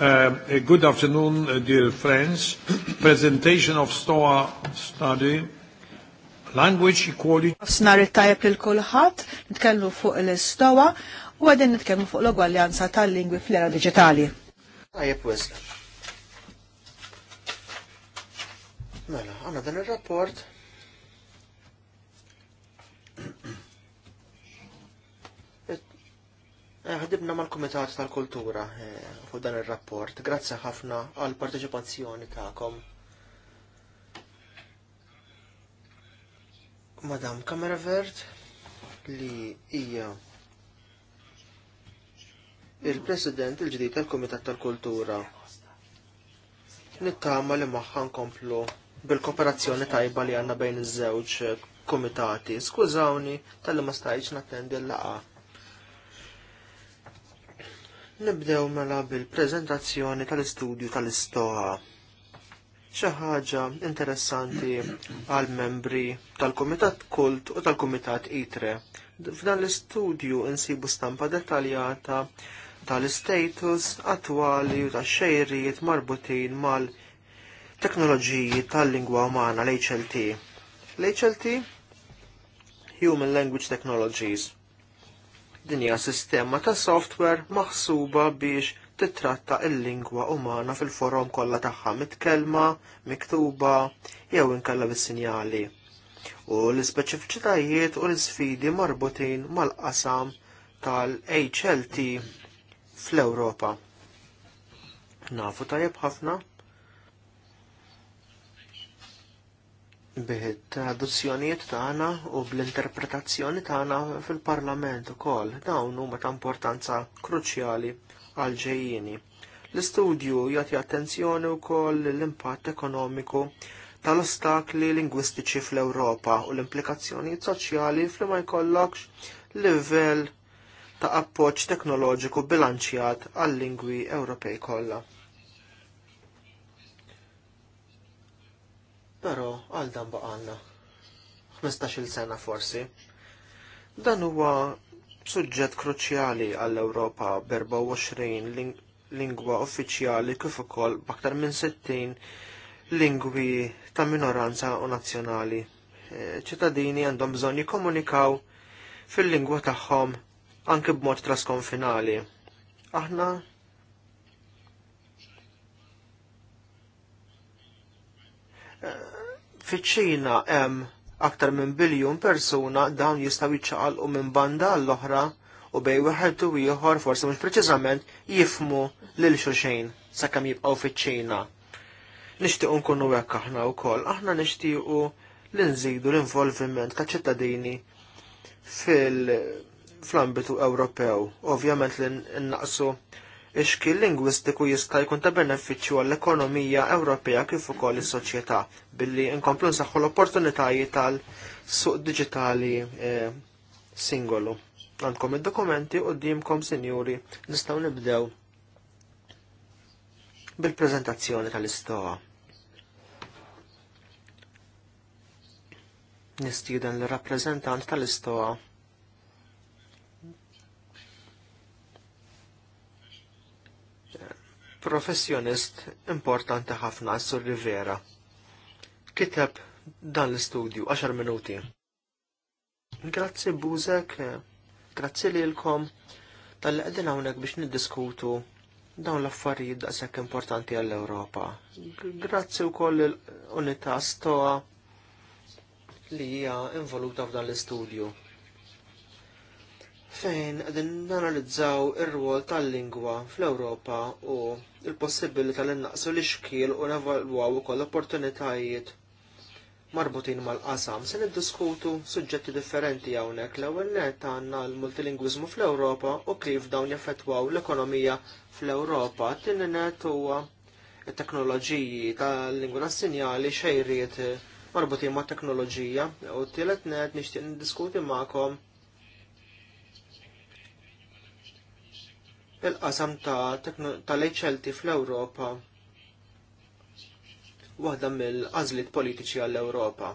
Uh, eh, good afternoon, uh, dear friends. Presentation of STOA study Language Equality. F'snar it-tajab lil kulħadd, nitkellmu fuq l-istowa u għadin nitkellmu fuq l-ogwaljanza tal-lingwi fl-era diġitali. Tajjeb wisq. Mela, għandna dan ir-rapport Eh, ħdibna mal-Kumitat tal-Kultura eh, fuq dan ir-rapport. Grazzi ħafna għall parteċipazzjoni tagħkom. Madam Vert li hija il-President il-ġdid tal-Kumitat tal-Kultura. Nittama li magħha nkomplu bil-kooperazzjoni tajba li għandna bejn iż-żewġ komitati. Skużawni tal-li ma stajċ nattendi l-laqa Nibdew mela bil-prezentazzjoni tal-istudju tal istoha Xi ħaġa interessanti għal membri tal-Kumitat Kult u tal-Kumitat Itre. F'dan l-istudju insibu stampa dettaljata tal-status attwali u tax-xejrijiet marbutin mal-teknoloġiji tal-lingwa umana l-HLT. L-HLT Human Language Technologies Din hija sistema ta' software maħsuba biex titratta il-lingwa umana fil-forom kollha tagħha mit-kelma, miktuba jew inkella bis-sinjali. U l-ispeċifiċitajiet u l-sfidi marbutin mal-qasam tal-HLT fl-Ewropa. Nafu tajjeb ħafna bit-traduzzjonijiet tagħna u bl-interpretazzjoni tagħna fil-Parlament ukoll dawn huma ta' importanza kruċjali għal ġejjini. L-istudju jagħti attenzjoni wkoll l-impatt ekonomiku tal-ostakli lingwistiċi fl-Ewropa u l-implikazzjonijiet soċjali fl ma jkollokx livell ta' appoġġ teknoloġiku bilanċjat għal-lingwi Ewropej kollha. però għal dan baqalna 15-il sena forsi. Dan huwa suġġett kruċjali għall-Ewropa b-24 lingwa uffiċjali kif ukoll b'aktar minn 60 lingwi ta' minoranza u nazzjonali. E, ċittadini għandhom bżonn jikkomunikaw fil-lingwa tagħhom anke b'mod trasconfinali. Aħna Fiċ-Ċina hemm aktar minn biljun persuna dawn jistgħu jiċċaqalqu minn banda għall-oħra u bej wieħed u ieħor forsi mhux preċiżament jifmu lil xulxejn sakemm jibqgħu fiċ-Ċina. Nixtiequ nkunu hekk aħna wkoll, aħna nixtiequ li nżidu l-involviment ta' ċittadini fil fl-ambitu Ewropew, ovvjament li naqsu ix-xkil lingwistiku jista' jkun ta' benefiċċju għall-ekonomija Ewropea kif ukoll is-soċjetà billi nkomplu nsaħħu l-opportunitajiet tal-suq diġitali eh, singolu. Għandkom id-dokumenti qudiemkom sinjuri nistgħu nibdew bil-preżentazzjoni tal-istoa. Nistieden l-rappreżentant tal-istoa professjonist importanti ħafna sur Rivera. Kiteb dan l-istudju 10 minuti. Grazzi Buzek, grazzi lilkom tal għedin hawnhekk biex niddiskutu dawn l-affarijiet daqshekk importanti għall-Ewropa. Grazzi wkoll l-unità stoa li hija involuta f'dan l-istudju fejn qegħdin nanalizzaw ir-rwol tal-lingwa fl-Ewropa u l-possibilità li innaqsu l-ixkiel u nevalwaw ukoll opportunitajiet marbutin mal-qasam. Se niddiskutu suġġetti differenti hawnhekk l-ewwel net għandna l-multilingwiżmu fl-Ewropa u kif dawn jaffettwaw l-ekonomija fl-Ewropa. Tinni net huwa it-teknoloġiji tal-lingwa tas-sinjali xejriet marbutin ma' teknoloġija u t-tielet net nixtieq niddiskuti magħkom il-qasam ta' tal-ejċelti fl-Ewropa waħda mill qazlit politiċi għall-Ewropa.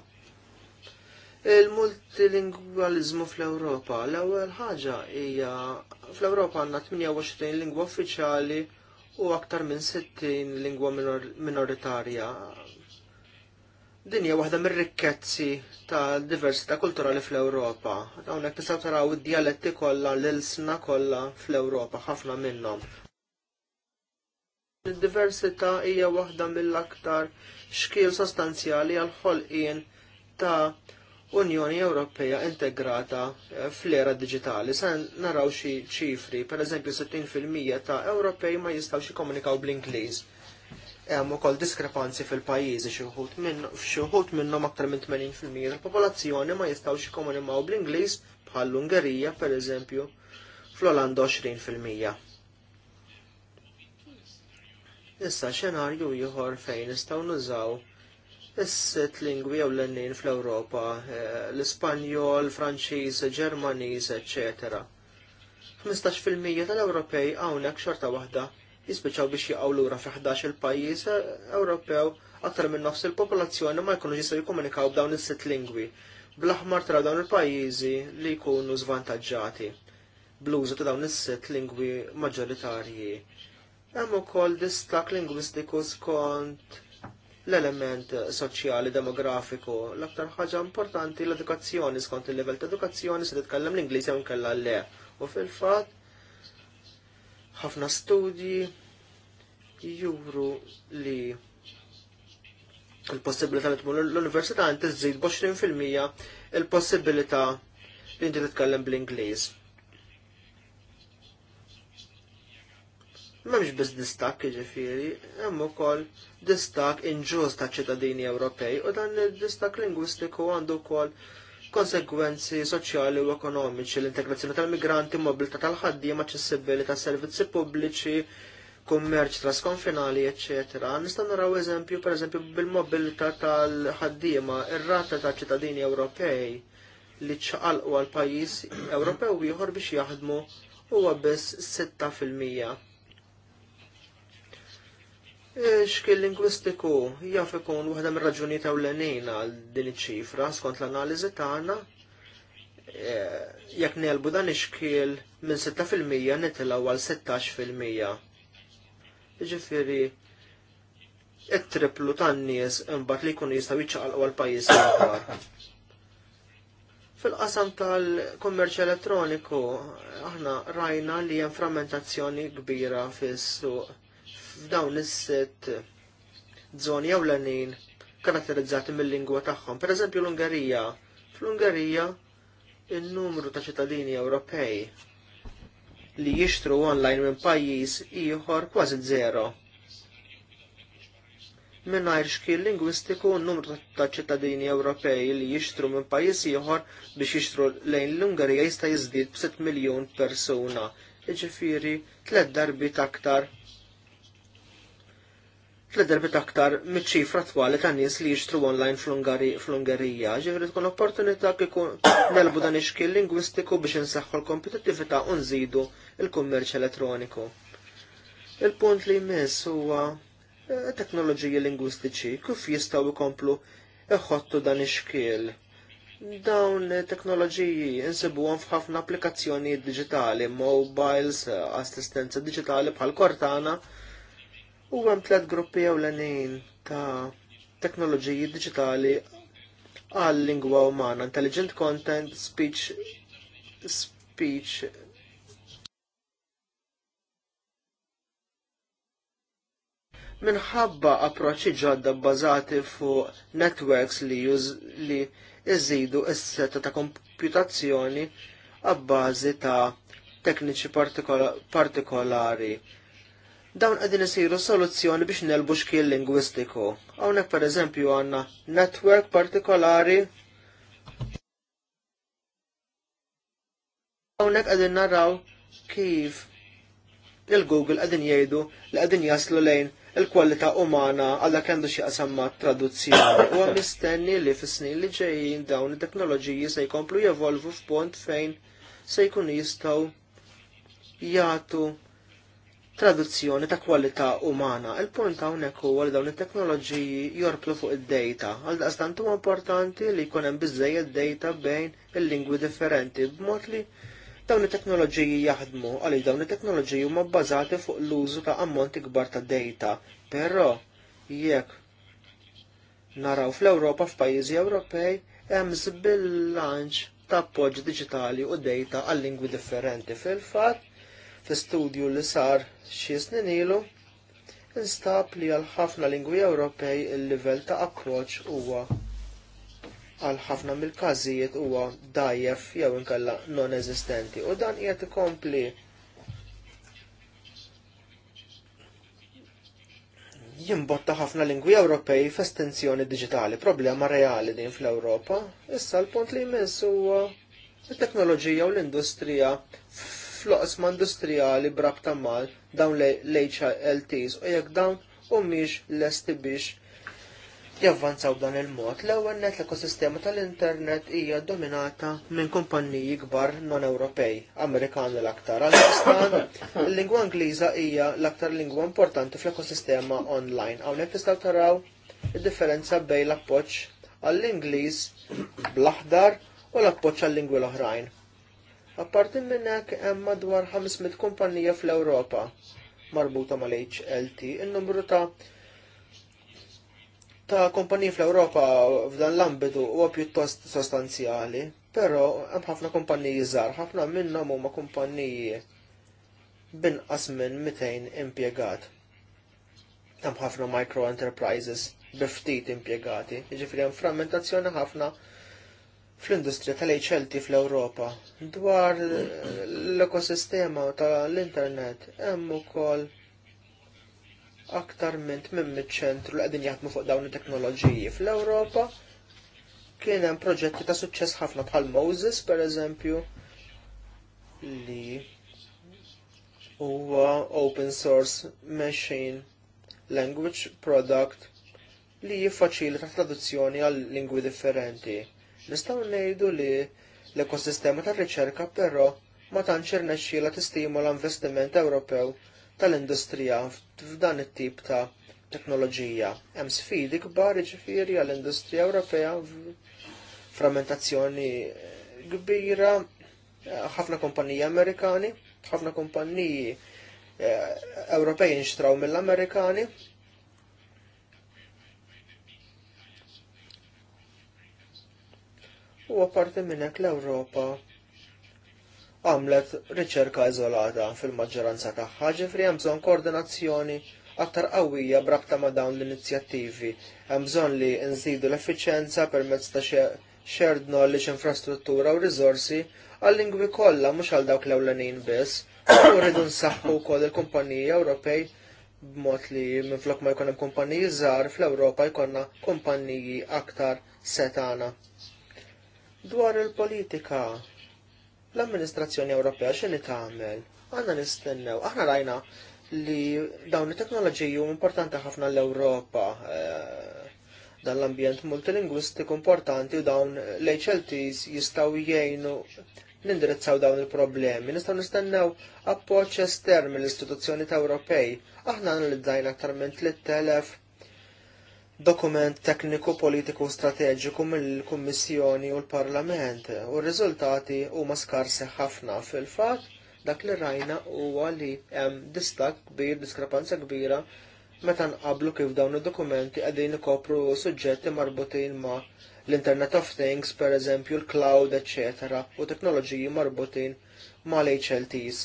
il multilingualizmu fl-Ewropa, l-ewwel ħaġa hija fl-Ewropa għandna 28 lingwa uffiċjali u aktar minn 60 lingwa minoritarja. Din hija waħda mir-rikkezzi ta' diversità kulturali fl-Ewropa. Hawnhekk tistgħu taraw id dialetti kollha l-ilsna kollha fl-Ewropa ħafna minnhom. Id-diversità hija waħda mill-aktar xkiel sostanzjali għal ħolqien ta' Unjoni Ewropea integrata eh, fl-era digitali. Sa naraw xi ċifri, pereżempju 60% ta' Ewropej ma jistgħux jikkomunikaw bl-Ingliż hemm ukoll diskrepanzi fil-pajjiżi xi wħud minnhom aktar minn 80% tal-popolazzjoni ma jistgħux jikkomunikaw bl-Ingliż bħall-Ungerija pereżempju fl-Olanda 20%. Issa xenarju ieħor fejn nistgħu nużaw is-sitt lingwi jew l fl-Ewropa, eh, l-Ispanjol, Franċiż, Ġermaniż, eċċetera. 15% tal-Ewropej hawnhekk xorta waħda jispiċaw biex jaqgħu lura fi 11 il-pajjiż eh, Ewropew aktar minn nofs il-popolazzjoni ma jkunu jistgħu jikkomunikaw b'dawn is-sitt lingwi. Bl-aħmar tra dawn il-pajjiżi li jkunu żvantaġġati bl-użu ta' dawn is-sitt lingwi maġġoritarji. Hemm ukoll distak lingwistiku skont l-element soċjali demografiku. L-aktar ħaġa importanti l-edukazzjoni skont il-level ta' edukazzjoni se titkellem l-Ingliż jew nkella le. U fil-fatt ħafna studji juru li il-possibilità li tmur l-università inti żżid b'20% il-possibilità li inti titkellem bl-Ingliż. M'hemmx biss distak jiġifieri, hemm ukoll distak inġuż ta' ċittadini Ewropej u dan id-distak lingwistiku għandu wkoll konsegwenzi soċjali u ekonomiċi, l-integrazzjoni tal-migranti, mobilità tal-ħaddiema, ta' servizzi pubbliċi, kummerċ trasconfinali, ecc. Nistgħu naraw eżempju, pereżempju bil-mobilità tal-ħaddiema, ir-rata ta' ċittadini Ewropej li ċaqalqu għal pajjiż Ewropew ieħor biex jaħdmu huwa biss 6 Xkill lingwistiku jaf ikun waħda mir raġunijiet ewlenin għal din iċ-ċifra skont l-analiżi tagħna e, jekk nelbu dan ix-xkiel minn 6% nitilgħu għal 16%. Jiġifieri it-triplu tan-nies imbagħad li jkunu jistgħu jiċċaqalqu għal pajjiż ieħor. Fil-qasam tal-kummerċ elettroniku aħna rajna li hemm frammentazzjoni kbira fis-suq f'dawn is-sitt żoni jew ewlenin karatterizzati mill-lingwa tagħhom. Pereżempju l-Ungerija. Fl-Ungerija in-numru ta' ċittadini Ewropej li jixtru online minn pajjiż ieħor kważi żero. Mingħajr xkien lingwistiku n-numru ta' ċittadini Ewropej li jixtru minn pajjiż ieħor biex jixtru lejn l-Ungerija jista' jiżdied b'6 miljun persuna, jiġifieri tliet darbi aktar fl-darbit aktar mit-ċifra twali ta' nies li jixtru online fl-Ungarija. Ġifri tkun opportunità kieku nelbu dan ix lingwistiku biex insaħħu l-kompetittività u nżidu l-kummerċ elettroniku. Il-punt li jmiss huwa eh, teknoloġiji lingwistiċi kif jistgħu jkomplu iħottu dan ix-xkil. Dawn teknoloġiji insibuhom f'ħafna applikazzjoni digitali, mobiles, eh, assistenza digitali bħal Cortana, U hemm tliet gruppi ewlenin ta' teknoloġiji diġitali għal lingwa umana, intelligent content, speech, speech, minħabba approċċi ġodda bbażati fuq networks li już li iżidu s setta ta' komputazzjoni għabbażi ta' tekniċi partikolari dawn qegħdin isiru soluzzjoni biex nelbu xkil lingwistiku. Hawnhekk pereżempju għandna network partikolari Hawnhekk qegħdin naraw kif il-Google qegħdin jgħidu li qegħdin jaslu lejn il-kwalità umana għalla kendu xie għasamma traduzzjoni u mistenni li fis-snin li ġejjin dawn it-teknoloġiji se jkomplu jevolvu f'punt fejn se jkun jistgħu jagħtu traduzzjoni ta' kwalità umana. Il-punt hawnhekk huwa li dawn it-teknoloġiji jorplu fuq id-data. Għal daqstant huwa importanti li jkun hemm biżejjed data bejn il-lingwi differenti b'mod li dawn it-teknoloġiji jaħdmu li dawn it-teknoloġiji huma bbażati fuq l-użu ta' ammonti kbar ta' data. Però jekk naraw fl-Ewropa f'pajjiżi Ewropej hemm bilanċ ta' appoġġ diġitali u data għal lingwi differenti. Fil-fatt, fi studju li sar xi snin ilu instab li għal ħafna lingwi Ewropej il-livell ta' approċ huwa għal ħafna mill-każijiet huwa dajjef jew inkella non eżistenti u dan qiegħed ikompli jimbotta ħafna lingwi Ewropej f'estenzjoni diġitali, problema reali din fl-Ewropa. Issa l-punt li jmiss huwa it-teknoloġija u l-industrija fl-oqsma industrijali brabta mal dawn l-HLTs u jekk dawn u humiex lesti biex javvanzaw dan il-mod. L-ewwel net l-ekosistema tal-internet hija dominata minn kumpanniji kbar non-Ewropej, Amerikani l-aktar. għal istan il-lingwa Ingliża hija l-aktar lingwa importanti fl-ekosistema online. Hawnhekk tistaw taraw id-differenza bejn l-appoġġ għall-Ingliż bl-aħdar u l-appoġġ għal-lingwi l-oħrajn. Apparti minn hekk hemm madwar 500 kumpanija fl-Ewropa marbuta mal-HLT. Il-numru ta' ta' kumpaniji fl-Ewropa f'dan l-ambitu huwa pjuttost sostanzjali, però hemm ħafna kumpaniji żgħar, ħafna minnhom huma kumpaniji binqas minn 200 impjegat. Hemm ħafna micro enterprises bi ftit impjegati, jiġifieri hemm frammentazzjoni ħafna fl-industrija tal-HLT fl-Ewropa dwar l-ekosistema tal-internet hemm ukoll aktar minn tmim ċentru li qegħdin jaħdmu fuq dawn it-teknoloġiji fl-Ewropa kien hemm proġetti ta' suċċess ħafna bħal Moses pereżempju li huwa open source machine language product li jiffaċili ta traduzzjoni għal lingwi differenti Nistgħu ngħidu li l-ekosistema tar-riċerka però ma tantx irnexxiela l investiment Ewropew tal-industrija f'dan it-tip ta' teknoloġija. Hemm sfidi kbar iġifieri għall-industrija Ewropea frammentazzjoni kbira, ħafna kumpaniji Amerikani, ħafna kumpaniji eh, Ewropej nxtraw mill-Amerikani, u għaparti minnek l-Ewropa għamlet riċerka iżolata fil-maġġoranza tagħha ġifri hemm bżonn koordinazzjoni aktar qawwija brabta ma' dawn l-inizjattivi. Hemm bżonn li nżidu l-effiċenza permezz ta' shared knowledge, infrastruttura u rizorsi għal-lingwi kollha mhux għal dawk l-ewlenin biss. U rridu nsaħħu wkoll il-kumpaniji Ewropej b'mod li minflok ma jkun hemm kumpaniji żgħar fl-Ewropa jkollna kumpaniji aktar setana. Dwar il-politika, l-amministrazzjoni Ewropea xini tagħmel? Għanna nistennew, aħna rajna li dawn it-teknoloġiji importanti ħafna l-Ewropa eh, dan l-ambjent multilingwistiku importanti u dawn l-HLTs jistaw jgħinu nindirizzaw dawn il-problemi. Nistaw nistennew appoċ estern mill-istituzzjoni ta' Ewropej. Aħna analizzajna aktar minn 3000 dokument tekniku politiku strateġiku mill-Kummissjoni u l-Parlament u r-riżultati huma skarsi ħafna fil-fatt dak li rajna huwa li hemm distak kbir, diskrepanza kbira meta nqablu kif dawn id-dokumenti qegħdin ikopru suġġetti marbutin ma' l-Internet of Things, per eżempju l-Cloud, etc. u teknoloġiji marbutin ma' l-HLTs.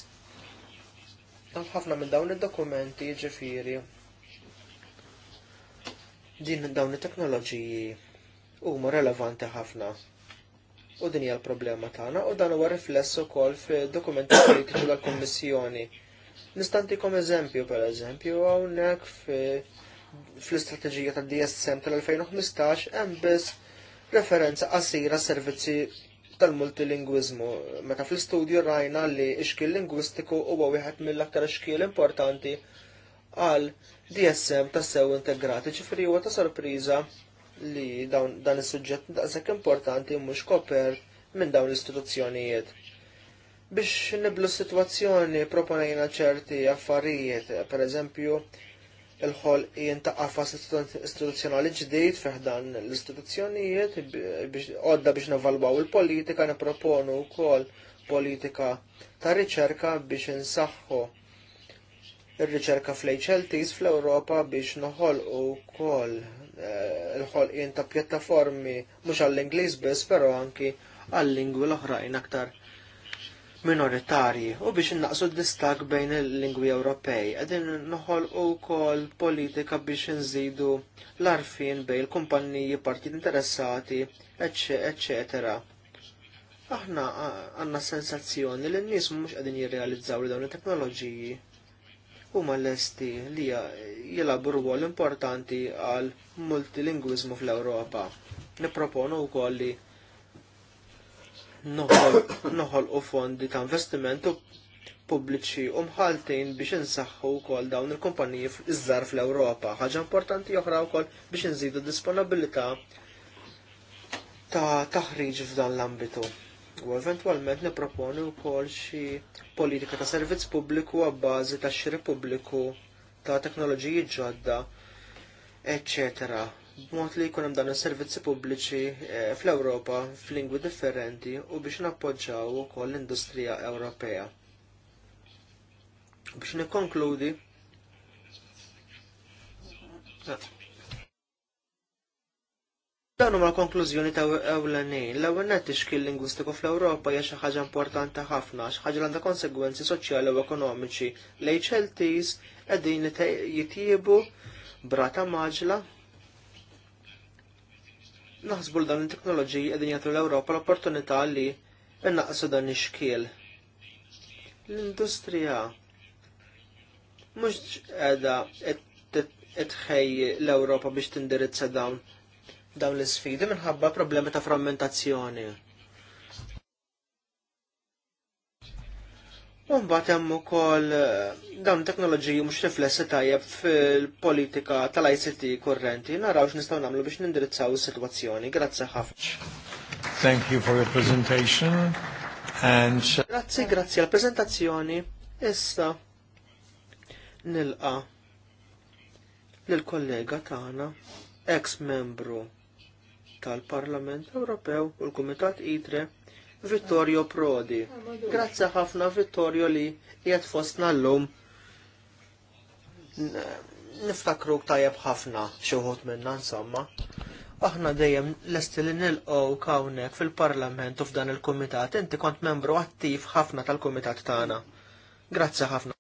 ħafna minn dawn id-dokumenti ġifiri din dawn it-teknoloġiji huma relevanti ħafna. U din hija l-problema tagħna u dan huwa rifless ukoll fid-dokumenti politiċi tal-Kummissjoni. Nistantikom eżempju pereżempju hawnhekk fl-istrateġija tad-DSM tal-2015 hemm biss referenza qasira servizzi tal-multilingwizmu. Meta fl-istudju rajna li xkil lingwistiku huwa wieħed mill-aktar xkil importanti għal DSM sew integrati ċifri huwa ta' sorpriża li dawn, dan is-suġġett daqshekk importanti mhux kopert minn dawn l-istituzzjonijiet. Biex niblu s-sitwazzjoni proponejna ċerti affarijiet, per eżempju, il-ħol jinta qafas istituzzjonali ġdid feħdan l-istituzzjonijiet għodda biex nevalwaw il-politika, niproponu wkoll politika ta' riċerka biex insaħħu ir-riċerka fl-HLTs fl-Ewropa biex noħolqu wkoll eh, il-ħolqien ta' pjattaformi mhux għall-Ingliż biss, però anki għall-lingwi l-oħrajn aktar minoritarji u biex innaqsu d-distak bejn il-lingwi Ewropej. Qegħdin noħolqu wkoll politika biex inżidu l-arfin bejn kumpanniji partit interessati, eccetera aħna għanna sensazzjoni li n-nies mhux qegħdin jirrealizzaw li dawn it-teknoloġiji huma lesti li jilagħbu rwol importanti għal multilingwiżmu fl-Ewropa. Nipproponu wkoll li noħol u fondi ta' investimentu pubbliċi u mħaltin biex insaħħu wkoll dawn il-kumpaniji iż-żar fl-Ewropa. Ħaġa importanti oħra wkoll biex inżidu disponibilità ta' taħriġ f'dan l-ambitu u eventwalment nipproponi wkoll xi politika ta' servizz pubbliku għabbażi ta' xiri pubbliku ta' teknoloġiji ġodda, eccetera. B'mod li jkun hemm dan is-servizzi pubbliċi eh, fl-Ewropa f'lingwi differenti u biex nappoġġaw ukoll l-industrija Ewropea. Biex nikkonkludi, Dan huma konklużjoni ta' ewlenin. L-ewwel nett ixkil lingwistiku fl-Ewropa hija xi ħaġa importanti ħafna, xi ħaġa għandha konsegwenzi soċjali u ekonomiċi. L-HLTs qegħdin jitjiebu brata maġla. Naħsbu l dan it-teknoloġiji qegħdin jagħtu l-Ewropa l-opportunità li innaqsu dan ix-xkiel. L-industrija mhux qiegħda tħej l-Ewropa biex tindirizza dawn dawn l-sfidi minħabba problemi ta' frammentazzjoni. Mbagħad hemm ukoll eh, dawn teknoloġiji mhux riflessi tajjeb fil-politika tal-ICT kurrenti. Naraw nistaw nagħmlu biex nindirizzaw is-sitwazzjoni. Grazzi ħafna. Thank you for your presentation. And grazzi, grazzi għall prezentazzjoni Issa nilqa lill kollega tagħna ex-membru tal-Parlament Ewropew u l-Kumitat ITRE Vittorio Prodi. Grazzi ħafna Vittorio li jgħat fostna l-lum niftakru tajab ħafna xuħut minna insomma. Aħna dejjem lesti li nilqgħu kawnek fil-Parlament u f'dan il-Kumitat, inti kont membru attiv ħafna tal-Kumitat tagħna. Grazzi ħafna.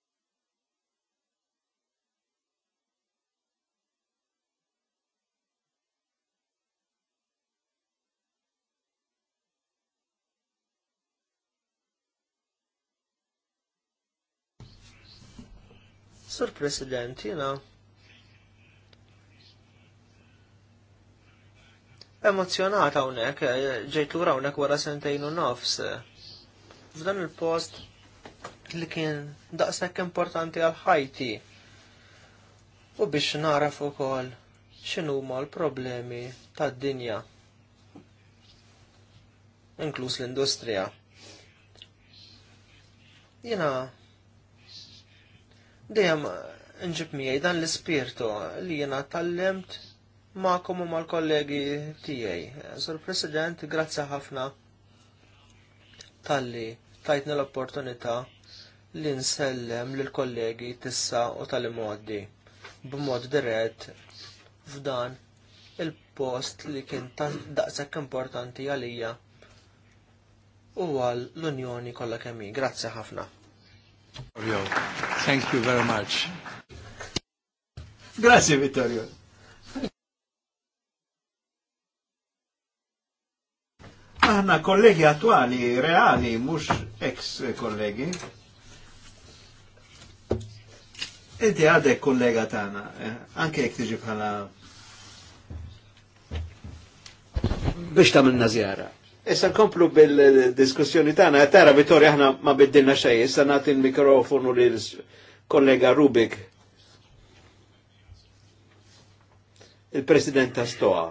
Sur President, jina emozjonata unek, ġejtura unek wara sentejnu nofs. F'dan il-post li kien daqshekk importanti għal ħajti. U biex naraf ukoll x'inhu l-problemi tad-dinja. Inkluż l-industrija. Jina dejjem nġib miegħi dan l-ispirtu li jiena tallemt ma'kom u mal-kollegi tiegħi. Sur President, grazzi ħafna talli tajtni l-opportunità li nsellem lil kollegi tissa u tal-modi b'mod dirett f'dan il-post li kien daqshekk importanti għalija u għal l-Unjoni kollha kemm. Grazzi ħafna. Vittorio, Thank you very much. Grazie Vittorio. Aħna kollegi attuali, reali, mux ex kollegi. Inti għadek kollega tana, eh, anke jek tiġi bħala. Biex tamilna zjara. Issa nkomplu bil-diskussjoni tana, tara Vittorio aħna ma biddilna xej, issa nati il mikrofonu lil kollega Rubik. Il-President ta' Stoa.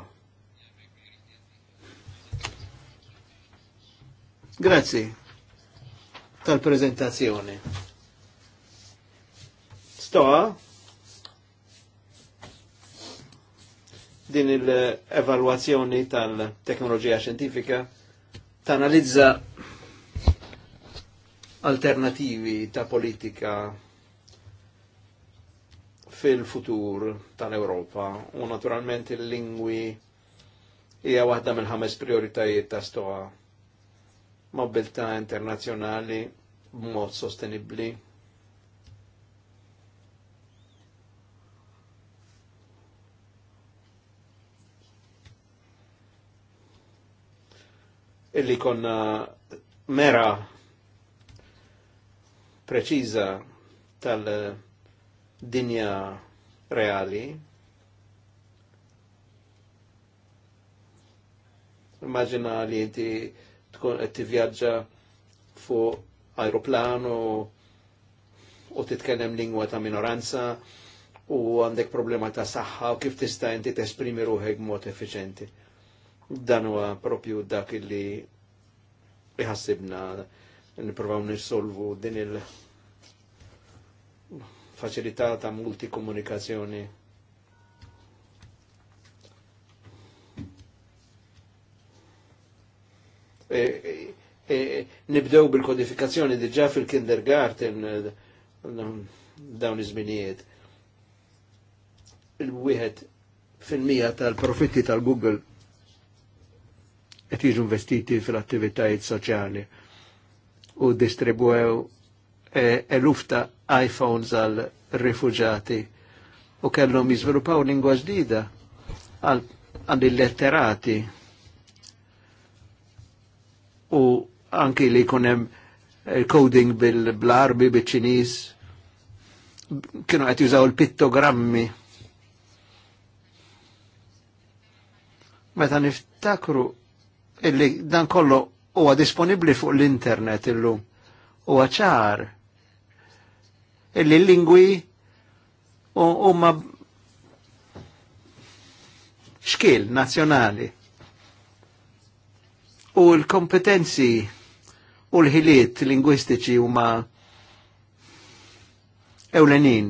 Grazzi tal-prezentazzjoni. Stoa din il evaluazzjoni tal-teknoloġija xjentifika tanalizza alternativi ta' politika fil-futur tal-Europa u naturalment il-lingwi hija waħda mill-ħames prioritajiet ta' stoa mobilità internazzjonali b'mod sostenibbli illi konna mera preċiża tal-dinja reali. Immaġina li inti tkun qed tivvjaġġa fuq aeroplanu u titkellem lingwa ta' minoranza u għandek problema ta' saħħa u kif tista' inti tesprimi ruħek mod effiċenti. Dan huwa propju dak illi iħassibna nipprovaw nirsolvu din il- faċilità ta' multikomunikazzjoni. E, e, e nibdew bil-kodifikazzjoni diġa fil-kindergarten dawn iż-żminijiet. Il-wieħed fil-mija tal-profitti tal-Google qed jiġu investiti fil-attivitajiet soċjali u distribwew e, eluf ta' iPhones għal rifuġati u kellhom jiżviluppaw lingwa ġdida għal illetterati u anki li hemm e, coding bil-arbi, bil ċiniż kienu qed jużaw il-pittogrammi. Meta niftakru illi dan kollu huwa disponibbli fuq l-internet illum huwa ċar illi l-lingwi huma xkil nazzjonali u l-kompetenzi u l-ħiliet lingwistiċi huma ewlenin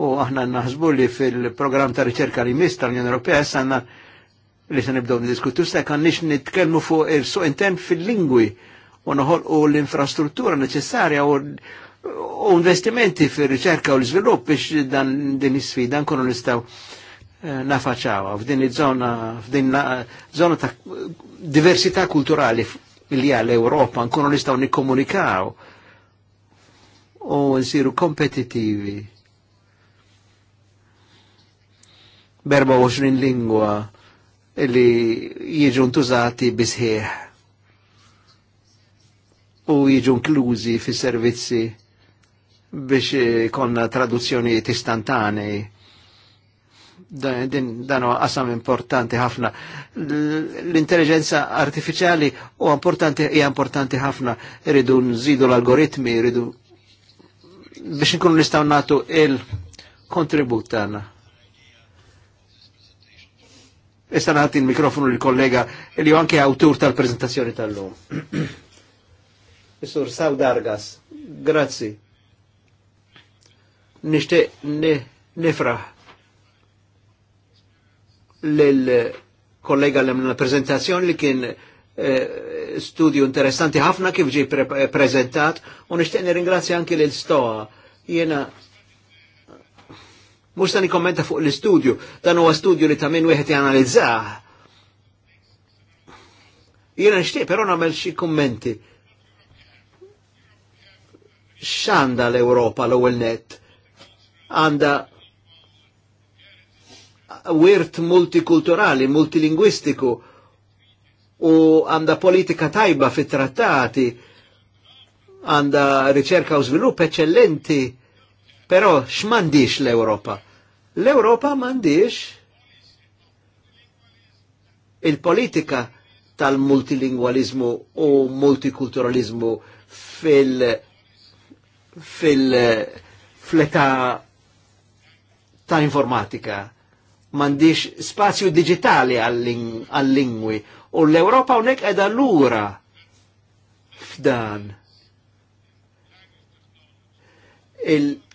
u aħna naħsbu li fil-programm ta' riċerka li mistra tal-Unjoni Ewropea issa għandna li se nibdew nidiskutu sta kan nix nitkelmu fu il su intent fil-lingwi u noħol u l-infrastruttura necessarja u investimenti fil riċerka u l-iżvilupp biex dan din is-sfida nkunu nistgħu eh, nafaċawa f'din iż-żona f'din żona ta' diversità kulturali li għal Ewropa nkunu nistaw nikkomunikaw u nsiru kompetitivi. b'24 lingua li jiġu ntużati bisħieħ u jiġu inklużi fi servizzi biex eh, konna traduzzjoni istantanei din dan huwa qasam importanti ħafna. L-intelligenza artificiali u importanti hija importanti ħafna. Iridu nżidu l-algoritmi, iridu biex nkunu nistgħu nagħtu il-kontribut tagħna. Issa naħti il-mikrofonu l-kollega e li ju anke autur tal-prezentazzjoni tal-lum. Isur Saw Dargas, grazzi. Nishtiq nifraħ l-kollega l prezentazzjoni li kien eh, studju interessanti ħafna kif ġi prezentat u nishtiq nirringrazzja anke l-stoa. Jena Mux tani kommenta fuq l-istudju, dan huwa studju li ta' minn wieħed janalizzah. Jiena nixtieq però nagħmel xi kummenti. X'għandha l-Ewropa l-ewwel net? Għandha wirt multikulturali, multilingwistiku u għandha politika tajba fit-trattati, għandha ricerka u svilupp eccellenti, Però x'mandix l-Ewropa? L-Europa mandiex il-politika tal-multilingualizmu u multikulturalizmu fil- fil- fleta ta' informatika. Mandiċ spazju digitali għall-lingwi u l-Europa unek edha l-ura f'dan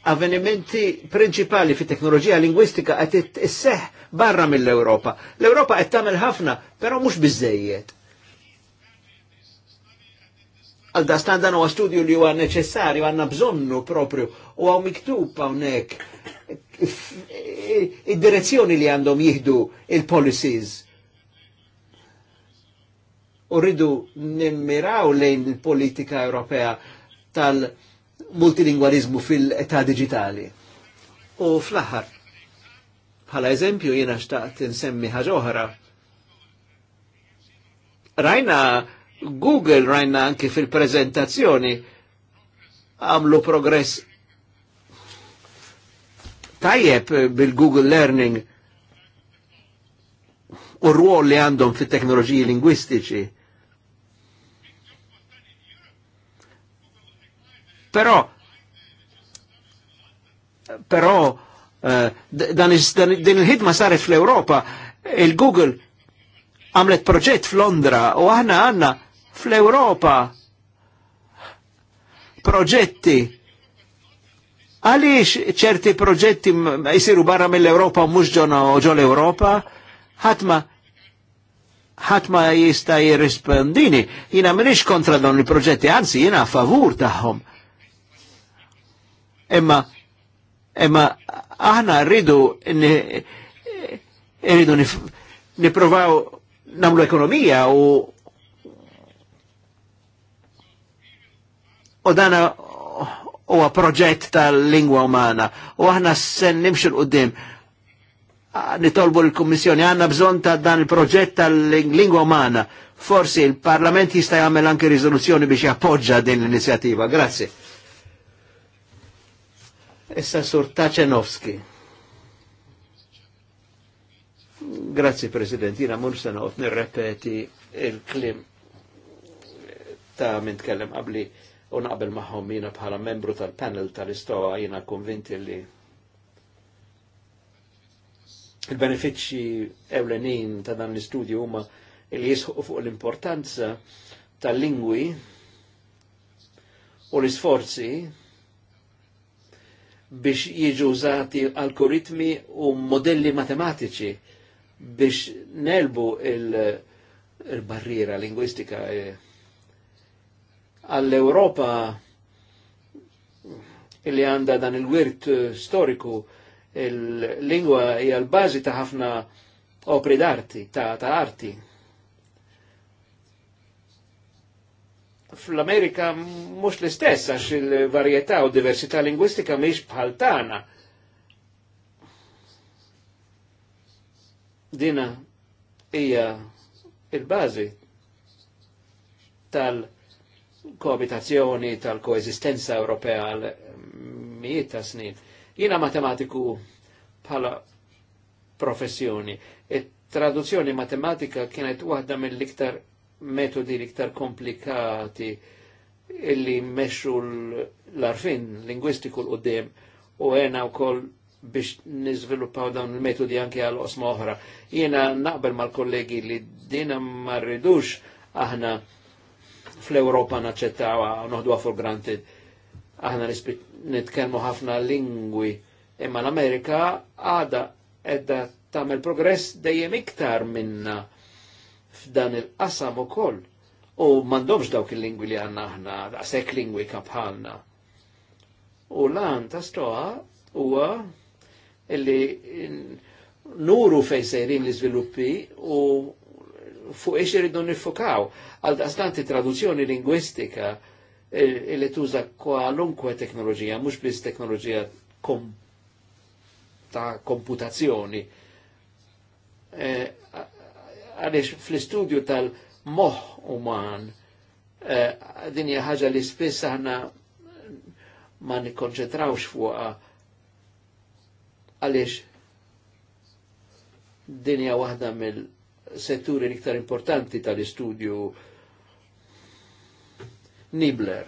avvenimenti principali fi teknoloġija lingwistika qed isseħ barra mill-Ewropa. L-Ewropa qed tagħmel ħafna, però mhux bizzejiet. Għal da standan u studju li huwa neċessarju għandna bżonnu propju u għaw miktub hawnhekk id-direzzjoni li għandhom jihdu il-policies. U rridu nimmiraw lejn il-politika Ewropea tal- multilingualizmu fil-età digitali. U fl-aħħar, bħala eżempju jiena xtaqt insemmi ħaġa oħra. Rajna Google rajna anki fil-prezentazzjoni għamlu progress tajjeb bil-Google Learning u r-ruol li għandhom fit teknoloġiji lingwistiċi Però però eh, dan, din il-ħidma saret fl-Europa, il-Google għamlet proġett fl-Londra u aħna għanna fl-Europa proġetti Għaliex ċerti proġetti jisiru barra mill-Europa mux ġona u ġol Europa? ħatma ħatma jista jirrispondini. Jina minix kontra dawn il-proġetti, anzi jina a favur taħħom. Imma imma aħna rridu rridu niprovaw namlu ekonomija u u dana huwa proġett tal-lingwa umana u aħna sen nimxu l-qoddim nitolbu l-Kommissjoni għanna bżon ta' dan il-proġett tal-lingwa umana. Forsi il-Parlament jista' jagħmel anke riżoluzzjoni biex jappoġġa din l-inizjattiva. Grazie. Issa sur Taċenowski. Grazzi, President, jina mur sanot nirrepeti il-klim ta' minn tkellem qabli u naqbel maħom jina bħala membru tal-panel tal-istoa jina konvinti li il-benefiċċji ewlenin ta' dan l-istudju huma li jisħu fuq l-importanza tal-lingwi u l-isforzi biex jiġu użati algoritmi u modelli matematiċi biex nelbu il-barriera il lingwistika. E, Għall-Europa illi għanda dan il-wirt storiku, il-lingwa hija l-bażi ta' ħafna opri d'arti, ta', ta arti. fl-Amerika mhux l-istess għax il varieta u diversità lingwistika miex bħal tana. Dina hija il bazi tal-koabitazzjoni, tal koesistenza Ewropea għal mijiet ta' snin. Jiena matematiku bħala professjoni. E traduzzjoni matematika kienet waħda mill-iktar metodi liktar komplikati illi meċu l-arfin lingwistiku l-qoddim u għena u koll biex nizviluppaw dawn il-metodi anke għal osma oħra. Jena naqbel mal-kollegi li dina marridux aħna fl-Europa naċċettawa u noħduha for granted. Aħna nitkellmu ħafna lingwi imma l-Amerika għada edda tamel progress dejjem iktar minna f'dan il-qasam u koll. U mandomx dawk il-lingwi li għanna ħna, għasek lingwi kapħalna. U lan ta' stoħa huwa illi nuru fej sejrin li sviluppi u fuq eċi irridu nifukaw. Għal daqstanti traduzzjoni lingwistika eh, illi tuża kwalunkwe teknoloġija, mhux biss teknoloġija kom ta' komputazzjoni. Eh, għalix fl-istudju tal-moħ uman eh, din hija ħaġa li spiss aħna ma nikkonċentrawx fuqa għalix din hija waħda mill-setturi iktar importanti tal-istudju Nibler.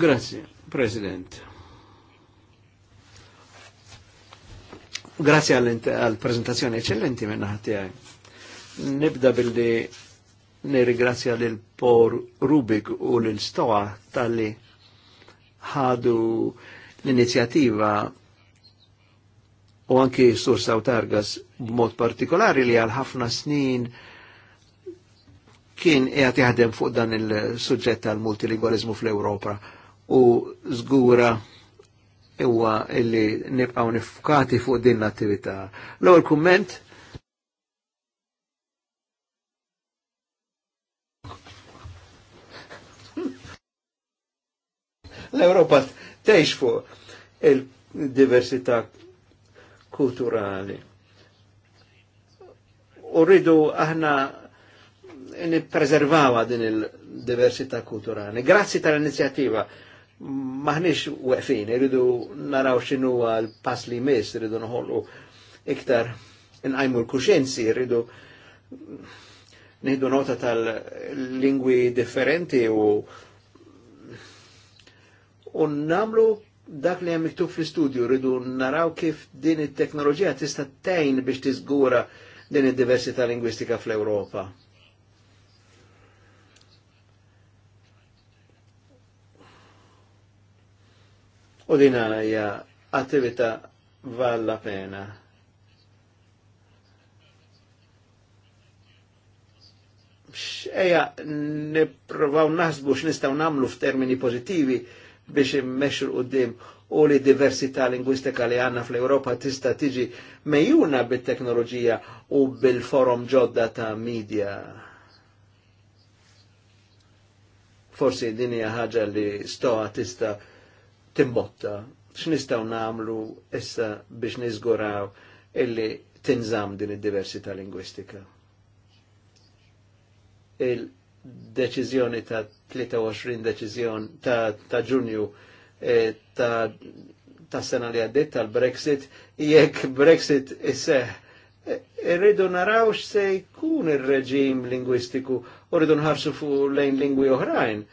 Grazie, President. Grazie għall prezentazzjoni eccellenti minna ħatijaj. Nibda billi nirringrazzja lil por Rubik u lil Stoa tal-li ħadu l-inizjativa u anki Sur Sawtargas b'mod partikolari li għal ħafna snin kien qiegħed jaħdem fuq dan il-suġġett tal-multilingualizmu fl-Ewropa u żgura huwa illi nibqgħu nifkati fuq din l-attività. L-ewwel kumment l ewropa tgħix fuq il-diversità kulturali. U rridu aħna nipreservawa din il-diversità kulturali. Grazzi tal inizjattiva maħniex weqfin, irridu naraw xinu għal-pass li mis, irridu nħollu iktar nqajmu l-kuxenzi, irridu nħidu nota tal-lingwi differenti u un namlu dak li hemm miktub fl-istudju, rridu naraw kif din it-teknoloġija tista' tgħin biex tiżgura din id-diversità lingwistika fl-Ewropa u din hija attività valla pena. Eja, niprovaw naħsbu x'nistgħu namlu f'termini pożittivi biex immexxu l-qudiem u li diversità lingwistika li għanna fl-Europa tista tiġi mejjuna bil-teknoloġija u bil-forum ġodda ta' media. Forsi din hija ħaġa li stoa tista' timbotta. X'nistgħu nagħmlu issa biex niżguraw illi tinżam din id-diversità lingwistika. Il-deċiżjoni ta' 23 deċiżjon ta', ta ġunju e, ta' ta' sena li għaddit tal-Brexit, jekk Brexit isseħ, e, irridu naraw se jkun ir reġim lingwistiku u rridu nħarsu fuq lejn lingwi oħrajn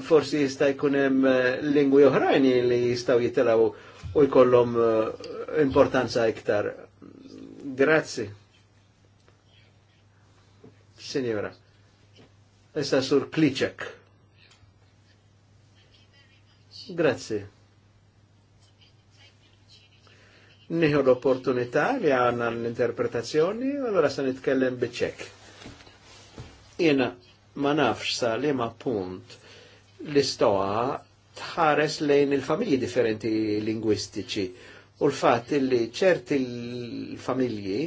forsi jista' jkun hemm eh, lingwi oħrajn li jistgħu jitilgħu u jkollhom eh, importanza iktar. Grazzi. Signora. Issa sur Kliċek. Grazzi. Nieħu l-opportunità li għanna l-interpretazzjoni, allora se nitkellem biċek. Jena ma nafx sa li ma punt l-istoa tħares lejn il-familji differenti lingwistiċi u l-fat li ċerti l-familji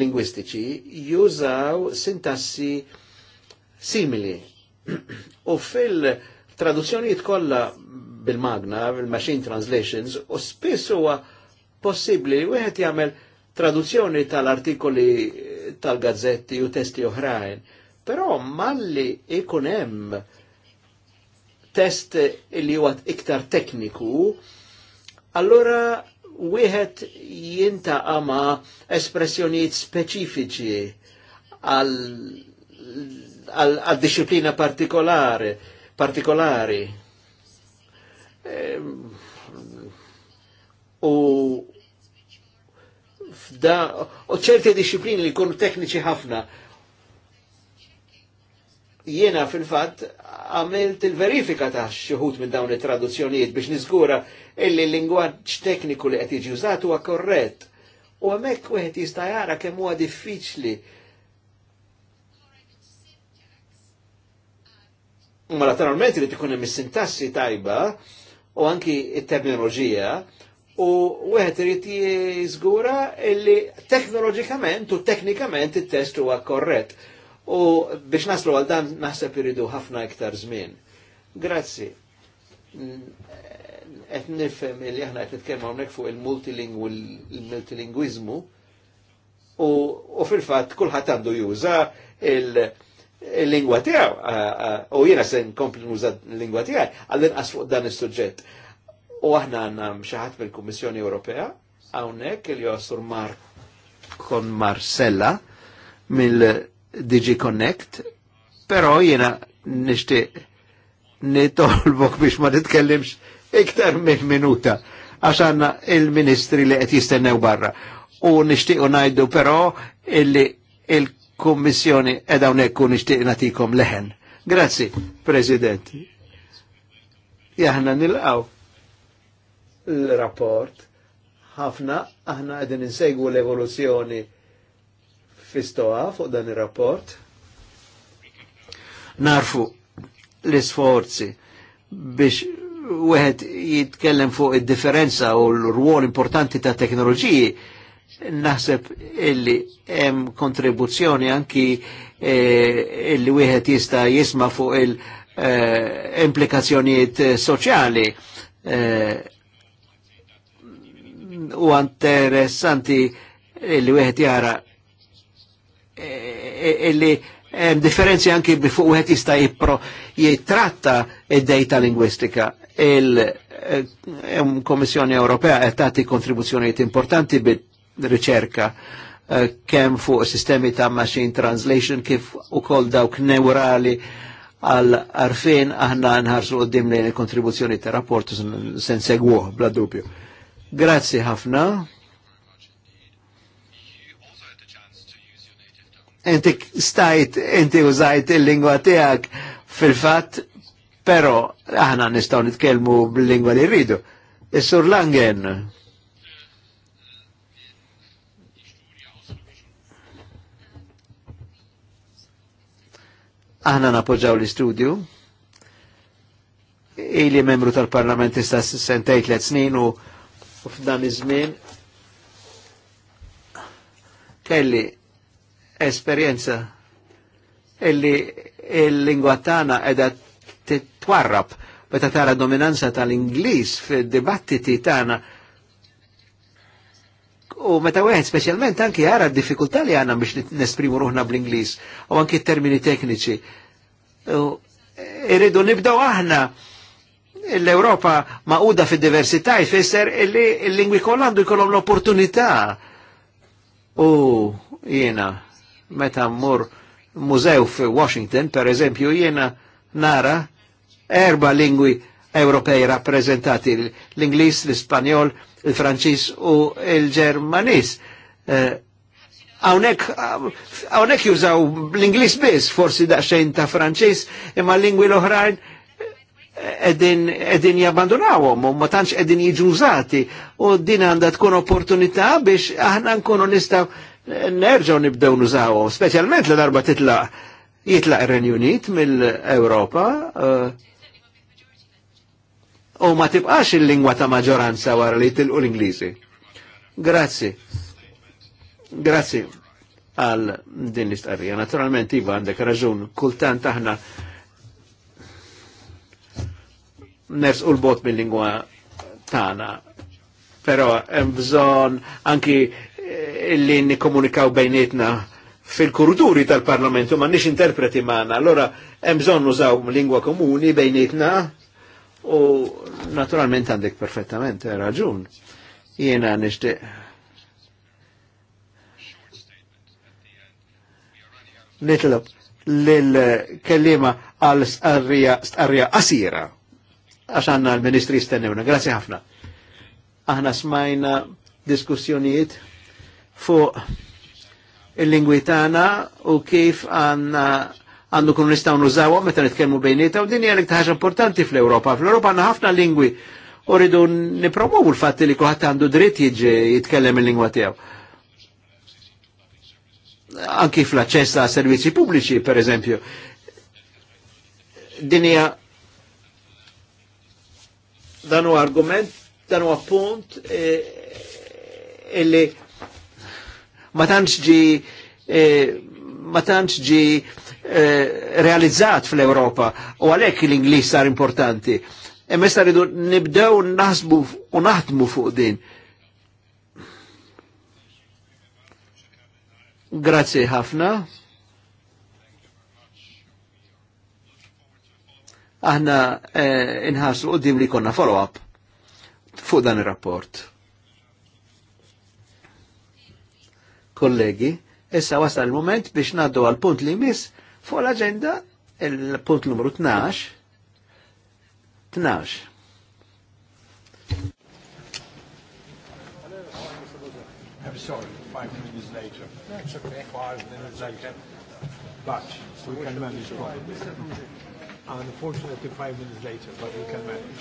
lingwistiċi jużaw sintassi simili u fil-traduzzjonijiet kollha bil-magna, bil-machine translations, u spiss huwa possibli li wieħed jagħmel traduzzjoni tal-artikoli tal-gazzetti u testi oħrajn. Però malli ikun hemm test li huwa iktar tekniku, allora wieħed jintaqa ma' espressjonijiet speċifiċi għal disciplina partikolari. partikolari. Ehm, u u ċerti disciplini li jkunu tekniċi ħafna jiena fil-fatt għamilt il-verifika ta' xuħut minn dawn it-traduzzjonijiet biex niżgura illi l-lingwaġġ tekniku li qed jiġi użat huwa korrett. U hemmhekk wieħed jista' jara kemm huwa diffiċli Ma naturalment li tkun hemm is-sintassi tajba u anki it-terminoloġija u wieħed irid jiżgura illi teknoloġikament u teknikament it-test huwa korrett. U biex naslu għal dan naħseb iridu ħafna iktar żmien. Grazzi. Et nifem li aħna qed nitkellmu hawnhekk fuq il-multilingwiżmu u fil-fatt kulħadd għandu juża il-lingwa tiegħu u jiena se nkompli nuża l-lingwa tiegħi għall-inqas fuq dan is-suġġett. U aħna għandna xi ħadd mill-Kummissjoni Ewropea hawnhekk il jossur Mar kon Marcella mill Digi Connect, pero jena nishti nitolbok biex ma nitkellimx iktar minn minuta għax għanna il-ministri li qed jistennew barra. U nixtiequ ngħidu però illi il-Kummissjoni qiegħda hawnhekk u nixtieq nagħtikom leħen. Grazzi, President. Jaħna nilqaw l-rapport ħafna aħna qegħdin insegwu l-evoluzzjoni fistoa fuq dan ir-rapport. Narfu l-isforzi biex wieħed jitkellem fuq id-differenza u l-rwol importanti ta' teknoloġiji naħseb illi hemm kontribuzzjoni anki eh, illi wieħed jista' jisma fuq il-implikazzjonijiet eh, soċjali eh, u interessanti li wieħed jara illi hemm differenzi anki fuq wieħed jista' jippro jitratta id data lingwistika il eh, Komissjoni Ewropea qed tagħti kontribuzzjonijiet importanti bit-riċerka eh, kemm fuq sistemi ta' machine translation kif ukoll dawk neurali għal arfin aħna nħarsu qoddim lejn il-kontribuzzjoni ta' rapport sen segwuh bla dubju. Grazzi ħafna. Enti stajt, enti użajt il-lingwa tijak fil-fat, pero aħna nistaw nitkelmu bil-lingwa li rridu. Is-sur Langen. Aħna napoġġaw l-istudju. Ili membru tal-parlament istas sentajt tliet snin u f'dan iż-żmien kelli esperienza illi il lingua tana edha t-twarrab bata tara dominanza tal inglis fid-dibattiti tana u meta weħed specialment anki jara d difikulta li għana biex nesprimu ruħna bl inglis u anki termini tekniċi. Irridu nibdaw aħna l-Europa maquda fid-diversità jfisser illi l-lingwi kollandu jkollhom l-opportunità. U jiena meta mmur mużew fi Washington, per eżempju, jiena nara erba lingwi Ewropej rappresentati l-Inglis, l-Ispanjol, l franċis u l ġermanis Għawnek eh, uh, jużaw l-Inglis bis, forsi daqxejn ta' Franċis, imma l-lingwi l-oħrajn eh, edin, edin jabbandunawom, u ma tantx edin jiġużati, u din għanda tkun opportunità biex aħna nkunu nistaw nerġaw nibdew nużawhom, speċjalment li darba titlaq jitlaq ir renjunit mill-Ewropa uh, u ma tibqax il-lingwa ta' maġoranza wara li tilqu l-Ingliżi. Grazzi. Grazzi għal din l-istqarrija. Naturalment iva għandek raġun, kultant aħna ners u l-bot mill-lingwa tana. Pero hemm bżonn anki illi nikomunikaw bejnietna fil-kurduri tal-parlamentu ma nix interpreti maħna. Allora, emżon użaw lingwa komuni bejnietna u naturalment għandek perfettament raġun. Jena nishtiq nitlob l-kellima għal starrija qasira għax għanna l-ministri stennewna. Grazie ħafna. Aħna smajna diskussjonijiet fuq il-lingwi tagħna u kif għanna għandu kun nistaw nużawa meta nitkellmu bejnieta u din hija ħaġa importanti fl-Ewropa. Fl-Ewropa għandna ħafna lingwi u rridu nipromovu l-fatt li kulħadd għandu dritt jiġi jitkellem il-lingwa tiegħu. Anki fl-aċċess ta' servizzi pubbliċi, per eżempju. Din hija dan huwa argument, dan huwa punt eh, illi e, ma tantx ġi eh, ma tantx ġi eh, realizzat fl-Europa u għalhekk l-Ingliż sar importanti. Imma e ridu nibdew naħsbu u naħdmu fuq din. Grazie ħafna. Aħna eh, inħarsu qudiem li konna follow-up fuq dan ir-rapport. kollegi, issa wasal il-moment biex naddu għal punt li mis fuq l-agenda il-punt numru 12. 12. I'm sorry, five minutes later. But we can manage Unfortunately, five minutes later, but we can manage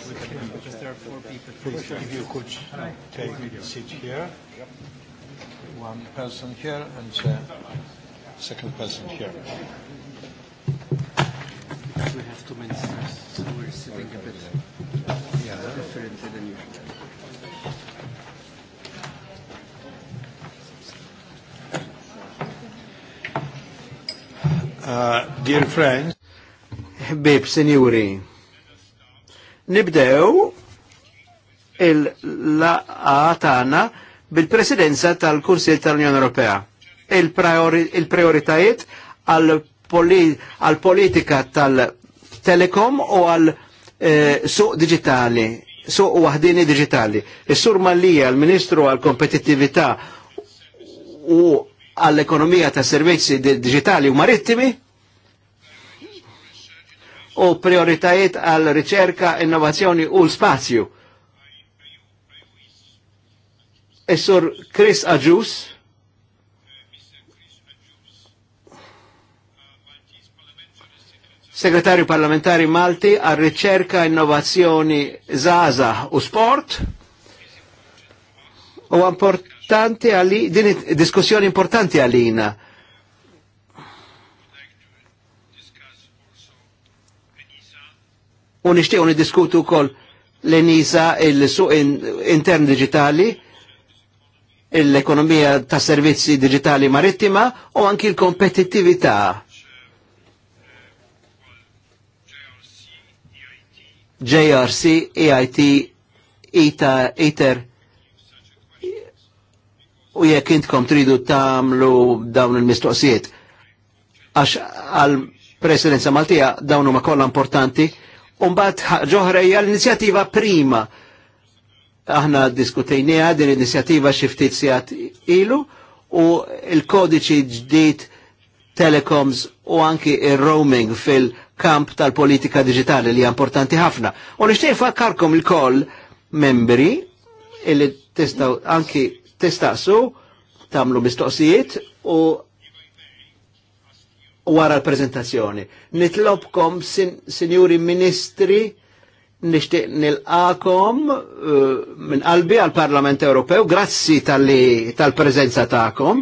one person here and the second person here. We have two ministers, so we're sitting a bit yeah. differently than usual. Uh, dear friends, Bib, senjuri, nibdew il-laqa tagħna bil-presidenza tal-Kunsil tal-Unjoni Ewropea. Il-prioritajiet għal-politika tal-telekom u għal-suq eh, digitali, suq wahdini digitali. Is-sur Mallija, il ministru għal-Kompetittività u għall-ekonomija ta' servizzi digitali u marittimi u prioritajiet għal riċerka, innovazzjoni u l-spazju Essor Chris Aġus, Segretario parlamentari Malti a ricerca innovazioni zaza u sport. O importante ali, discussioni diskussjoni importanti għalina. U nishtiqu diskutu kol l-ENISA, il-suq intern digitali, l-ekonomija ta' servizzi digitali marittima u anki l-kompetittività. JRC, EIT, ITA, ITER, u jek intkom tridu tamlu dawn il-mistoqsijiet. Għax għal-presidenza Maltija dawn huma kollha importanti, un bat ġoħrejja l-inizjattiva prima aħna diskutejnija din inizjattiva xiftit sijat ilu u il-kodiċi ġdid telecoms u anki il-roaming fil-kamp tal-politika digitali li importanti ħafna. U nishtej fakkarkom il-koll membri illi testaw anki testaqsu tamlu mistoqsijiet u wara l-prezentazzjoni. Nitlobkom, sin, sinjuri ministri, nishtiq nilqakom eh, minn qalbi għal-Parlament Ewropew, grazzi tal-prezenza ta'kom.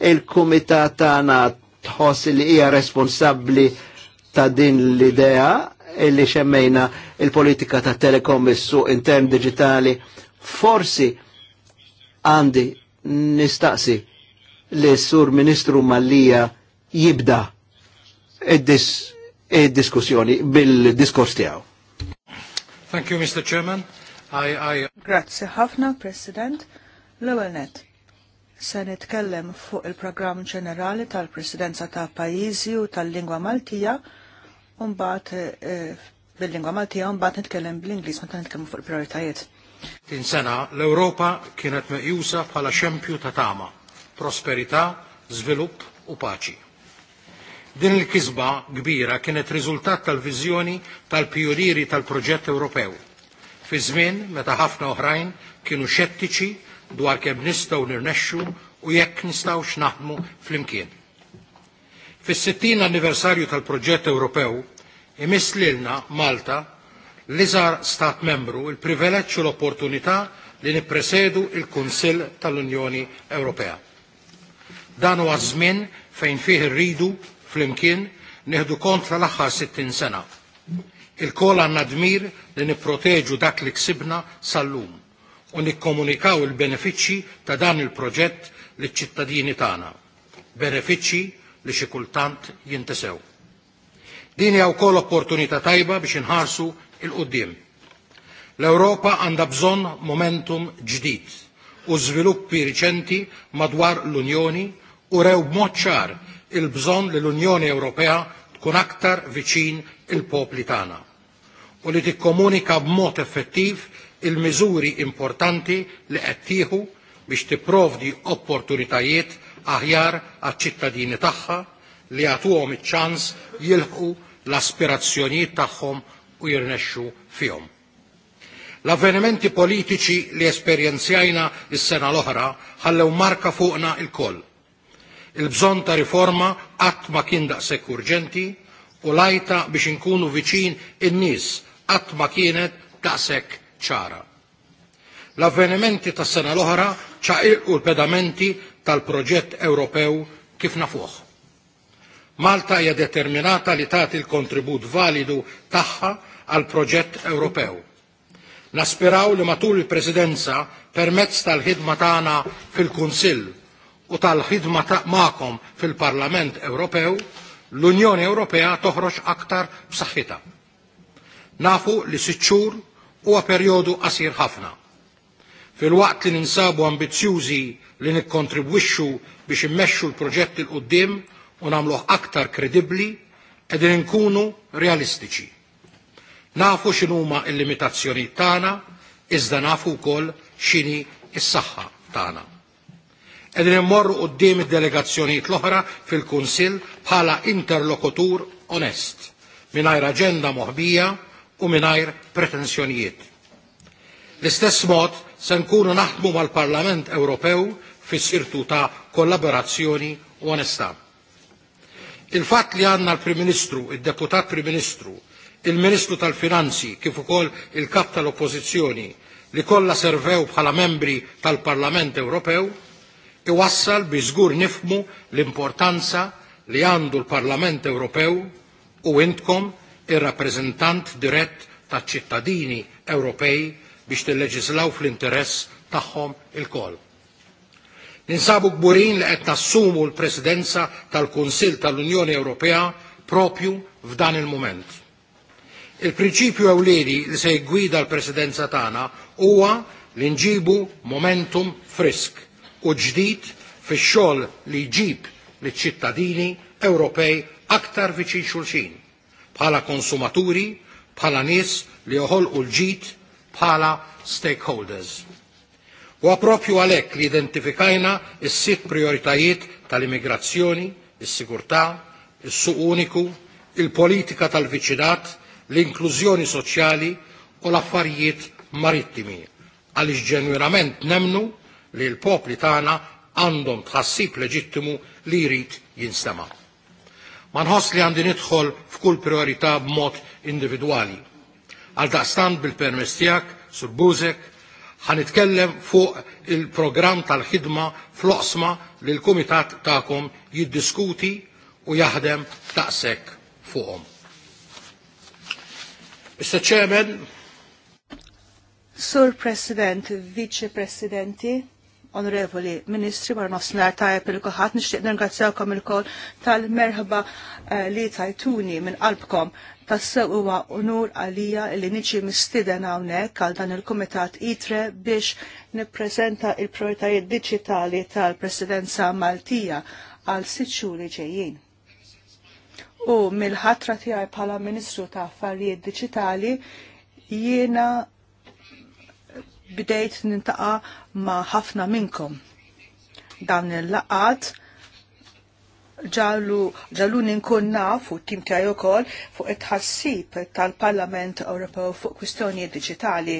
Il-Kumitat tagħna tħoss li hija responsabbli ta' din l-idea illi xemmejna il-politika ta' telekom is-suq intern digitali. Forsi għandi nistaqsi li sur Ministru Mallija jibda id-diskussjoni bil-diskors tiegħu. Thank you, Mr. Chairman. I, I... Grazie Hafna, President. L-ewel net. Se nitkellem fuq il-programm ġenerali tal-Presidenza ta' pajizi u tal-Lingwa Maltija, unbat e, eh, bil-Lingwa Maltija, unbat nitkellem bil inglis ma ta' nitkellem fuq il-prioritajiet. Tin sena l-Europa kienet meqjusa bħala xempju ta' tama, prosperità, żvilupp u paċi Din il-kisba kbira kienet riżultat tal-viżjoni tal-pjuriri tal-proġett Ewropew. Fi żmien meta ħafna oħrajn kienu xettiċi dwar kemm nistgħu nirnexxu u jekk nistgħux naħdmu flimkien. Fis-60 anniversarju tal-proġett Ewropew lilna Malta l-iżgħar stat membru il-privileġġ u l-opportunità li nippresedu il-Kunsill tal-Unjoni Ewropea. Dan huwa żmien fejn fih irridu flimkien neħdu kontra l-aħħar 60 sena. Il-kol għanna dmir li niproteġu dak li ksibna sal-lum u nikkomunikaw il-benefiċċji ta' dan il-proġett li ċittadini tagħna. Benefiċċji li xi kultant jintesew. Din hija wkoll opportunità tajba biex inħarsu il-qudiem. L-Ewropa għandha bżonn momentum ġdid u żviluppi riċenti madwar l-Unjoni u rew b'mod ċar il-bżonn li l-Unjoni Ewropea tkun aktar viċin il-popli tagħna u li tikkomunika b'mod effettiv il-miżuri importanti li qed tieħu biex tipprovdi opportunitajiet aħjar għaċ-ċittadini tagħha li jagħtuhom iċ-ċans jilħqu l-aspirazzjonijiet tagħhom u jirnexxu fihom. L-avvenimenti politiċi li esperjenzjajna is-sena l-oħra ħallew marka fuqna il-koll il-bżon ta' riforma qatt ma kien daqshekk urġenti u lajta biex inkunu viċin in-nies qatt ma kienet daqshekk ċara. L-avvenimenti tas sena l-oħra ċaqilqu l-pedamenti tal-proġett Ewropew kif nafuħ. Malta hija determinata li tagħti l-kontribut validu tagħha għal proġett Ewropew. Naspiraw li matul il-Presidenza permezz tal-ħidma tagħna fil-Kunsill u tal-ħidma ma'kom fil-Parlament Ewropew, l-Unjoni Ewropea toħroġ aktar b'saħħitha. Nafu li sitt xhur huwa perjodu qasir ħafna. Fil-waqt li ninsabu ambizzjużi li nikkontribwixxu biex immexxu l-proġett il qudiem u nagħmluh aktar kredibbli qegħdin inkunu realistiċi. Nafu x'inhuma l-limitazzjonijiet tagħna, iżda nafu wkoll x'inhi s-saħħa tagħna. Edin immorru quddiem id-delegazzjonijiet l-oħra fil-Kunsill bħala interlokutur onest, mingħajr aġenda moħbija u mingħajr pretensjonijiet. L-istess mod se nkunu naħdmu mal-Parlament Ewropew fis-sirtu ta' kollaborazzjoni u onestà. Il-fatt li għandna l-Prim Ministru, id-Deputat Prim Ministru, il-Ministru tal-Finanzi kif ukoll il-Kap tal-Oppożizzjoni li kollha servew bħala membri tal-Parlament Ewropew iwassal bi żgur nifmu l-importanza li għandu l-Parlament Ewropew u intkom ir-rappreżentant dirett taċ-ċittadini Ewropej biex tilleġislaw fl-interess tagħhom il-koll. Ninsabu gburin li qed nassumu l-Presidenza tal-Kunsill tal-Unjoni Ewropea propju f'dan il-moment. Il-prinċipju ewlieni li se jgwida l-Presidenza tagħna huwa li nġibu momentum frisk u ġdid fix-xogħol li jġib liċ-ċittadini Ewropej aktar viċin xulxin bħala konsumaturi, bħala nies li joħolqu l-ġid bħala stakeholders. U appropju għalhekk li identifikajna is-sitt prioritajiet tal-immigrazzjoni, is-sigurtà, is-suq uniku, il-politika tal-viċinat, l-inklużjoni soċjali u l-affarijiet marittimi għaliex ġenwirament nemnu li l-popli tagħna għandhom tħassib leġittimu li jrid jinstema'. Ma nħoss li għandi nidħol f'kull priorità b'mod individwali. Għal daqstan bil-permess tiegħek, sur Buzek, ħanitkellem fuq il-programm tal-ħidma fl-oqsma li l-Kumitat tagħkom jiddiskuti u jaħdem taqsek fuqhom. Mr. Chairman. Sur President, Vice Presidenti, Onorevoli Ministri, wara nofsinhar tajjeb il-kulħadd nixtieq nirringrazzjawkom kol tal-merħba eh, li tajtuni minn qalbkom tassew huwa unur għalija li niġi mistiden hawnhekk għal dan il-Kumitat ITRE biex nippreżenta il-prioritajiet diġitali tal-Presidenza Maltija għal sitt xhur li ġejjin. U mill-ħatra tiegħi bħala Ministru ta' Affarijiet Diġitali jiena bidejt nintaqa ma' ħafna minnkom. Dan il-laqat ġallu ġallu ninkun nafu tim tiegħi wkoll fuq it-ħassib tal-Parlament Ewropew fuq kwistjoni diġitali.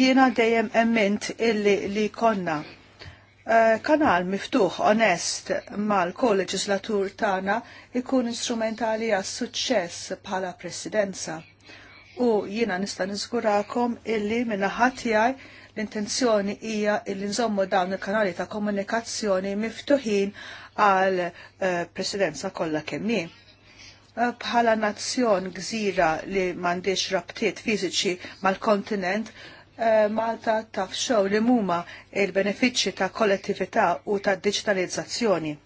Jiena dejjem emment illi li konna eh, kanal miftuħ onest mal-kolleġislatur tagħna ikun instrumentali għas suċċess bħala presidenza u jiena nista' niżgurakom illi minna ħatijaj l-intenzjoni hija illi nżommu dawn il-kanali ta' komunikazzjoni miftuħin għal eh, presidenza kollha kemmi. Eh, bħala nazzjon gżira li m'għandix rabtiet fiżiċi mal-kontinent, eh, Malta taf xew li muma il-benefiċċji ta' kollettività u ta' digitalizzazzjoni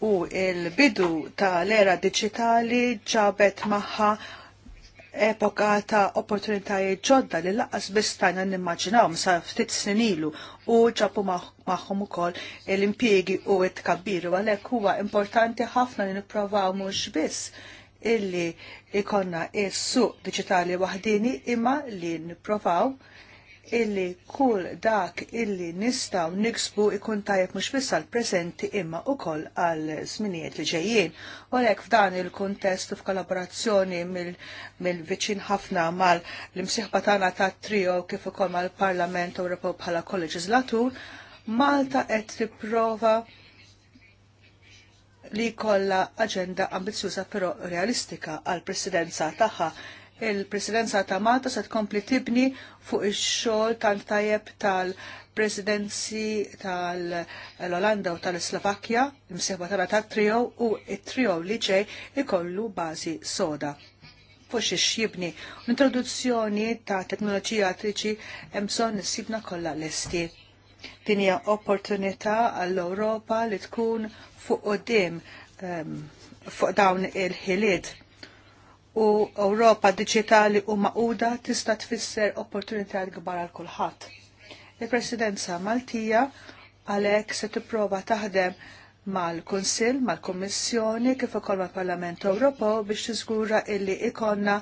u il-bidu tal-era digitali ġabet maħħa epoka ta' opportunitajiet ġodda li laqas bistajna nimmaġinaw sa' ftit snilu u ġabu maħħum ukoll l impiegi u t-kabbiru għalhekk huwa importanti ħafna li nipprovaw mhux biss illi ikonna is-suq diġitali waħdini imma li nipprovaw illi kull dak illi nistaw niksbu ikun tajjeb mhux biss għal preżenti imma ukoll għal żminijiet li ġejjin. U hekk f'dan il-kuntest u f'kollaborazzjoni mill-viċin ħafna mal-imsieħba tagħna tat-trio kif ukoll mal-Parlament Ewropew bħala kolleġislatur, Malta qed tipprova li kolla aġenda ambizjuża però realistika għal presidenza tagħha il-presidenza ta' Malta se tkompli tibni fuq ix-xogħol tal-tajjeb tal-presidenzi tal-Olanda u tal-Slovakkja, imsieħba tara ta' trio u it-trio li ġej ikollu bażi soda Fux ix jibni. L-introduzzjoni ta' teknoloġija attriċi hemm bżonn issibna kollha lesti. Din hija opportunità għall-Ewropa li tkun fuq qudiem ehm, fuq dawn il-ħiliet u Ewropa Digitali u maquda tista' tfisser opportunitajiet kbar għal kulħadd. Il-Presidenza Maltija għalhekk se tipprova taħdem mal-Kunsill, mal-Kommissjoni kif ukoll mal-Parlament Ewropew biex tiżgura illi ikonna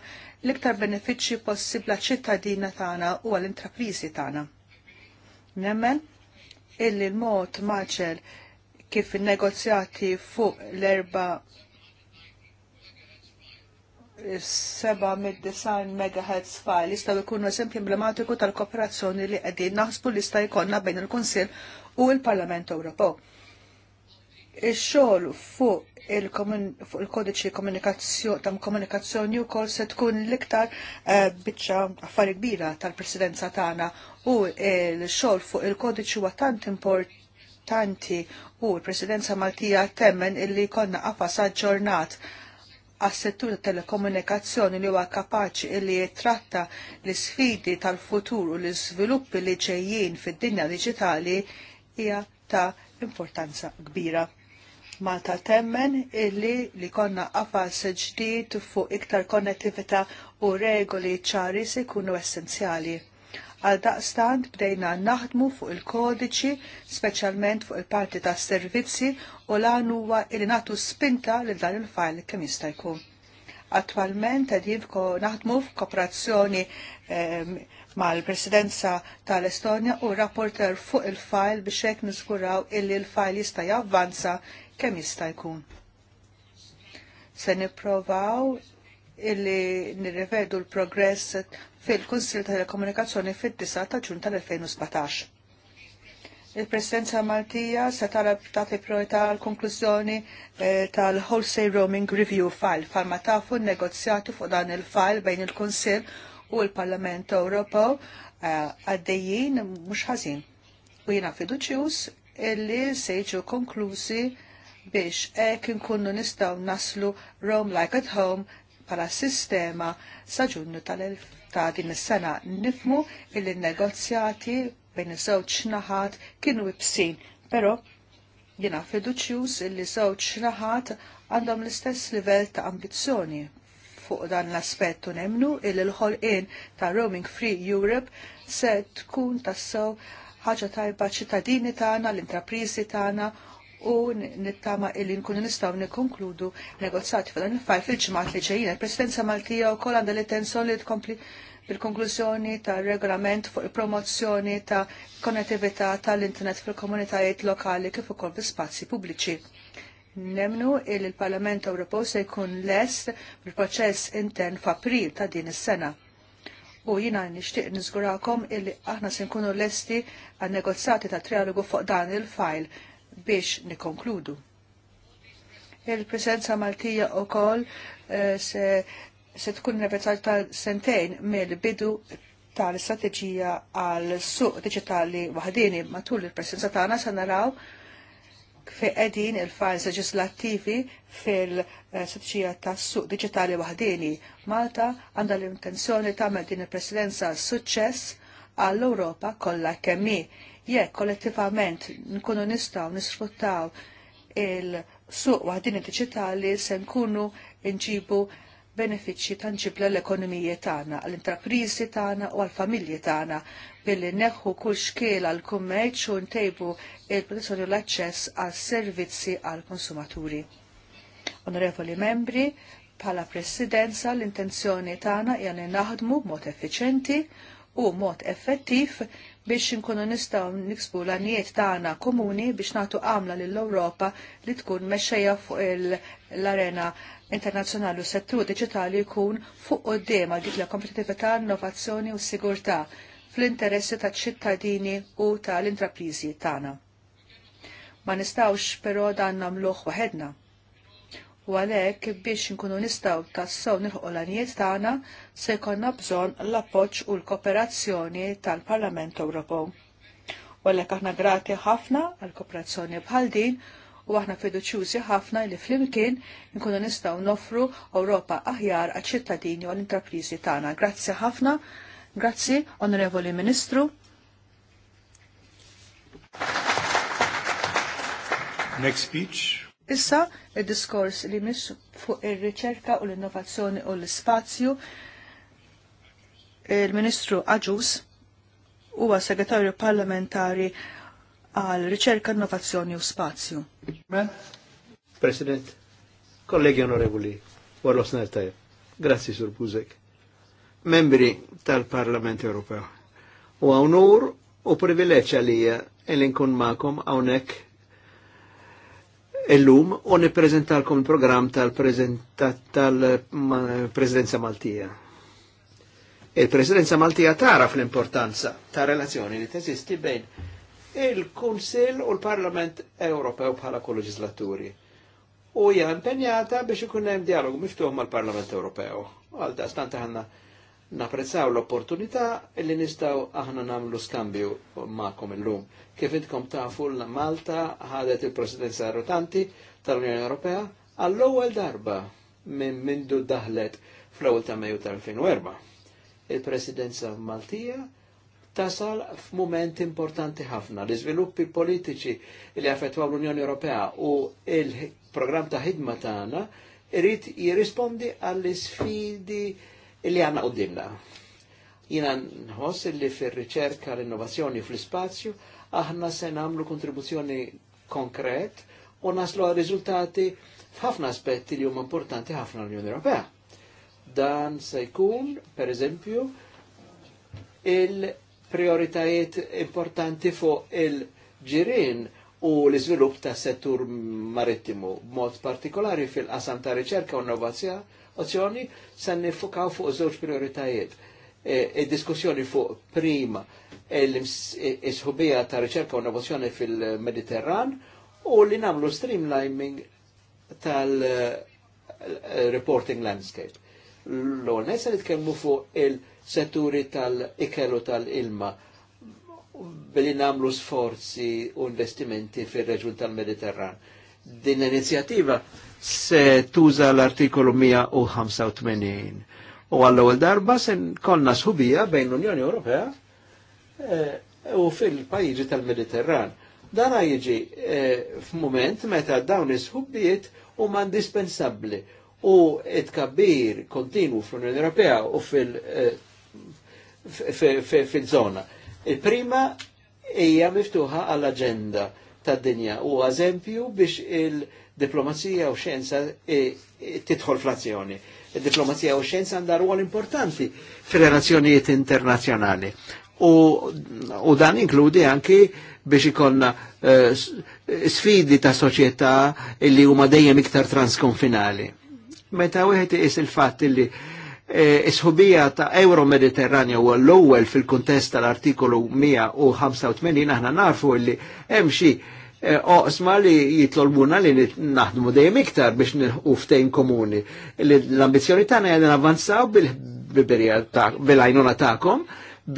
l-iktar benefiċċji possibbla ċittadina tagħna u għall-intrapriżi tagħna. Nemmen illi l-mod maċel kif in negozjati fuq l-erba 7.9 MHz design megahertz file jistaw ikunu eżempju emblematiku tal-kooperazzjoni li qegħdin naħsbu li jista' jkollna bejn il-Kunsill u l-Parlament Ewropew. Ix-xogħol fuq il-kodiċi ta' komunikazzjoni kol se tkun l-iktar eh, biċċa affari kbira tal-presidenza tagħna u l-xogħol fuq il-kodiċi huwa tant importanti u l-presidenza Maltija temmen illi konna qafas aġġornat għas-settur telekomunikazzjoni li huwa kapaċi li jitratta l isfidi tal-futur u l-iżviluppi li ġejjin fid-dinja diġitali hija ta' importanza kbira. Malta temmen illi li konna qafas ġdid fuq iktar konnettività u regoli ċari se jkunu essenzjali. Għal daqstant bdejna naħdmu fuq il-kodiċi, speċjalment fuq il-parti ta' servizzi u lan huwa li nagħtu spinta lil dan il-fajl kemm jista' jkun. Attualment qegħdin naħdmu f'kooperazzjoni ehm, mal-Presidenza tal-Estonja u rapporter fuq il-fajl biex hekk niżguraw illi l-fajl jista' javvanza kemm jista' jkun. Se nipprovaw illi nirrevedu l-progress fil-Kunsil tal-Komunikazzjoni fid-9 ta' ġun tal-2017. Il-Presidenza Maltija se talab tagħti priorità għall konklużjoni eh, tal-Wholesale Roaming Review File falma tafu negozjati fuq dan il-file bejn il-Kunsill u l-Parlament Ewropew eh, għaddejjin mhux ħażin. U jiena fiduċjuż illi se jiġu konklużi biex hekk inkunu nistgħu naslu Roam Like at Home bħala sistema sa' ġunju tal elf ta' din is-sena nifmu illi negozjati bejn iż-żewġ naħat kienu ibsin, però jiena fiduċjuż illi żewġ naħat għandhom l-istess livell ta' ambizzjoni fuq dan l-aspettu nemnu il l-ħolqien ta' Roaming Free Europe se tkun tassew ħaġa tajba ċittadini tagħna, l-intrapriżi tagħna u nittama illi nkunu nistgħu nikkonkludu negozzati fil il-fajl fil-ġimgħat li ġejjina. Il-Presidenza Maltija wkoll għandha li tenzon li tkompli bil-konklużjoni ta' regolament fuq il-promozzjoni ta' konnettività tal-internet fil-komunitajiet lokali kif ukoll fi spazji pubbliċi. Nemnu il il-Parlament Ewropew se jkun lest bil-proċess intern f'April ta' din is-sena. U jina nixtieq niżgurakom illi aħna se nkunu lesti għan negozjati ta' trialogu fuq dan il-fajl biex nikonkludu. Il-presenza Maltija u koll eh, se, se tkun nevetaj tal sentejn mill-bidu tal strategija għal suq digitali wahdini matul il-presenza tagħna se naraw fi qegħdin il-files leġislattivi fil strategija tas-suq digitali wahdini. Malta għandha l-intenzjoni tagħmel din il-presidenza suċċess għall-Ewropa kollha kemm jekk kollettivament nkunu nistgħu nisfruttaw il-suq waħdini digitali se nkunu nġibu benefiċċji tanġibla l-ekonomiji tagħna, għall-intrapriżi tagħna u għall-familji tagħna billi neħħu kull xkiela għal kummerċ u ntejbu il-protezzjoni u l-aċċess għal servizzi għal konsumaturi. Onorevoli membri, bħala presidenza l-intenzjoni tagħna hija li naħdmu b'mod effiċenti u mod effettiv biex inkunu nistgħu niksbu l għaniet tagħna komuni biex nagħtu għamla lill-Ewropa li tkun mexxejja fuq l-arena internazzjonali u settur diġitali jkun fuq qudiema dik la kompetitività, innovazzjoni u sigurtà fl-interessi taċ-ċittadini u tal-intrapriżi tagħna. Ma nistgħux però dan nagħmluh waħedna U għalhekk biex nkunu nistgħu tassaw nilħu l-għanijiet tagħna se jkollna bżonn l-appoġġ u l-kooperazzjoni tal-Parlament Ewropew. U għalhekk aħna grati ħafna għall kooperazzjoni bħal din u aħna fiduċjużi ħafna li flimkien nkunu nistgħu nofru Ewropa aħjar għaċ-ċittadini u għall intrapriżi tagħna. Grazzi ħafna, grazzi Onorevoli Ministru. Next speech. Issa id-diskors li mis fuq ir-riċerka u l-innovazzjoni u l-spazju il-Ministru Aġus huwa segretarju parlamentari għal riċerka, innovazzjoni u spazju. President, kollegi onorevoli, Warlos Nertajr, grazzi sur Buzek, membri tal-Parlament Ewropew. U għawnur u privileċa li il-inkun ma'kom għawnek illum u nippreżentalkom il-programm tal-Presidenza Maltija. Il-Presidenza Maltija tara fl-importanza ta' relazzjoni li teżisti bejn il-Kunsil u l-Parlament Ewropew bħala kol-leġislaturi. U hija impenjata biex ikun hemm dialogu miftuħ mal-Parlament Ewropew. Għal da ħanna naprezzaw l-opportunità li nistaw aħna namlu skambju ma'kom illum. Kif intkom tafu Malta ħadet il-presidenza rotanti tal-Unjoni Ewropea għall-ewwel darba minn mindu daħlet fl-ewwel ta' Mejju tal-2004. Il-presidenza Maltija tasal f'mument importanti ħafna. l sviluppi politiċi li affettwaw l-Unjoni Ewropea u il-programm ta' ħidma tagħna irid jirrispondi għall-isfidi illi għanna qoddimna. Jina nħoss illi fil-riċerka l-innovazzjoni fil spazju aħna se namlu kontribuzzjoni konkret u naslu għal rizultati f'ħafna aspetti li huma importanti ħafna l-Unjoni Ewropea. Dan se jkun, per eżempju, il-prioritajiet importanti fuq il-ġirin u l-iżvilupp ta' settur marittimu, mod partikolari fil-qasam ta' riċerka u innovazzjoni azzjoni se nifukaw fuq żewġ prioritajiet. Id-diskussjoni e, e, fuq prima l-isħubija ta' riċerka u innovazzjoni fil-Mediterran u li namlu streamlining tal-reporting landscape. L-għonet li nitkellmu fuq il-setturi tal-ikelu tal-ilma billi namlu sforzi u investimenti fil-reġun tal-Mediterran. Din l-inizjativa se tuża l-artikolu 185. U għall-ewwel darba se konna sħubija bejn l-Unjoni Ewropea eh, u fil-pajjiġi tal-Mediterran. Dan jiġi eh, f'mument meta dawn is-sħubijiet huma indispensabbli u it-kabbir kontinu fl-Unjoni Ewropea u fil żona eh, Il-prima hija miftuħa għall-aġenda tad-dinja u eżempju biex il- diplomazija u xenza e, e, titħol fl Diplomazija u xenza għandha rwol importanti fil-relazzjonijiet internazzjonali. U, u dan inkludi anki biex ikonna uh, sfidi ta' soċjetà li huma dejjem iktar transkonfinali. Meta wieħed is il-fatt li eh, isħubija ta' Euro-Mediterranja u l-ewwel fil-kuntest tal-artikolu 185 aħna nafu li hemm xi oqsma li jitlolbuna li naħdmu dejjem iktar biex nilħu ftejn komuni. L-ambizjoni tagħna qegħdin avvanzaw bil-għajnuna tagħkom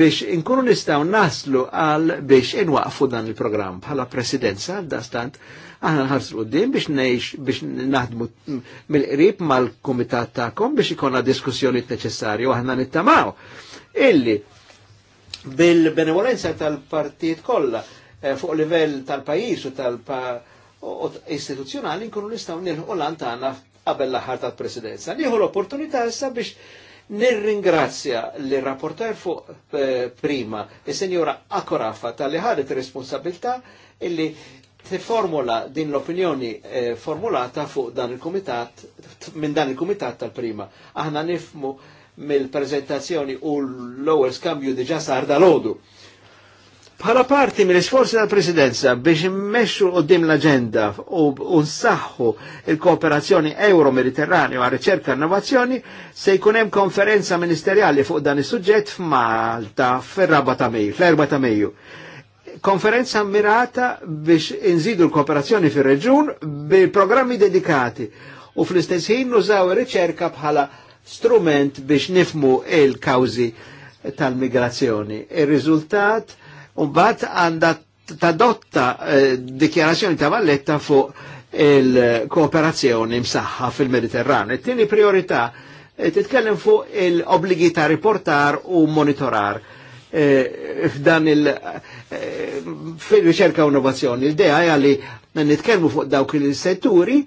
biex inkunu nistgħu naslu għal biex inwaqfu dan il-programm bħala presidenza għal dastant aħna nħarsu qudiem biex nejx biex naħdmu mill-qrib mal-kumitat tagħkom biex ikonna diskussjonijiet neċessarju aħna nittamaw. Illi bil-benevolenza tal-partijiet kollha Eh, fuq livell tal-pajis u tal-istituzjonali nkunu nistaw nilħu lantana qabel l-ħar tal-presidenza. Nieħu l-opportunità issa biex nirringrazzja li rapporter fuq eh, prima il-senjora Akorafa tal-li ħadet responsabilta illi formula din l-opinjoni eh, formulata fuq dan il-komitat, minn dan il-komitat tal-prima. Aħna nifmu mill-prezentazzjoni u l-lower skambju diġa sar dal odu Bħala parti mill-isforzi tal-Presidenza biex immexxu qudiem l-aġenda u nsaħħu il-kooperazzjoni euro mediterraneo għal riċerka e innovazzjoni se jkun hemm konferenza ministerjali fuq dan is-suġġett f'Malta fir-raba ta' Mejju, fl ta' Mejju. Konferenza mirata biex inżidu l-kooperazzjoni fir-reġun bi programmi dedikati u fl-istess ħin nużaw ir-riċerka bħala strument biex nifmu il-kawżi tal-migrazzjoni. Ir-riżultat il Umbat għanda tadotta eh, dikjarazzjoni ta' Valletta fuq il-kooperazzjoni msaħħa fil-Mediterran. It-tieni e priorità eh, titkellem fuq il-obligi ta' riportar u monitorar eh, f'dan il- eh, fil-riċerka u innovazzjoni. Il-dea għalli nitkellmu fuq dawk il-setturi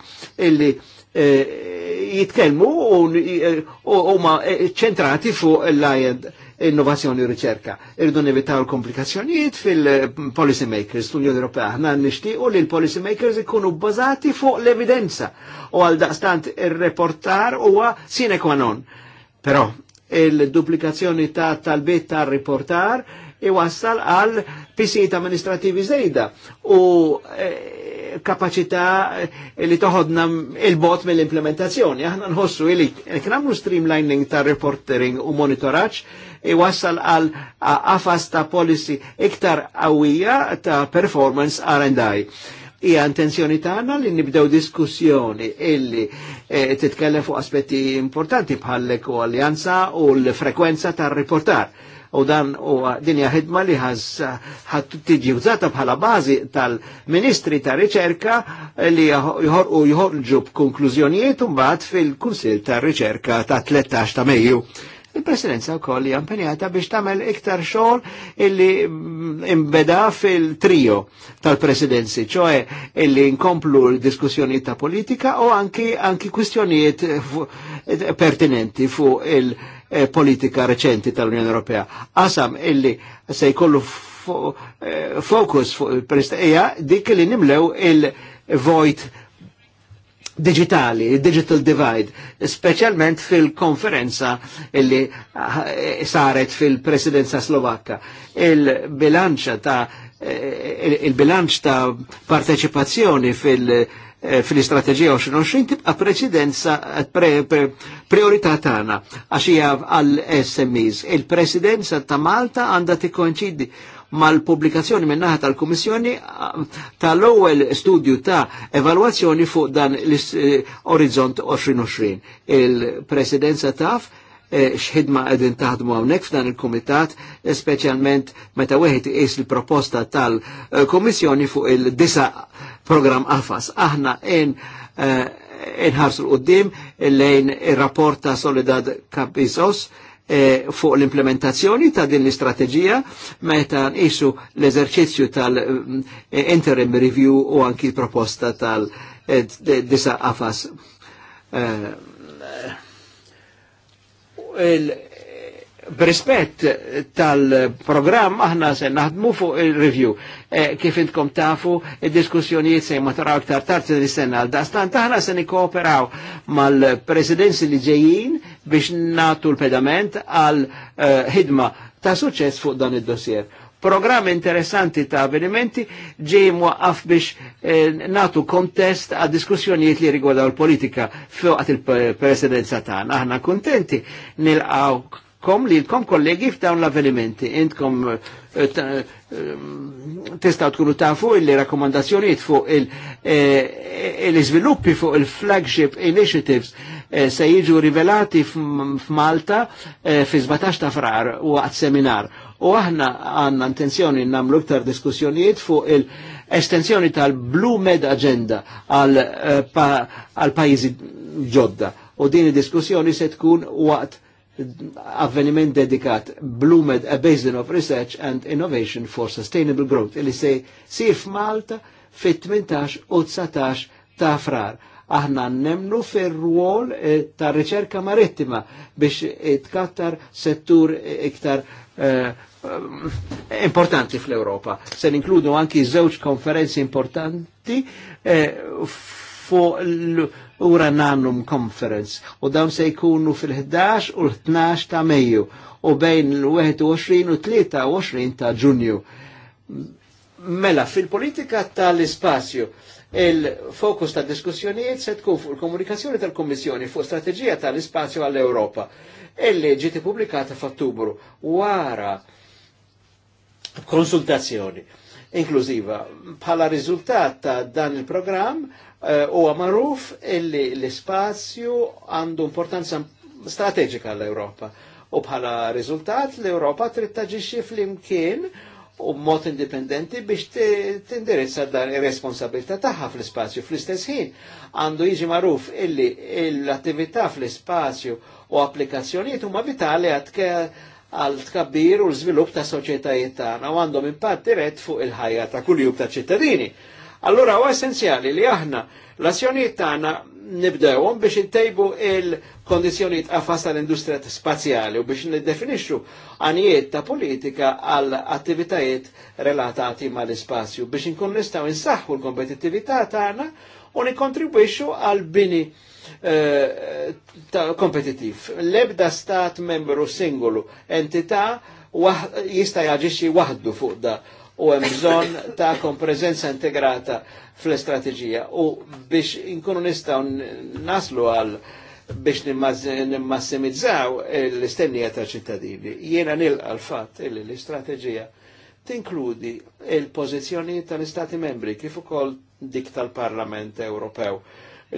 illi eh, jitkelmu u e, ma e, ċentrati fuq l-lajed innovazzjoni u riċerka. Irridu nevitaw l komplikazzjonijiet fil-policy makers, l-Unjoni Ewropea. Aħna nixtiequ li l-policy makers ikunu bbażati fuq l-evidenza u għal daqstant ir-reportar huwa sine qua non. Però il-duplikazzjoni ta' talbiet ta' riportar iwassal għal pisijiet amministrativi zejda u eh, kapacità eh, li toħodna il-bot mill-implementazzjoni. Aħna nħossu li kramlu streamlining ta' reportering u monitoraċ iwassal għal għafas ta' policy iktar għawija ta' performance R&I hija intenzjoni tagħna li nibdew diskussjoni illi eh, titkellem fuq aspetti importanti bħal l-ekoaljanza u l-frekwenza tar-riportar u dan u dinja ħidma li ħat tiġi użata bħala bazi tal-Ministri ta' Riċerka li jħorqu jħorġu b'konklużjonijiet mbagħad fil-Kunsil ta' Riċerka ta' 13 ta' Mejju. Il-Presidenza u koll jampenjata biex tamel iktar xogħol illi imbeda fil-trio tal-presidenzi, ċoħe illi nkomplu l diskussjoni ta' politika u anki, anki kwistjonijiet pertinenti fuq il- Eh, politika reċenti tal-Unjoni Ewropea. Qasam illi se jkollu fokus eh, fuq il hija dik li nimlew il-vojt digitali, digital divide, specialment fil-konferenza illi eh, saret fil-presidenza slovakka. Il-bilanċa ta' Eh, il-bilanċ ta' partecipazzjoni fil- eh, fil 2020 tibqa' presidenza eh, pre, pre, priorità tagħna għax hija għall SMEs. Il-presidenza ta' Malta għandha tikkonċidi mal-pubblikazzjoni minnaħa tal-Kummissjoni tal-ewwel studju ta' evalwazzjoni fuq dan l-Orizzont 2020. Il-presidenza taf Eh, xħidma għedin taħdmu għawnek f'dan il-komitat, specialment meta weħet is il-proposta tal-komissjoni fuq il-disa program AFAS. Aħna in inħarsu eh, l-qoddim lejn il-rapport ta' Solidad Capisos eh, fuq l-implementazzjoni ta' din l-istrateġija meta nqisu l-eżerċizzju tal-interim review u anki proposta tal-disa AFAS Brispett tal-programm aħna se naħdmu fuq il-review. Eh, kif intkom tafu, il-diskussjonijiet se jmaturaw iktar tard se nistenna għal dastan, taħna se nikkooperaw mal-presidenzi li ġejjin biex natu l-pedament għal eh, ħidma ta' suċess fuq dan id-dossier program interessanti ta' avvenimenti ġej mwaqqaf biex eh, natu kontest għad diskussjonijiet li rigwadaw l-politika fuqat il-presidenza tagħna. Aħna kontenti nilqaw kom li kom kollegi f'dawn l-avvenimenti. Intkom eh, eh, testaw tkunu ta' fuq il rakkomandazzjonijiet eh, fuq il-izviluppi fuq il-flagship initiatives se jiġu rivelati f'Malta fi 17 ta' frar u għat seminar U aħna għanna intenzjoni namlu iktar diskussjonijiet fuq il-estensjoni tal-Blue Med Agenda għal-pajizi eh, ġodda. U din diskussjoni se tkun waqt avveniment dedikat Blue Med a eh, Basin of Research and Innovation for Sustainable Growth illi se sirf Malta fit-18 u 19 ta' frar aħna nemnu fil-rwol eh, ta' riċerka marittima biex itkattar settur iktar Ehm, importanti fl-Europa. Se ninkludu anki żewġ konferenzi importanti eh, fuq l-Urananum Conference u dawn se jkunu fil-11 u l-12 ta' Mejju u bejn l-21 u 23 ta' Ġunju. Mela, fil-politika tal-ispazju, il-fokus ta' diskussjonijiet se tkun fuq il-komunikazzjoni tal-Kommissjoni fuq strategija tal-ispazju għall-Europa, illi ġiet pubblikata f'Ottubru wara konsultazzjoni inklużiva. Bħala riżultat ta' dan il-programm eh, huwa uh, magħruf illi l-ispazju għandu importanza strateġika l-Ewropa. U bħala riżultat l-Ewropa trid taġixxi flimkien u mod indipendenti biex tindirizza dan ir-responsabilità tagħha fl-ispazju fl-istess ħin. Għandu jiġi magħruf illi l-attività fl-ispazju u applikazzjonijiet huma vitali għad għal tkabbir u l-żvilupp ta' soċjetajiet tagħna u għandhom impatt dirett fuq il-ħajja ta' kuljum ta' ċittadini. Allura huwa essenzjali li aħna l-azzjonijiet tagħna nibdewhom biex intejbu il-kondizzjonijiet qafas tal-industrija spazjali u biex niddefinixxu għanijiet ta' politika għal attivitajiet relatati mal-ispazju biex inkun nistgħu insaħħu l-kompetittività tagħna u nikkontribwixxu għal bini Eh, kompetitiv. Lebda stat membru singolu entità jista jaġixxi waħdu fuq da u hemm bżonn ta' prezenza integrata fl-istrateġija u biex inkunu nistgħu naslu għal biex nimmassimizzaw l-istennija ta' ċittadini. Jiena nil għal fatt l-istrateġija tinkludi il-pożizzjoni tal-Istati membri kif ukoll dik tal-Parlament Ewropew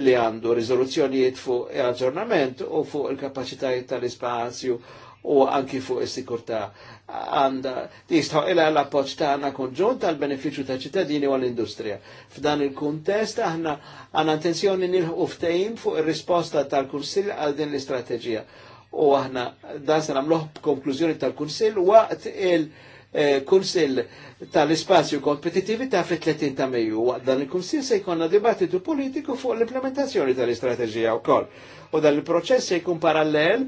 li għandu rizoluzzjonijiet fuq aġġornament u fuq il-kapacitajiet tal-ispazju u anki fuq is-sikurtà. Għanda tistħu ila l-appoċ tagħna konġunt tal beneficju ta' ċittadini u l-industrija. F'dan il-kuntest aħna għandna intenzjoni nilħu ftehim fuq ir-risposta tal-Kunsill għal din l-istrateġija. U aħna dan se nagħmluh b'konklużjoni tal-Kunsill waqt il- Eh, kunsil tal-ispazju kompetitività fit-30 ta' meju dan il-kunsil se jkollna dibattitu politiku fuq l-implementazzjoni tal-istrateġija wkoll. U dan il-proċess se jkun parallel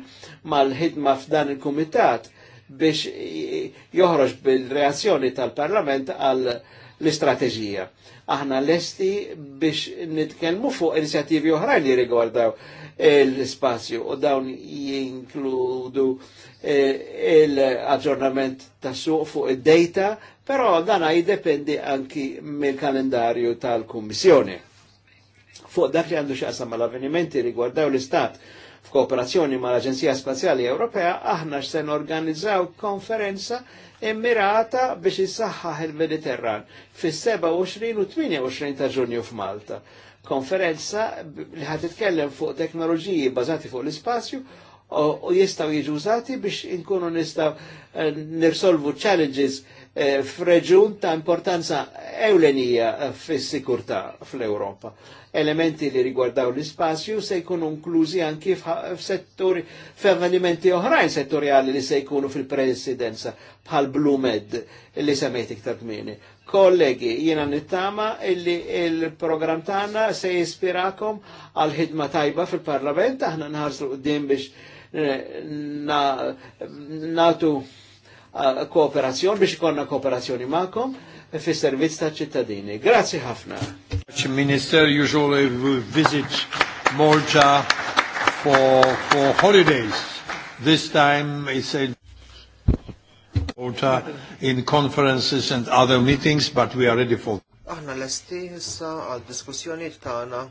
mal-ħidma f'dan il-kumitat biex joħroġ bil-reazzjoni tal-Parlament għal l-istrateġija. Aħna lesti biex nitkellmu fuq inizjattivi oħrajn li rigwardaw l-ispazju u dawn jinkludu Eh, il-aġġornament ta' suq fuq id-data, però dan jiddependi anki mill-kalendarju tal-Kummissjoni. Fuq dak li għandu xaqsam mal-avvenimenti rigwardaw l-Istat f'kooperazzjoni mal-Aġenzija Spazjali Ewropea, aħna x'sen organizzaw konferenza immirata biex issaħħaħ il-Mediterran fis-27 u 28 ta' Ġunju f'Malta. Konferenza li ħad fuq teknoloġiji bażati fuq l-ispazju u jistaw jiġu biex inkunu nistaw eh, nirsolvu challenges eh, f'reġun ta' importanza ewlenija eh, fis-sikurtà fl-Ewropa. Elementi li rigwardaw l-ispazju se jkunu inklużi anki f'settori f'avvenimenti oħrajn settoriali li se jkunu fil-presidenza bħal Blumed li semmejt iktar kmini. Kollegi, jiena nittama illi il-program tagħna se jispirakom għal ħidma tajba fil-Parlament, aħna nħarsu qudiem biex natu kooperazzjoni biex ikonna kooperazzjoni ma'kom fi servizz ta' ċittadini. Grazzi ħafna. Minister usually will visit Malta for, for holidays. This time he said Malta in conferences and other meetings, but we are ready for. Aħna l-esti issa għal diskussjoni tagħna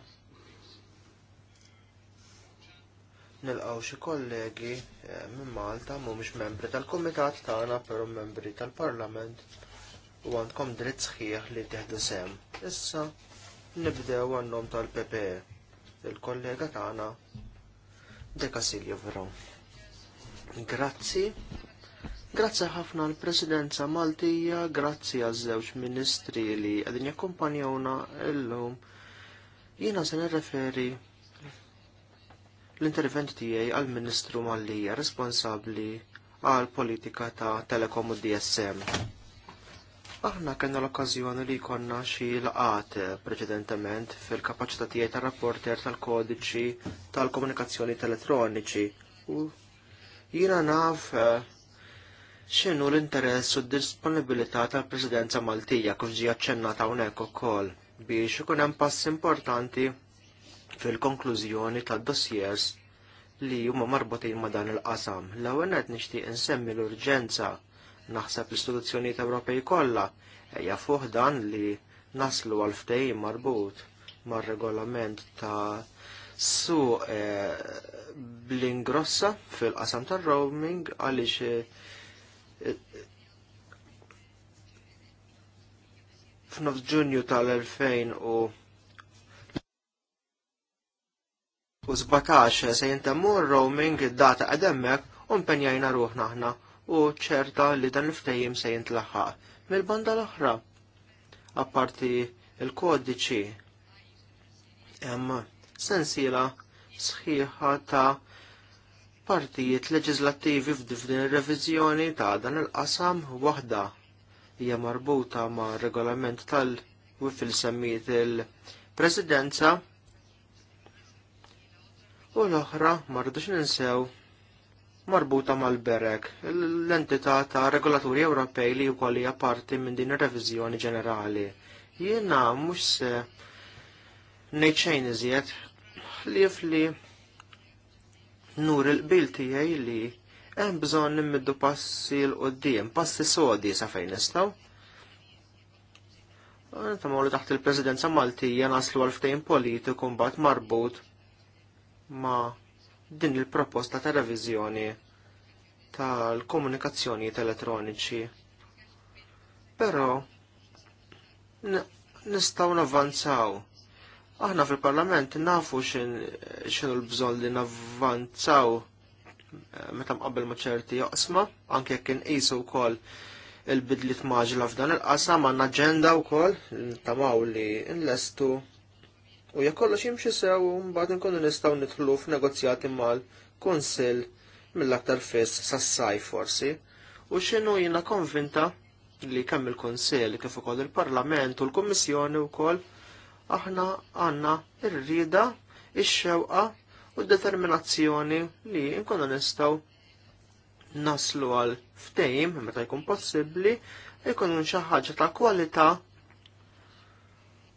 nilqaw xi kollegi eh, minn Malta mhumiex membri tal-kumitat tagħna però membri tal-Parlament u għandkom dritt sħiħ li teħdu sem. Issa nibdew għannom tal-PPE il-kollega tagħna De Casilio Vero. Grazzi. Grazzi ħafna l-Presidenza Maltija, grazzi għaż-żewġ ministri li qegħdin jakkumpanjawna illum. Jiena se nirreferi l-intervent tiegħi għall ministru Mallija responsabbli għal politika ta' Telekom u DSM. Aħna kellna l-okkażjoni li jkollna xi laqat preċedentement fil-kapaċità tiegħi ta' rapporter tal-kodiċi tal-komunikazzjoni Telettroniċi. u jiena naf eh, x'inhu l-interess u d-disponibilità tal-Presidenza Maltija kunġi ġie aċċennata hawnhekk ukoll biex ikun hemm pass importanti fil-konklużjoni tad-dossiers li huma marbutin ma' dan il-qasam. L-ewwel qed nixtieq insemmi l-urġenza naħseb l-istituzzjonijiet Ewropej kollha hija fuq dan li naslu għal ftehim marbut mar-regolament ta' su eh, bl-ingrossa fil-qasam tar-roaming għaliex eh, f'nofs ġunju tal-2000 u u 17 se jintemmu roaming id-data għademmek u mpenjajna ruħna ħna u ċerta li dan l ftajim se jintlaħħaq. Mil-banda l-oħra, apparti il-kodiċi, hemm sensiela sħiħa ta' partijiet leġislattivi f'divni ir-reviżjoni ta' dan il-qasam waħda hija marbuta ma' regolament tal-wifil semmiet il-presidenza il presidenza u l-oħra marridux ninsew marbuta mal-berek, l-entità ta' regolaturi Ewropej li wkoll hija parti minn din ir-reviżjoni ġenerali. Jiena mhux se ngħid xejn iżjed ħlief li nur il-qbil tiegħi li hemm bżonn nimmiddu passi l qoddim passi sodi sa fejn nistgħu. Ta' taħt il-Presidenza Maltija naslu għal ftehim politiku mbagħad marbut ma' din il-proposta ta' revizjoni tal-komunikazzjonijiet elettroniċi. Però nistgħu navvanzaw. Aħna fil-Parlament nafu x'inhu l-bżonn li navvanzaw eh, meta mqabbel ma' ċerti jaqsma, anke jekk inqisu wkoll il-bidliet maġla f'dan il-qasam għandna aġenda wkoll tamaw li nlestu U jekk kollox jimxi sew mbagħad inkunu nistgħu nidħlu f'negozjati mal-Kunsill mill-aktar fis sas saj forsi. U x'inhu jiena konvinta li kemm il-Kunsill kif ukoll il-Parlament u l-Kummissjoni wkoll aħna għandna ir rida ix-xewqa u d-determinazzjoni li nkunu nistgħu naslu għal ftehim meta jkun possibbli ikunu xi ħaġa ta' kwalità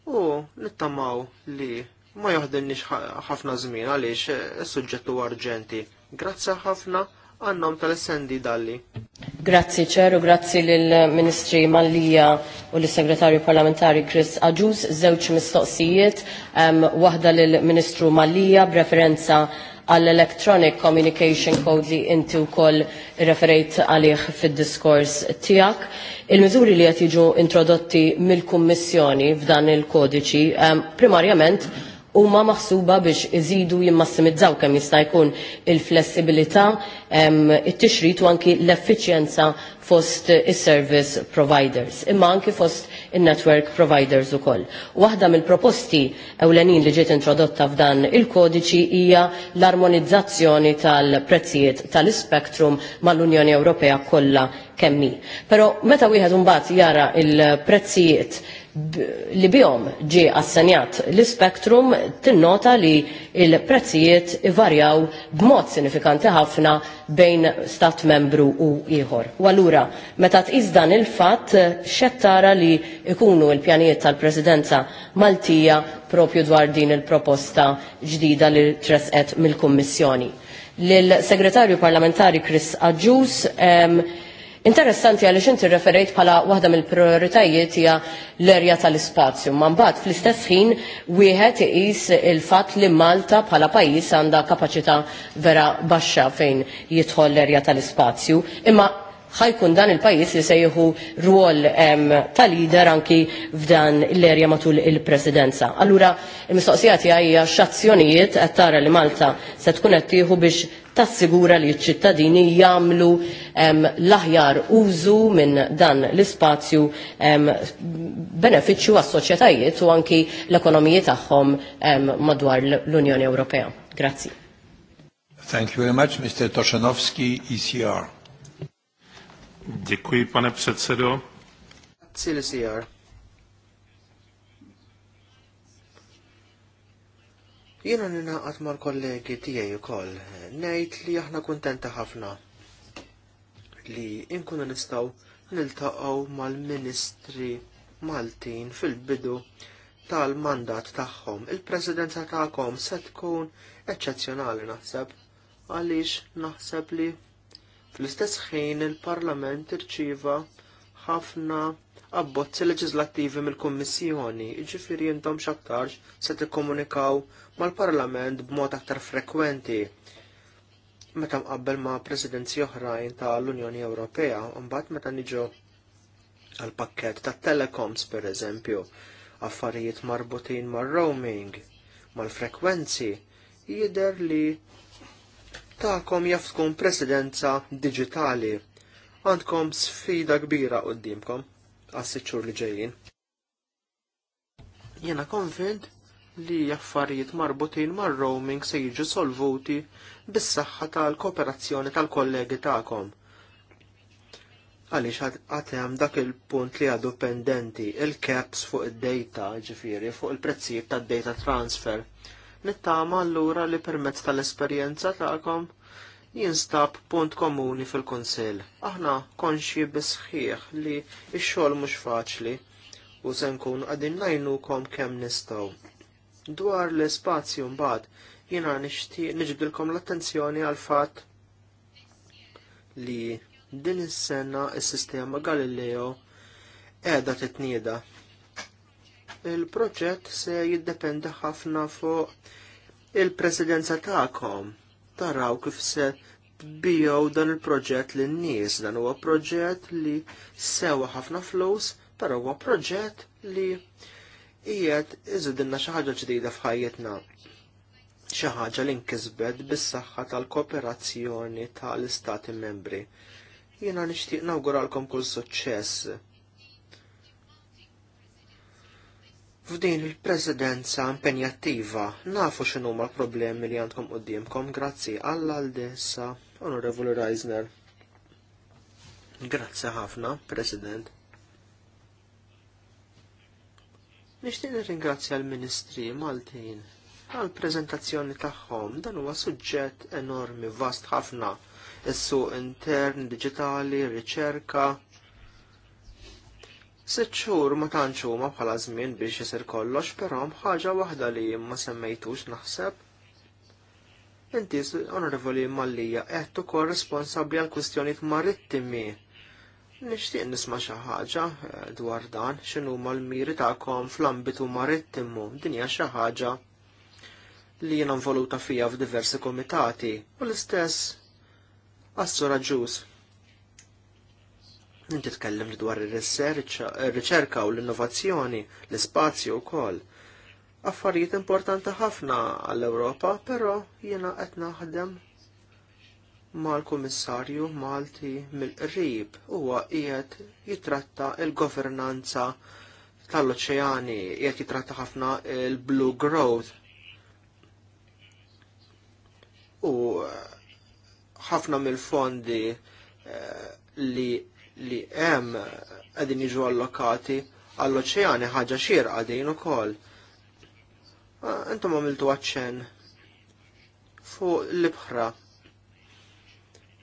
u nittamaw li ma joħdilniex ħafna żmien għaliex is-suġġett eh, huwa arġenti. Grazzi ħafna għannam tal-essendi dalli. Grazzi ċeru, grazzi l-Ministri Mallija u l-Segretarju Parlamentari Chris Aġus, żewġ mistoqsijiet, um, waħda l-Ministru Mallija b'referenza għall-Electronic Communication Code li inti wkoll referejt għalih fid-diskors tiegħek. Il-miżuri li qed jiġu introdotti mill-Kummissjoni f'dan il-kodiċi um, primarjament huma maħsuba biex iżidu jimmassimizzaw kemm jista' jkun il-flessibilità, ehm, it-tixrid u anki l-effiċjenza fost is-service providers, imma anki fost il network providers ukoll. Waħda mill-proposti ewlenin li ġiet introdotta f'dan il-kodiċi hija l-armonizzazzjoni tal-prezzijiet tal-spektrum mal-Unjoni Ewropea kollha kemmi. Però meta wieħed imbagħad jara il-prezzijiet li bihom ġi assenjat l-spektrum tinnota li il-prezzijiet varjaw b'mod sinifikanti ħafna bejn stat membru u ieħor. U allura meta tqis dan il-fatt xettara tara li ikunu l-pjanijiet tal-Presidenza Maltija propju dwar din il-proposta ġdida li tresqet mill-Kummissjoni. Lill-Segretarju Parlamentari Chris Aġus Interessanti għaliex xinti referejt bħala waħda mill-prioritajiet hija l-erja tal-ispazju. Ma mbagħad fl-istess ħin wieħed iqis il-fatt li Malta bħala pajjiż għandha kapaċità vera baxxa fejn jidħol l-erja tal-ispazju. Imma ħajkun dan il-pajis li sejħu ruol ta' lider anki f'dan l-erja matul il-presidenza. Allura, il-mistoqsija tiegħi x'azzjonijiet qed tara li Malta se tkun qed biex tassigura li ċ-ċittadini jagħmlu l-aħjar użu minn dan l-ispazju benefiċċju għas-soċjetajiet u anki l-ekonomiji tagħhom madwar l-Unjoni Ewropea. Grazzi. Thank you very much, Mr. Toshanovsky, ECR. Děkuji, pane předsedo. CLCR. Jena ninaqat mar kollegi tijaj u koll, nejt li aħna kontenta ħafna li inkunu nistaw niltaqaw mal-ministri Maltin fil-bidu tal-mandat tagħhom. Il-presidenza tagħkom se tkun eċċezzjonali naħseb, għaliex naħseb li Fl-istess ħin il-Parlament irċieva ħafna abbozzi leġislattivi mill-Kummissjoni, jiġifieri intom xattarx se tikkomunikaw mal-Parlament b'mod aktar frekwenti. Meta mqabbel ma' presidenzi oħrajn tal-Unjoni Ewropea, mbagħad meta niġu għal pakkett ta' telecoms pereżempju, affarijiet marbutin mar-roaming, mal-frekwenzi, jidher li ta'kom jaf tkun presidenza digitali. Għandkom sfida kbira qoddimkom għas sicċur li ġejjin. Jena konvint li affarijiet marbutin mar-roaming se jiġu solvuti bis-saħħa tal-kooperazzjoni tal-kollegi ta'kom. Għaliex għatem dak il-punt li għadu pendenti, il-caps fuq id-data ġifiri, fuq il-prezzijiet tad-data transfer Nittama allura li permezz tal-esperjenza tagħkom jinstab punt komuni fil konsil Aħna konxi bisħiħ li x-xogħol mhux faċli u se nkun qegħdin ngħinukom kemm nistgħu. Dwar l-ispazju mbagħad jiena nixtieq niġbdilkom l-attenzjoni għal fatt li din is-sena s-sistema Galileo qiegħda titnieda il-proġett se jiddependa ħafna fuq il-presidenza tagħkom. Taraw kif se bijow dan il-proġett lin nies dan huwa proġett li sewa ħafna flus, però huwa proġett li qiegħed iżidilna xi ħaġa ġdida f'ħajjitna. Xi ħaġa li nkisbet bis-saħħa tal-kooperazzjoni tal-Istati Membri. Jiena nixtieq nawguralkom kull suċċess F'din il-presidenza impenjattiva nafu ma problemi li għandkom qudiemkom grazzi għall għaldessa Onorevoli Reisner. Grazzi ħafna, President. Nixtieq nirringrazzja l-Ministri Maltin għal prezentazzjoni tagħhom dan huwa suġġett enormi vast ħafna is-suq intern, digitali, riċerka, Sitt xhur ma tantx huma bħala żmien biex isir kollox, però ħaġa waħda li ma semmejtux naħseb. Inti onorevoli Mallija qed ukoll responsabbli għal kwistjonijiet marittimi. Nixtieq nisma' xi ħaġa eh, dwar dan x'inhu l-miri tagħkom fl-ambitu marittimu din hija xi ħaġa li jiena involuta fija f'diversi komitati u l-istess Assura Ġus Inti tkellem dwar il riċerka u l-innovazzjoni, l u wkoll. Affarijiet importanti ħafna għall-Ewropa, però jiena qed naħdem mal-Kummissarju Malti mill-qrib huwa qiegħed jitratta il-governanza tal-oċeani, qiegħed jitratta ħafna il-blue growth. U ħafna mill-fondi eh, li li hemm qegħdin jiġu allokati għall-oċeani ħaġa għadin u ukoll. Ah, intom għamiltu għacċen fuq l-ibħra.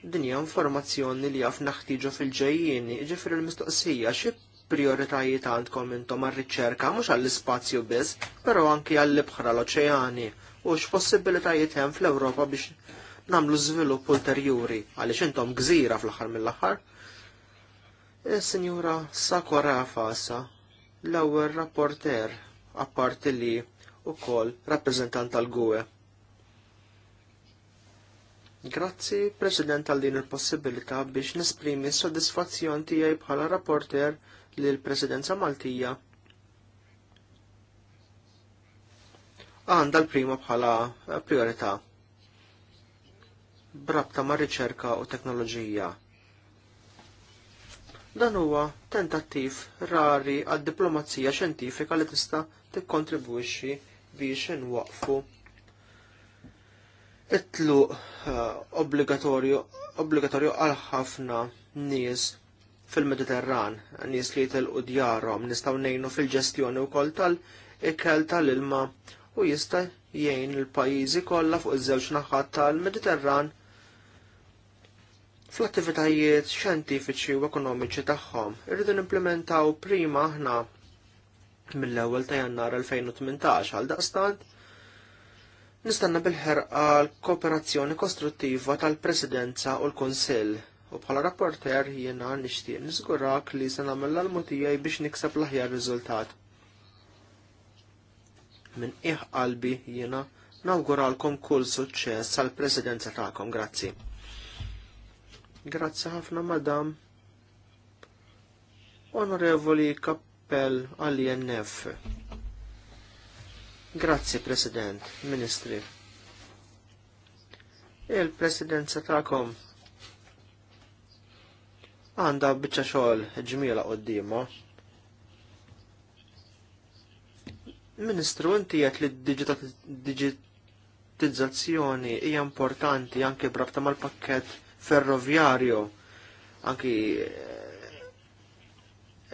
Din hija informazzjoni li għaf naħtiġu fil-ġejjieni, ġifir il-mistoqsija xi prioritajiet għandkom intom għal riċerka mhux għall-ispazju biss, però anki għall-ibħra l-oċeani u x'possibilitajiet hemm fl-Ewropa biex namlu żvilupp ulterjuri għaliex intom gżira fl-aħħar mill-aħħar Il-Sinjura eh, Sakorafa Fasa, l-ewwel rapporter apparti li wkoll rappreżentant tal gwe Grazzi, President, għal din il-possibilità biex nesprimi s-sodisfazzjon tiegħi bħala rapporter li l-Presidenza Maltija għanda l-prima bħala eh, priorità brabta ma' riċerka u teknoloġija. Dan huwa tentattiv rari għad diplomazija xjentifika li tista' tikkontribwixxi biex inwaqfu it-tluq eh, obbligatorju obbligatorju għal ħafna nies fil-Mediterran, nies li jitilqu djarhom nistgħu ngħinu fil-ġestjoni wkoll tal-ikel tal-ilma u jista' jgħin il-pajjiżi kollha fuq iż-żewġ naħat tal-Mediterran fl-attivitajiet xjentifiċi u ekonomiċi tagħhom. Irridu nimplementaw prima aħna mill-ewwel ta' jannar 2018 għal daqstant nistanna bil-ħerqa l-kooperazzjoni kostruttiva tal-Presidenza u l-Kunsill u bħala rapporter jiena nixtieq niżgurak li se nagħmel l-almutijaj biex nikseb l-aħjar riżultat. Min iħ qalbi jiena nawguralkom kull suċċess għall presidenza tagħkom, grazzi. Grazzi ħafna madam. Onorevoli Kappell għal-INF. E Grazzi President, Ministri. Il-Presidenza ta'kom għanda bieċa xogħol ġmiela qoddima. Ministru, inti qed li d-digitalizzazzjoni hija importanti anke brabta mal-pakkett ferroviario anki eh,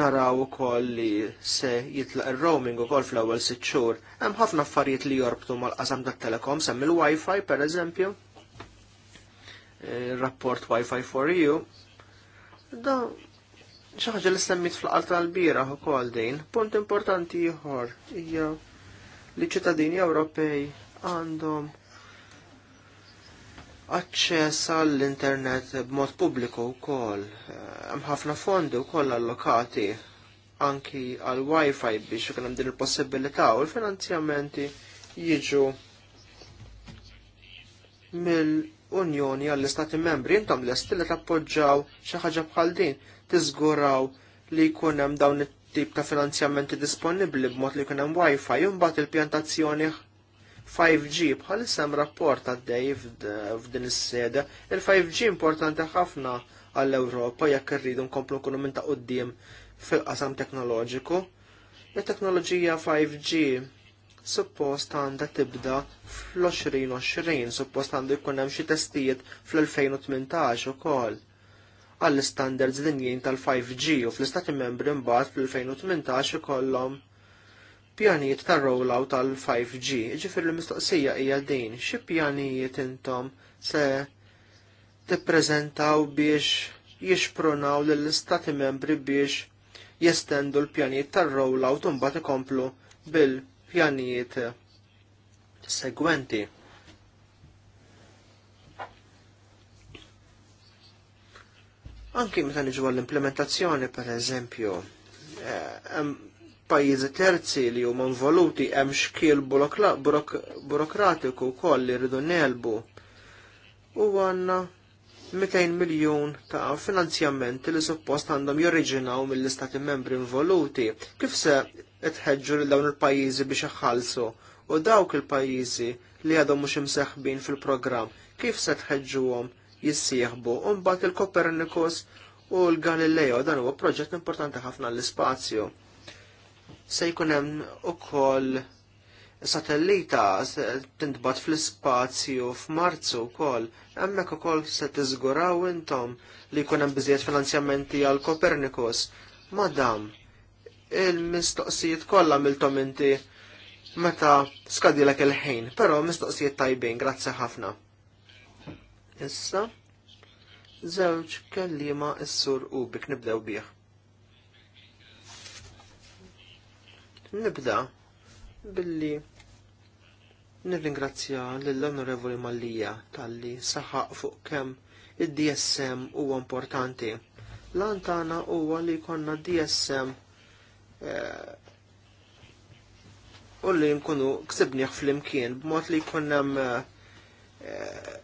naraw ukoll li se jitlaq ir-roaming ukoll fl-ewwel sitt xhur. Hemm ħafna affarijiet li jorbtu mal-qasam tat-telekom semm il-Wi-Fi pereżempju. Rapport Wi-Fi for you Da xi ħaġa li semmit fl-qalb tal bira ukoll din. Punt importanti ieħor hija li ċittadini Ewropej għandhom aċċess għall-internet b'mod pubbliku wkoll. Eh, hemm ħafna fondi wkoll allokati anki għal wifi biex ikun hemm din il-possibilità u l-finanzjamenti jiġu mill-Unjoni għall-Istati Membri intom lest li tappoġġaw xi ħaġa bħal din tiżguraw li jkun hemm dawn it-tip ta' finanzjamenti disponibbli b'mod li jkun hemm wifi u mbagħad il-pjantazzjoni 5G bħal sem rapport għaddej f'din is-seda. Il-5G importanti ħafna għall-Ewropa jekk irridu nkomplu nkunu minn ta' quddiem fil-qasam teknoloġiku. Il-teknoloġija 5G suppost għandha tibda fl-2020, suppost għandu jkun hemm xi testijiet fl-2018 ukoll għall standards dinjin tal-5G u fl-istati membri mbagħad fl-2018 ikollhom pjanijiet tar rollout tal-5G. Ġifir l-mistoqsija hija din, xi pjanijiet intom se tippreżentaw biex jixpronaw lill-istati membri biex jestendu l-pjanijiet tar rollout u mbagħad ikomplu bil-pjanijiet segwenti. Anki meta niġu l-implementazzjoni, per eżempju, eh, pajjiżi terzi li huma involuti hemm xkiel burokratiku wkoll li rridu nelbu u għanna 200 miljun ta' finanzjamenti li suppost għandhom joriġinaw mill-istati membri involuti. Kif se tħeġġu lil dawn il-pajjiżi biex iħallsu u dawk il-pajjiżi li għadhom mhux imseħbin fil-programm, kif se tħeġġuhom jissieħbu u mbagħad il kopernikus u l-Galileo dan huwa proġett importanti ħafna l-ispazju se jkun hemm ukoll satellita tintbat fl-ispazju f'Marzu wkoll, hemmhekk ukoll se tiżguraw intom li jkun hemm biżjed finanzjamenti għal Copernicus. Madam, il-mistoqsijiet kollha miltom inti meta skadilek il-ħin, però mistoqsijiet tajbin, grazzi ħafna. Issa, żewġ kellima s-sur u bik nibdew bih. Nibda billi nirringrazzja lill-Onorevoli Mallija talli saħaq fuq kemm id-DSM huwa importanti. Lantana tagħna huwa li jkollna DSM eh, u li nkunu ksibniħ fl-imkien b'mod li jkun hemm eh,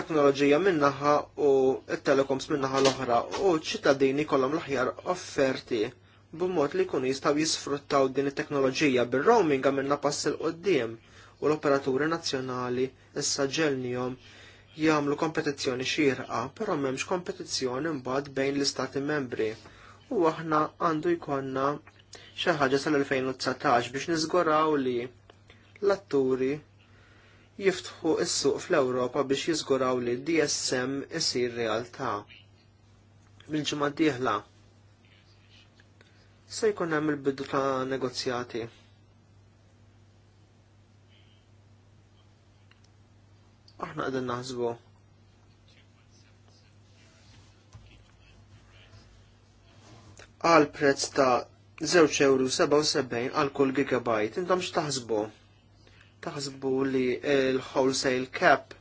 teknoloġija minnaħa u t telecoms minnaħa l-oħra u ċittadini kollom l-aħjar offerti b'mod li jkunu jistgħu jisfruttaw din it-teknoloġija bir-roaming għamilna pass il qoddim u l-operaturi nazzjonali issa ġelnihom jagħmlu kompetizzjoni xierqa, però m'hemmx kompetizzjoni mbagħad bejn l-istati membri. U aħna għandu jkollna xi ħaġa sal-2019 biex niżguraw li l-atturi jiftħu s-suq fl-Ewropa biex jiżguraw li DSM isir realtà. Mill-ġimgħa d-dieħla se jkun hemm il-bidu ta' negozjati. Aħna qegħdin naħsbu għal prezz ta' 0,77 għal kull gigabyte, Intom x'taħsbu? Taħsbu li l-wholesale cap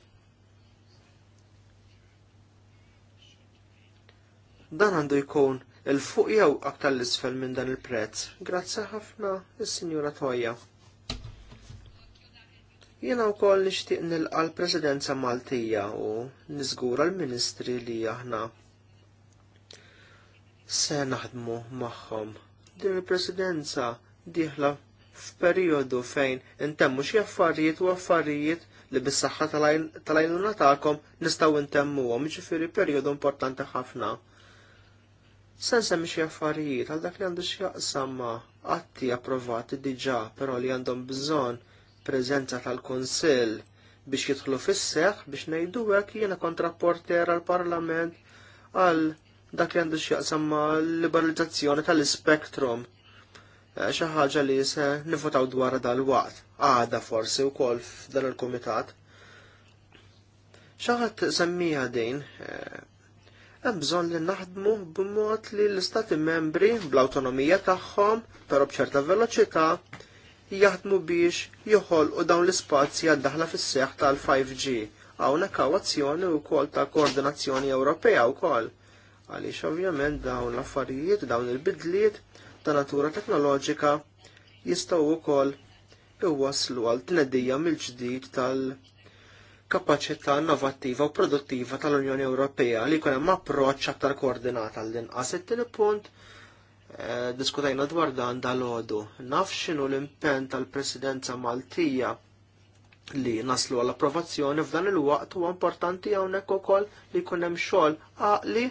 dan għandu jkun il-fuq jew aktar l-isfel minn dan il-prezz. Grazzi ħafna is-Sinjura Toja. Jiena wkoll nixtieq nilqa' għal presidenza Maltija u niżgura l-Ministri li aħna se naħdmu magħhom. Din il-Presidenza dieħla f'perjodu fejn intemmu xi affarijiet u affarijiet li bis-saħħa tal-għajnuna tagħkom nistgħu għom ġifiri perjodu importanti ħafna. Se nsemmi xi affarijiet għal dak li għandu xie ma' atti approvati diġà però li għandhom bżonn preżenza tal-Kunsill biex jidħlu fis-seħħ biex ngħidu hekk jiena kontrapporter għall parlament għal dak li għandu xie ma' liberalizzazzjoni tal-spektrum. Eh, xi ħaġa li se nifutaw dwar dal-waqt għada forsi wkoll f'dan il-kumitat. Xaħat semmija din eh, hemm bżonn li naħdmu b'mod li l-istati membri bl-awtonomija tagħhom, però b'ċerta veloċità, jaħdmu biex joħolqu dawn l-ispazji għad-daħla fis-seħħ tal-5G. Hawnhekk hawn azzjoni wkoll ta' koordinazzjoni Ewropea wkoll. Għaliex ovvjament dawn l-affarijiet, dawn il-bidliet ta' natura teknoloġika jistgħu wkoll iwasslu għal tnedija mill-ġdid tal- kapaċità innovattiva u produttiva tal-Unjoni Ewropea li jkun hemm approċċ aktar koordinat għall-inqas. It-tieni punt eh, diskutajna dwar dan dal-ħodu. Naf xinu l-impen tal-presidenza Maltija li naslu għall-approvazzjoni f'dan il-waqt huwa importanti hawnhekk ukoll li jkun hemm xogħol għaqli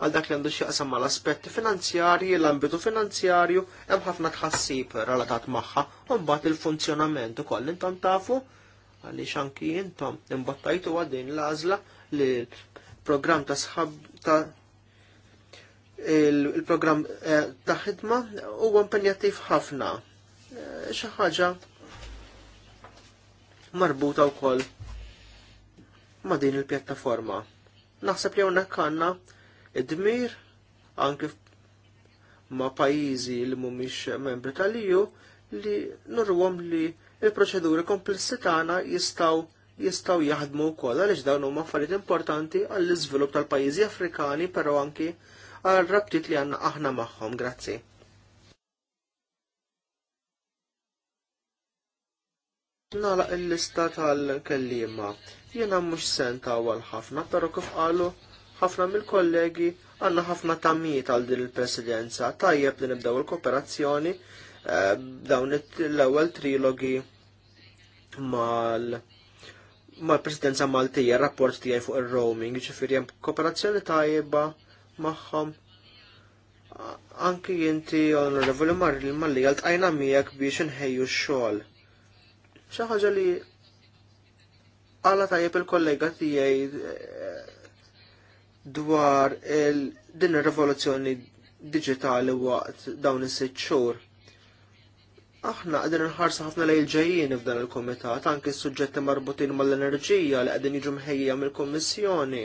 għal dak li għandu xieqsam mal aspetti finanzjarji, l-ambitu finanzjarju, hemm ħafna tħassib relatat magħha u mbagħad il-funzjonament ukoll intom tafu għaliex anki intom imbattajtu għaddin l-għażla li l-programm ta' sħab ta' il-programm eh, ta' ħidma huwa impenjattiv ħafna. Eh, xaħġa ħaġa marbuta wkoll ma' din il-pjattaforma. Naħseb li hawnhekk għandna id-dmir anke ma' pajjiżi li mhumiex membri tal iju li nurwhom li il-proċeduri komplessi tagħna jistgħu jistgħu jaħdmu wkoll għaliex dawn huma affarijiet importanti għall-iżvilupp tal-pajjiżi Afrikani però anki għal rabtiet li għandna aħna magħhom. Grazzi. Nala il-lista tal-kellima. Jiena mhux senta għal ħafna, però kif qalu ħafna mill-kollegi għandna ħafna tammijiet għal din il-presidenza. Tajjeb li nibdew il-kooperazzjoni eh, dawn l-ewwel trilogi mal mal-presidenza Maltija, rapport tijaj fuq il-roaming, ġifiri jem kooperazzjoni tajba maħħom. Anki jinti onorevoli Marli Malli għalt għajna miegħek biex nħejju x-xogħol. Xi li għala tajjeb il-kollega tiegħi eh, dwar il din ir-rivoluzzjoni digitali waqt dawn is-sitt xhur aħna qegħdin nħarsa ħafna lejl ġejjin f'dan il-kumitat anke s-suġġetti marbutin mal-enerġija li qegħdin jiġu mħejja mill-Kummissjoni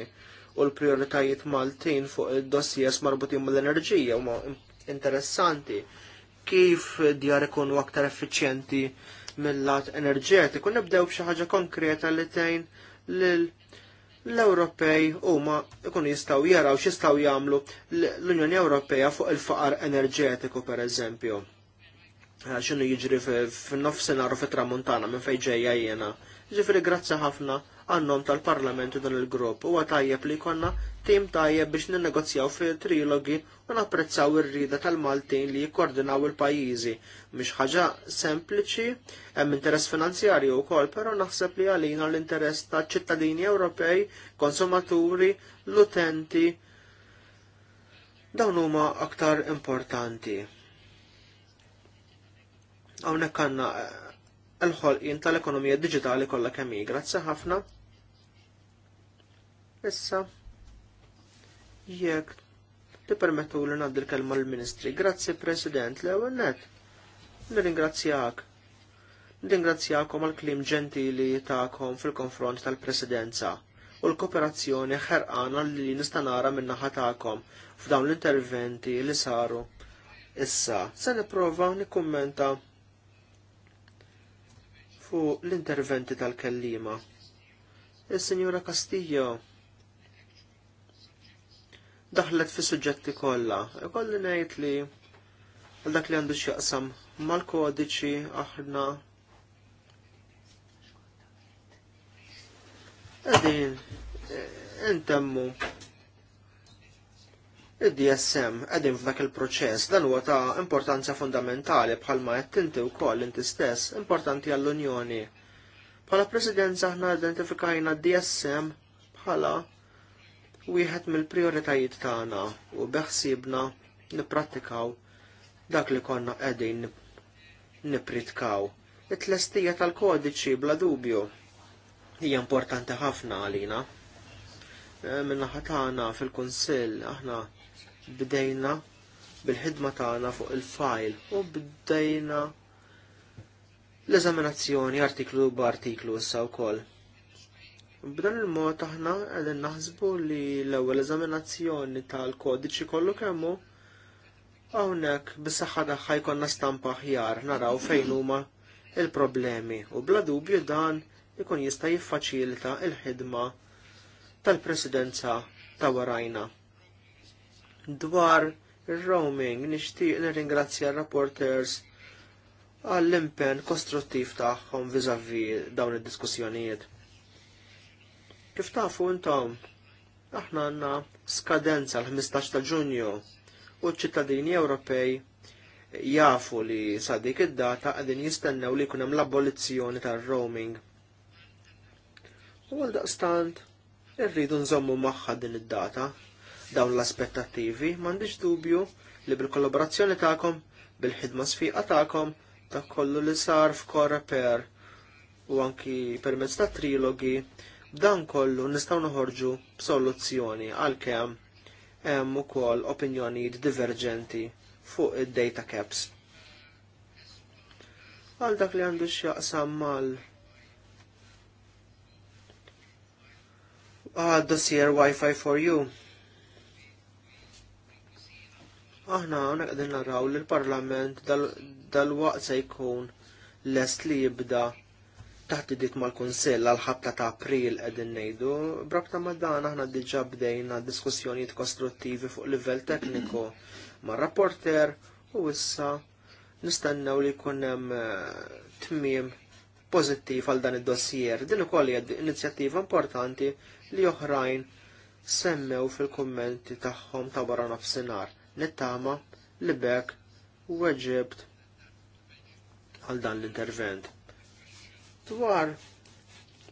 u l-prioritajiet Maltin fuq id-dossiers marbutin mal-enerġija huma interessanti kif djar ikunu aktar effiċjenti mill-lat enerġetiku. Nibdew b'xi ħaġa konkreta li tgħin l-Ewropej huma ikun jistgħu jaraw x'istgħu jagħmlu l-Unjoni Ewropea fuq il-faqar enerġetiku pereżempju xinu jiġri f'nofsenar u fit-tramuntana minn fejn ġejja Ġifri grazzi ħafna għannom tal-Parlament u dan il-grupp huwa tajjeb li jkollna tim tajjeb biex ninnegozjaw fi trilogi u napprezzaw ir-rida tal-Maltin li jikkordinaw il-pajjiżi. Mhix ħaġa sempliċi, hemm interess finanzjarju wkoll, però naħseb li għalina l-interess ta' ċittadini Ewropej, konsumaturi, l-utenti dawn huma aktar importanti Hawnhekk għandna eh, l-ħolqien tal-ekonomija digitali kollha kemm Grazzi ħafna. Issa jekk permettu li ngħaddi l-kelma l-Ministri. Grazzi President l-ewwel net. Nirringrazzjak. Nirringrazzjakom għal klim ġentili tagħkom fil-konfront tal-Presidenza u l-kooperazzjoni ħerqana li nista' nara min-naħa tagħkom f'dawn l-interventi li saru. Issa, se nipprova nikkummenta fuq l-interventi tal-kellima. Il-Sinjura Castillo daħlet fi suġġetti kollha. Ikolli ngħid li għal dak li għandu x'jaqsam mal-kodiċi aħna Għadin, eh, intemmu Id-DSM għedin f'dak il-proċess dan huwa ta' importanza fundamentali bħalma qed tinti wkoll inti stess importanti għall-Unjoni. Bħala Presidenza aħna identifikajna d-DSM bħala wieħed mill-prioritajiet tagħna u beħsibna nipprattikaw dak li konna qegħdin nipritkaw. It-tlestija tal-kodiċi bla dubju hija importanti ħafna għalina eh, minna ħatana fil kunsill aħna bdejna bil-ħidma tagħna fuq il-fajl u bdejna l-eżaminazzjoni artiklu b'artiklu issa wkoll. B'dan il-mod aħna qegħdin naħsbu li l-ewwel eżaminazzjoni tal-kodiċi kollu kemmu hawnhekk bis-saħħa tagħha jkollna stampa aħjar naraw fejn huma il-problemi u bla dubju dan ikun jista' jiffaċilita l ħidma tal-presidenza ta' warajna dwar il-roaming nixtieq nirringrazzja r-rapporters għall-impen kostruttiv tagħhom viżavi dawn id-diskussjonijiet. Kif tafu intom, aħna għandna skadenza l-15 ta' Ġunju u ċ-ċittadini Ewropej jafu li sa dik id-data qegħdin jistennew li jkun hemm l-abolizzjoni tar-roaming. U għal daqstant irridu nżommu magħha din id-data dawn l-aspettattivi, m'għandix dubju li bil-kollaborazzjoni tagħkom, bil-ħidma sfiqa tagħkom, ta' kollu li sar per u anki permezz ta' trilogi, b'dan kollu nistgħu noħorġu b'soluzzjoni għalkemm hemm ukoll opinjonijiet diverġenti fuq id-data caps. Għal dak li għandu x'jaqsam mal għad ah, dossier Wi-Fi for you, Aħna għana għedin naraw li l-parlament dal-waqt se jkun lest li jibda taħt id mal-Kunsill għal-ħabta ta' april qegħdin ngħidu, brabta madan dan aħna diġà bdejna diskussjonijiet kostruttivi fuq livell tekniku mar rapporter u issa nistennew li jkun hemm eh, tmiem pożittiv għal dan id-dossier. Din ukoll hija inizjattiva importanti li oħrajn semmew fil-kummenti tagħhom ta' wara nofsinhar nittama l-bek u weġibt għal dan l-intervent. Dwar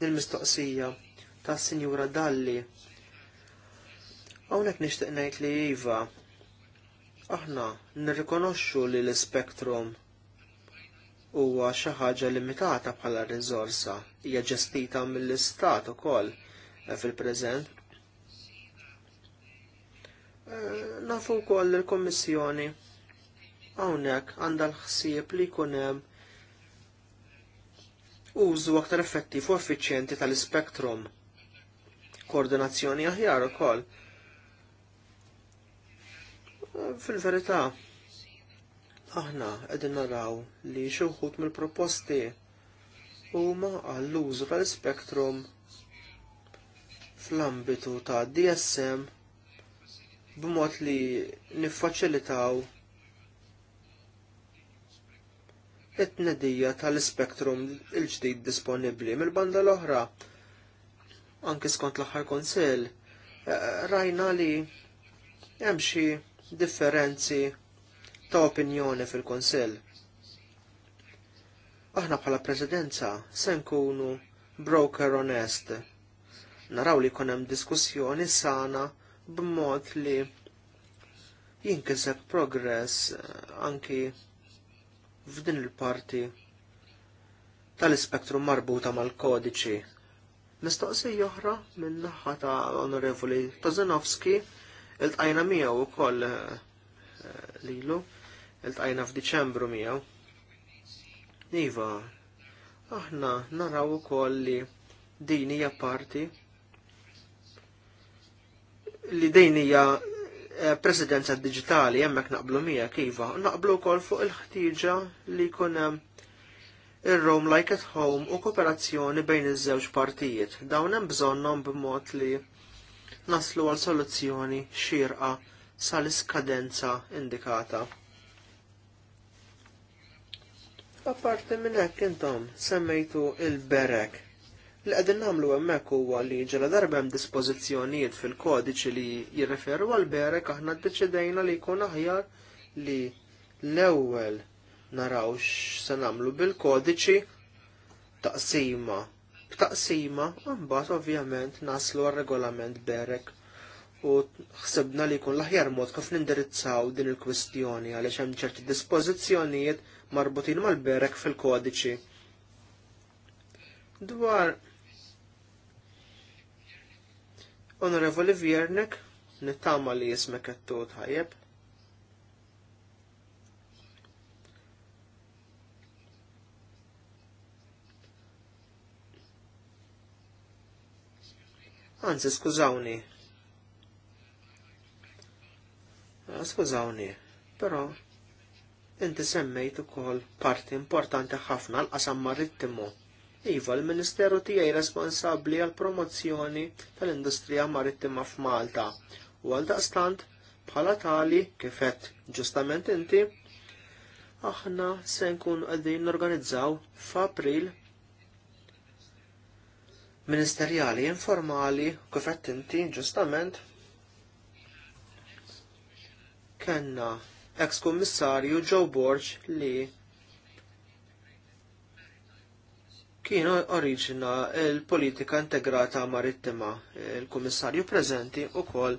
il-mistoqsija ta' Sinjura Dalli, għawnek nishtiq ngħid li Iva, aħna nirrikonoxxu li l-spektrum huwa xi ħaġa limitata bħala riżorsa hija ġestita mill-istat ukoll fil-preżent Eh, nafu wkoll il-Kommissjoni hawnhekk għandha l-ħsieb li jkun hemm użu aktar effettiv u effiċjenti tal-spektrum. Koordinazzjoni aħjar ukoll. Eh, fil-verità, aħna qegħdin naraw li xi wħud mill-proposti huma għall-użu tal-spektrum fl-ambitu ta' DSM b'mod li niffaċilitaw it-tnedija tal-spektrum il-ġdid disponibbli mill-banda l-oħra. Anki skont l-aħħar konsil, eh, rajna li hemm xi differenzi ta' opinjoni fil-konsil. Aħna bħala presidenza se nkunu broker onest. Naraw li jkun hemm diskussjoni sana b'mod li jinkiseb progress eh, anki f'din il-parti tal-ispektru marbuta mal-kodiċi. Mistoqsija oħra minn naħa ta' Onorevoli Tozenowski il-tajna miegħu wkoll eh, lilu, il-tajna f'Diċembru miegħu. Iva, aħna naraw ukoll li din hija parti li dejnija hija eh, presidenza digitali jemmek naqblu mija kiva, naqblu kol fuq il ħtijġa li kunem il-Rome Like at Home u kooperazzjoni bejn iż-żewġ partijiet. Dawn hemm bżonnhom b'mod li naslu għal soluzzjoni xirqa sal-iskadenza indikata. Apparti minn hekk intom semmejtu il-berek Li qegħdin nagħmlu hemmhekk huwa li ġela darba hemm dispożizzjonijiet fil-kodiċi li jirreferu għal berek aħna ddeċidejna li jkun aħjar li l-ewwel naraw x'se nagħmlu bil-kodiċi taqsima b'taqsima mbagħad ovvjament naslu għar-regolament berek u ħsebna li jkun l-aħjar mod kif nindirizzaw din il-kwistjoni għaliex hemm ċerti dispożizzjonijiet marbutin mal-berek fil-kodiċi. Dwar Onorevoli Vjernek, nittama li jismek għattu tħajjeb. Anzi, skużawni. Ah, skużawni, però inti semmejt ukoll parti importanti ħafna l-qasam marittimu. Iva, l-Ministeru tiegħi responsabbli għal promozzjoni tal-industrija marittima f'Malta u għal daqstant bħala tali kifet ġustament inti aħna se nkun għaddin norganizzaw f'April ministerjali informali kifet inti ġustament kenna ex-kommissarju Joe Borg li kienu oriġina il-politika integrata marittima. Il-Kummissarju preżenti wkoll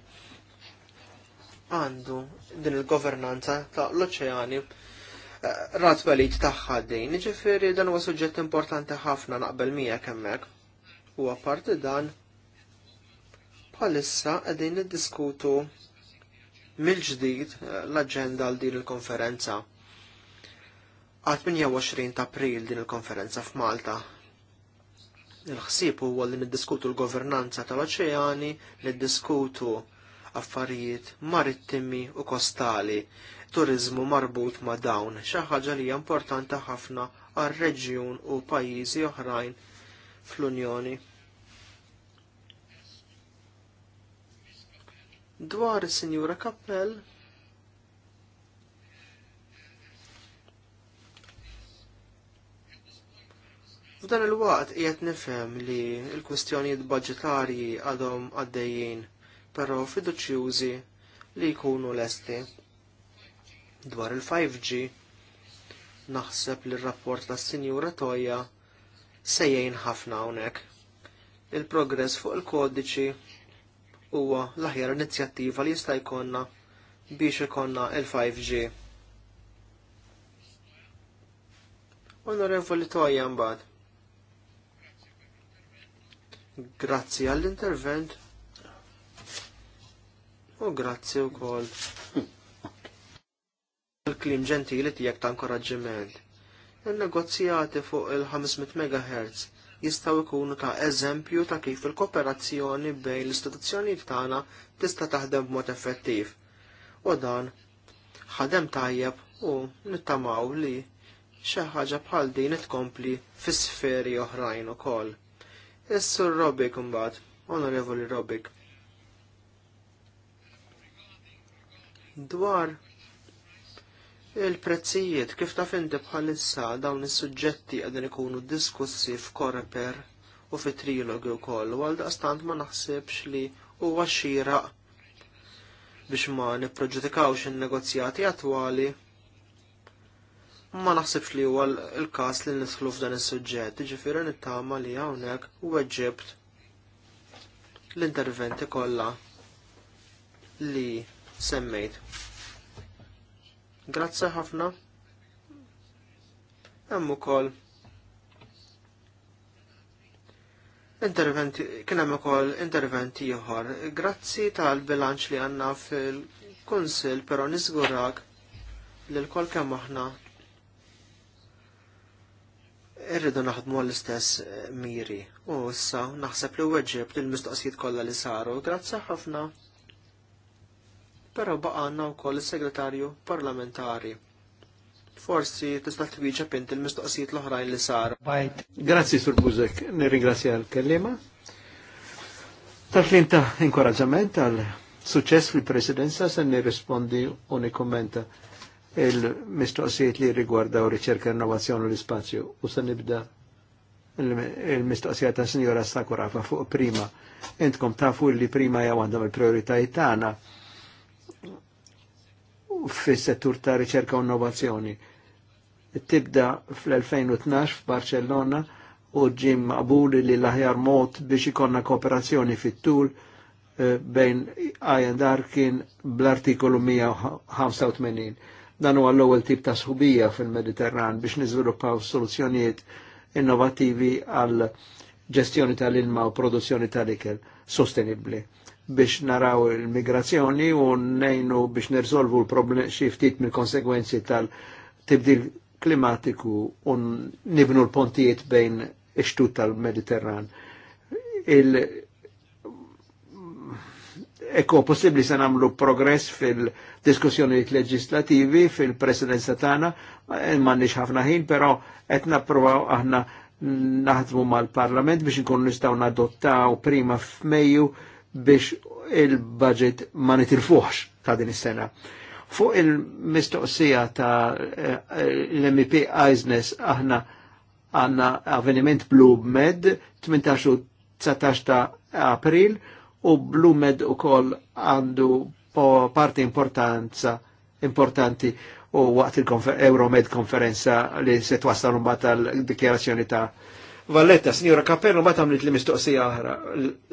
għandu din il-governanza ta' l-oċeani eh, rat balit tagħha din. Ġifieri dan huwa suġġett importanti ħafna naqbel mija hemmhekk. U apparti dan bħalissa qegħdin niddiskutu mill-ġdid eh, l-aġenda għal din il-konferenza. Għad 28 ta' april din il-konferenza f'Malta il-ħsieb huwa li niddiskutu l-governanza tal-oċeani, niddiskutu affarijiet marittimi u kostali, turizmu marbut ma' dawn, xi ħaġa li hija importanti ħafna għar reġjun u pajjiżi oħrajn fl-Unjoni. Dwar is-Sinjura Kappell, F'dan il-waqt qiegħed nifhem li l-kwistjonijiet budġetarji għadhom għaddejjin, però fiduċjużi li jkunu lesti. Dwar il-5G, naħseb li r-rapport tas sinjura Toja sejjejn ħafna hawnhekk. Il-progress fuq il-kodiċi huwa l-aħjar inizjattiva li jista' jkollna biex ikonna il-5G. Onorevoli Toja mbagħad. Grazzi għall-intervent u grazzi u kol. Il-klim ġentili tijak ta' inkoraġġiment. Il-negozjati fuq il-500 MHz jistaw ikunu ta' eżempju ta' kif il-kooperazzjoni bejn l-istituzzjonijiet tagħna tista' taħdem b'mod effettiv. U dan ħadem tajjeb u nittamaw li xi ħaġa bħal din tkompli fis-sferi oħrajn ukoll. Is-sur Robbik imbagħad, Onorevoli Robbik. Dwar il-prezzijiet kif taf inti bħalissa dawn is-suġġetti qegħdin ikunu diskussi f'Koreper u fi trilogi koll, u għal daqstant ma naħsibx li huwa għaxira biex ma nipproġudikawx in-negozjati attwali ma naħsibx li huwa l-każ li nidħlu f'dan is-suġġett, ġifieri nittama li hawnhekk u ġibt l-interventi kollha li semmejt. Grazzi ħafna. Hemm ukoll interventi kien hemm ukoll interventi ieħor. Grazzi tal-bilanċ li għandna fil-Kunsill però niżgurak li l-kol kemm aħna irridu naħdmu għall-istess eh, miri. U issa naħseb li weġġib il-mistoqsijiet kollha li saru, grazzi ħafna. Però baqanna wkoll is-segretarju parlamentari. Forsi tista' twieġeb int il-mistoqsijiet l-oħrajn li saru. Bajt. Grazzi Sur Buzek, nirringrazzja l-kellima. tal ta' inkoraġġament għal suċess fil-presidenza se nirrispondi u nikkommenta il-mistoqsijiet li rigwardaw riċerka innovazzjoni l-ispazju u se nibda il-mistoqsija ta' Sinjora Sakurafa fuq prima. Intkom tafu li prima jgħu għandhom il-prioritajiet tagħna fis-settur ta' riċerka u innovazzjoni. Tibda fl-2012 f'Barcellona u ġim maqbuli li l-aħjar mod biex ikonna kooperazzjoni fit-tul eh, bejn INR kien bl-artikolu 185 Dan huwa l-ewwel tip ta' sħubija fil-Mediterran biex niżviluppaw soluzzjonijiet innovativi għal ġestjoni tal-ilma u produzzjoni tal-ikel sostenibbli biex naraw il-migrazzjoni u nejnu biex l-problemi xi ftit mill-konsegwenzi tal-tibdil klimatiku u nibnu l-pontijiet bejn ix tal-Mediterran ekko possibli se namlu progress fil-diskussjonijiet leġislativi fil-presidenza tagħna, eh, m'għandniex ħafna ħin, pero qed napprovaw aħna naħdmu mal-Parlament biex nkun nistgħu nadottaw prima f'Mejju biex il-budget ma nitilfuħx ta' din is-sena. Fuq il-mistoqsija ta' eh, l-MP Eisnes aħna għanna avveniment Blue Med 18 19 ta' april u Blumed u kol għandu parti importanza importanti u waqt il-Euromed konferenza li se twassalu mbagħad tal-dikjarazzjoni ta' Valletta, Signora Capello, ma tamlit li mistoqsija oħra,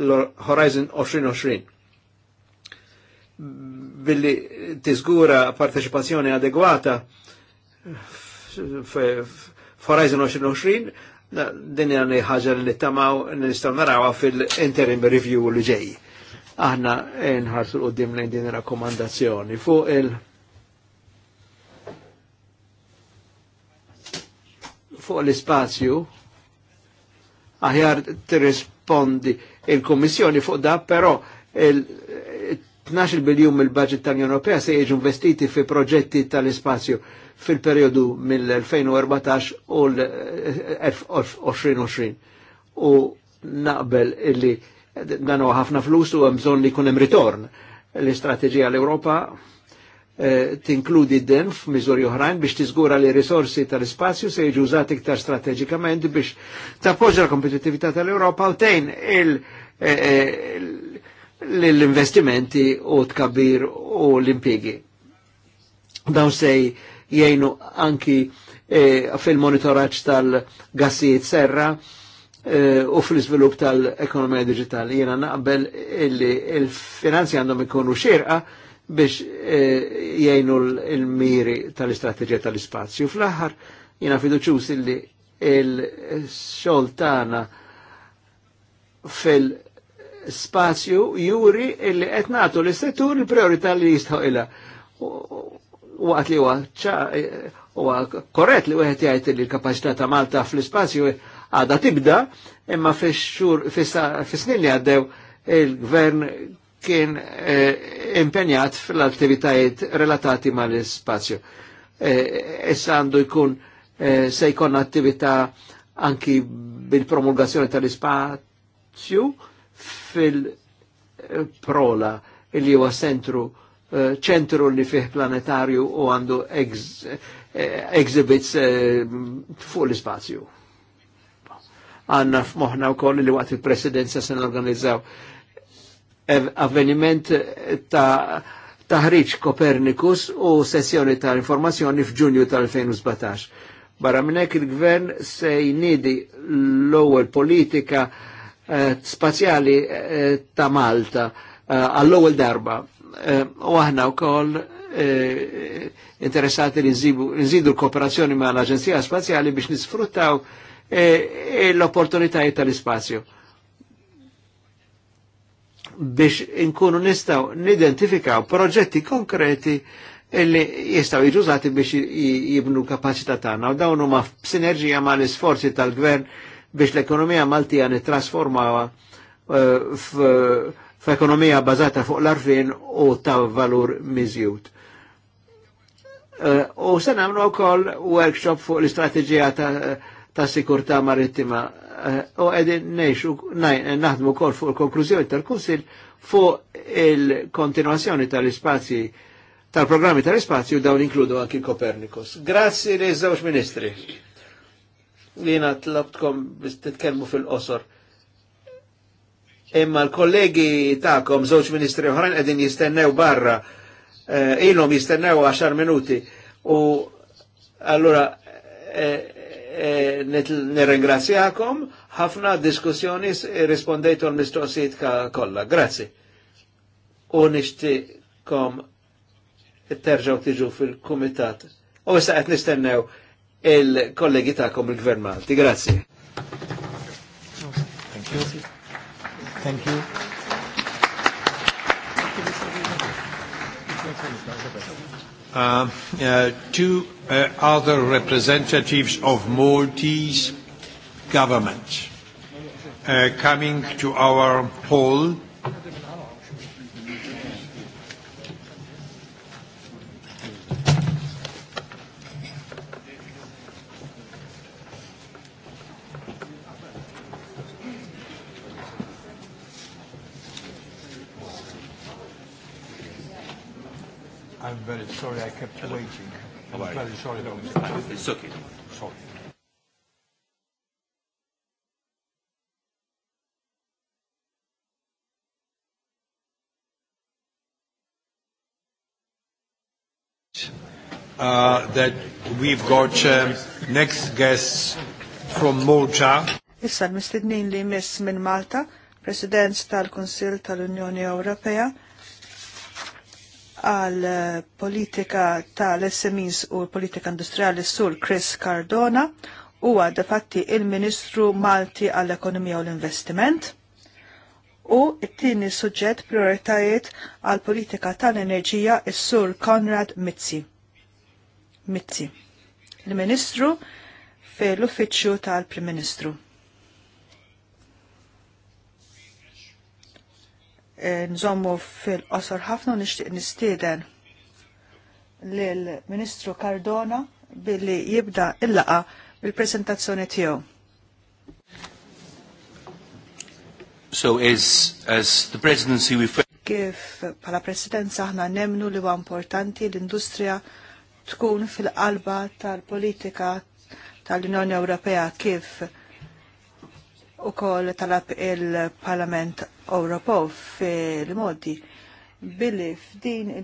l-Horizon 2020. Billi tiżgura partecipazzjoni adegwata f'Horizon 2020 din għani ħagġa li nittamaw nistaw narawa fil-interim review li ġej. Aħna nħarsu l-qoddim lejn din rakkomandazzjoni fuq il- fuq l-ispazju aħjar tirrispondi il komissjoni fuq da, però il-12 biljum il-budget tal-Unjoni Ewropea se jiġu investiti fi proġetti tal-ispazju fil-periodu mill-2014 u l-2020. U naqbel illi dan ħafna flus u għamżon li kunem ritorn. L-istrateġija l europa eh, tinkludi den f'miżuri oħrajn biex tiżgura li risorsi tal-ispazju se jiġu użati iktar strateġikament biex tappoġġa l-kompetitività tal europa u tejn eh, eh, l-investimenti u tkabbir u l-impjegi. Dawn sej jgħinu anki e, fil-monitoraċ tal-gassijiet serra e, u fil svilup tal-ekonomija digitali. Jena naqbel illi il-finanzi għandhom ikonu xirqa biex e, jgħinu l-miri tal-istrateġija tal-ispazju. Fl-aħħar jena fiduċus illi il-xoltana fil- spazju juri illi qed nagħtu l istettur il-priorità li jistħu ila waqt li huwa korrett li wieħed jgħid li l-kapaċità ta' Malta fl-ispazju għadha tibda, imma fix-xhur fis-snin li għaddew il-gvern kien eh, impenjat fl-attivitajiet relatati mal-ispazju. Eh, issa għandu jkun eh, se jkun attività anki bil-promulgazzjoni tal-ispazju fil-prola il-li huwa sentru ċentru li fih planetarju u għandu eh, exhibits eh, fuq l spazju Għanna f-moħna u koll li għat il-presidenza sen organizzaw avveniment ta' taħriċ Kopernikus u sessjoni ta' informazzjoni f'Ġunju tal-2017. Barra minnek il-gvern se jnidi l ewel politika eh, spazjali ta' Malta għall ewel darba Eh, u aħna wkoll eh, interessati li nżidu l-kooperazzjoni ma' l-Aġenzija Spazjali biex nisfruttaw eh, l-opportunitajiet tal-ispazju. Biex inkunu nistaw nidentifikaw proġetti konkreti illi jistaw iġużati biex jibnu kapacità tagħna u dawn huma sinerġija ma' l-isforzi tal-gvern biex l-ekonomija Maltija nittrasformawa uh, f'ekonomija bazata fuq l-arfin u ta' valur miżjut. Eh, u se nagħmlu wkoll workshop fuq l-istrateġija ta' sikurtà marittima eh, u qegħdin ngħixu naħdmu wkoll fuq il-konklużjoni tal kunsil fuq il-kontinuazzjoni tal-ispazji tal-programmi tal-ispazju dawn inkludu anki Kopernikus. Grazzi li żewġ ministri. Jiena tlobtkom biex titkellmu fil-qosor imma l-kollegi ta'kom, zoċ ministri oħrajn, għedin jistennew barra, eh, ilom jistennew 10 minuti, u allura eh, eh, nirringrazzjakom, ħafna diskussjoni rispondejtu l-mistoqsijiet kollha. Grazzi. U nixtikom terġaw tiġu fil-kumitat. U issa qed nistennew il-kollegi ta'kom il-Gvern Malti. Grazzi. Thank you. Thank you. Uh, uh, two uh, other representatives of Maltese government uh, coming to our hall sorry I kept you waiting. I'm right. very sorry. No, it's okay. Sorry. Uh, that we've got um, next guests from Malta. Issa l-mistednin li miss minn Malta, President tal-Konsil tal-Unjoni Ewropea, għal eh, politika tal-SMEs u politika industriali sur Chris Cardona u għadafatti il-Ministru Malti għall-Ekonomija u l-Investiment u it-tieni suġġett prioritajiet għal politika tal-enerġija is-sur Konrad Mizzi. Mitzi, il-Ministru fil-Uffiċċju tal-Prim-Ministru. Eh, nżommu fil-qosor ħafna u nixtieq nistieden lill-Ministru Cardona billi jibda il-laqa bil-presentazzjoni tiegħu. So as, as the presidency we Kif pala presidenza aħna nemnu li huwa importanti l-industrija tkun fil-qalba tal-politika tal-Unjoni Ewropea kif u koll talab il-Parlament Ewropew fil-modi billi f'din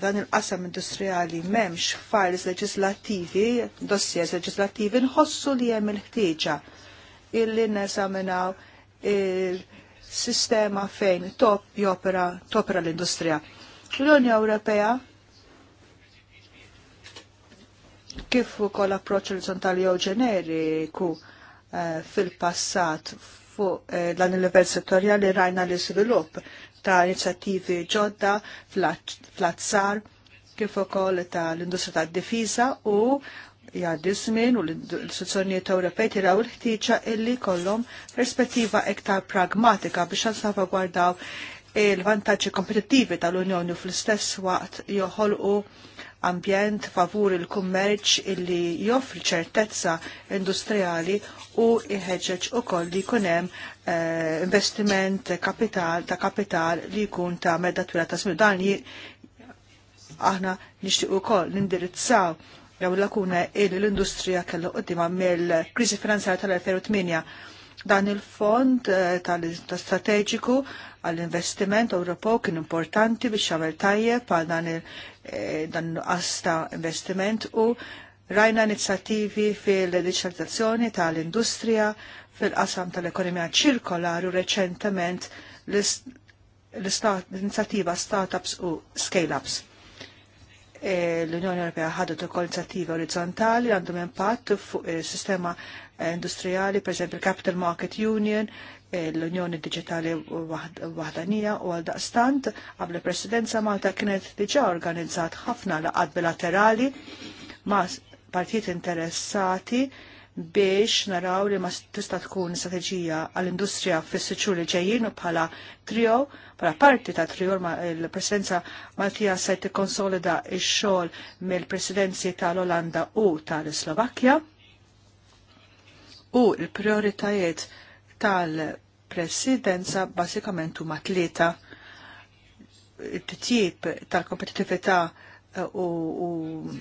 dan il-qasam industrijali memx files legislativi, dossiers legislativi, nħossu li hemm il-ħtieġa illi nesaminaw il-sistema fejn top jopera, topera l-industrija. L-Unja Ewropea kif ukoll approċċ orizzontali jew ġeneriku Eh, fil-passat fuq eh, dan il-level settorjali rajna l-iżvilupp ta' inizjattivi ġodda fl-azzar kif ukoll ta' l-industrija tad-difiża u jgħaddi żmien u l-istituzzjonijiet Ewropej tiraw il-ħtieġa illi kollhom perspettiva iktar pragmatika biex għal il-vantaġġi kompetittivi tal-Unjoni fl-istess waqt joħolqu ambjent favur il-kummerċ illi joffri ċertezza industrijali u u ukoll li jkun hemm eh, investiment kapital ta' kapital li jkun ta' medda twila ta' żmien. Dan aħna nixtieq ukoll nindirizzaw jew lakuna illi l-industrija kellu qudiema mill-kriżi finanzjarja tal-2008 dan il-fond eh, tal-strateġiku għall-investiment Ewropew kien importanti biex jagħmel tajjeb għal dan Eh, dan nuqqas ta' investiment u rajna inizjattivi fil-digitalizzazzjoni tal-industrija fil-qasam tal-ekonomija ċirkolari u reċentement l-inizjattiva Startups u Scale-ups. Eh, L-Unjoni Ewropea ħadet ukoll inizjattivi orizzontali għandhom impatt fuq is-sistema industrijali, per esempio il Capital Market Union, l-Unjoni Digitali Waħdanija u għal daqstant għabl presidenza Malta kienet diġa organizzat ħafna laqad bilaterali ma' partijiet interessati biex naraw li ma tista tkun strategija għall-industrija fis-siċur li ġejjin bħala trio, bħala parti ta' trio ma l-presidenza Maltija se tikkonsolida x-xogħol mill-presidenzi tal-Olanda u tal-Slovakkja u l-prioritajiet tal-presidenza basikament huma tlieta t-tip tal-kompetitività eh, u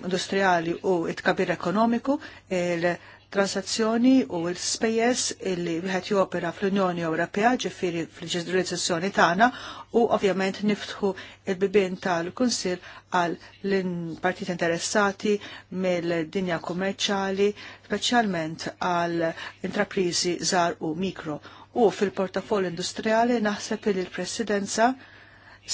industrijali u it-kabir ekonomiku, il- transazzjoni u l-spejjeż illi wieħed jopera fl-Unjoni Ewropea ġifieri fl ġurisdizzjoni tagħna u ovvjament niftħu il-bibien tal-Kunsill għal l-partit interessati mill-dinja kummerċali, speċjalment għal intraprizi żgħar u mikro. U fil-portafol industrijali naħseb li l-Presidenza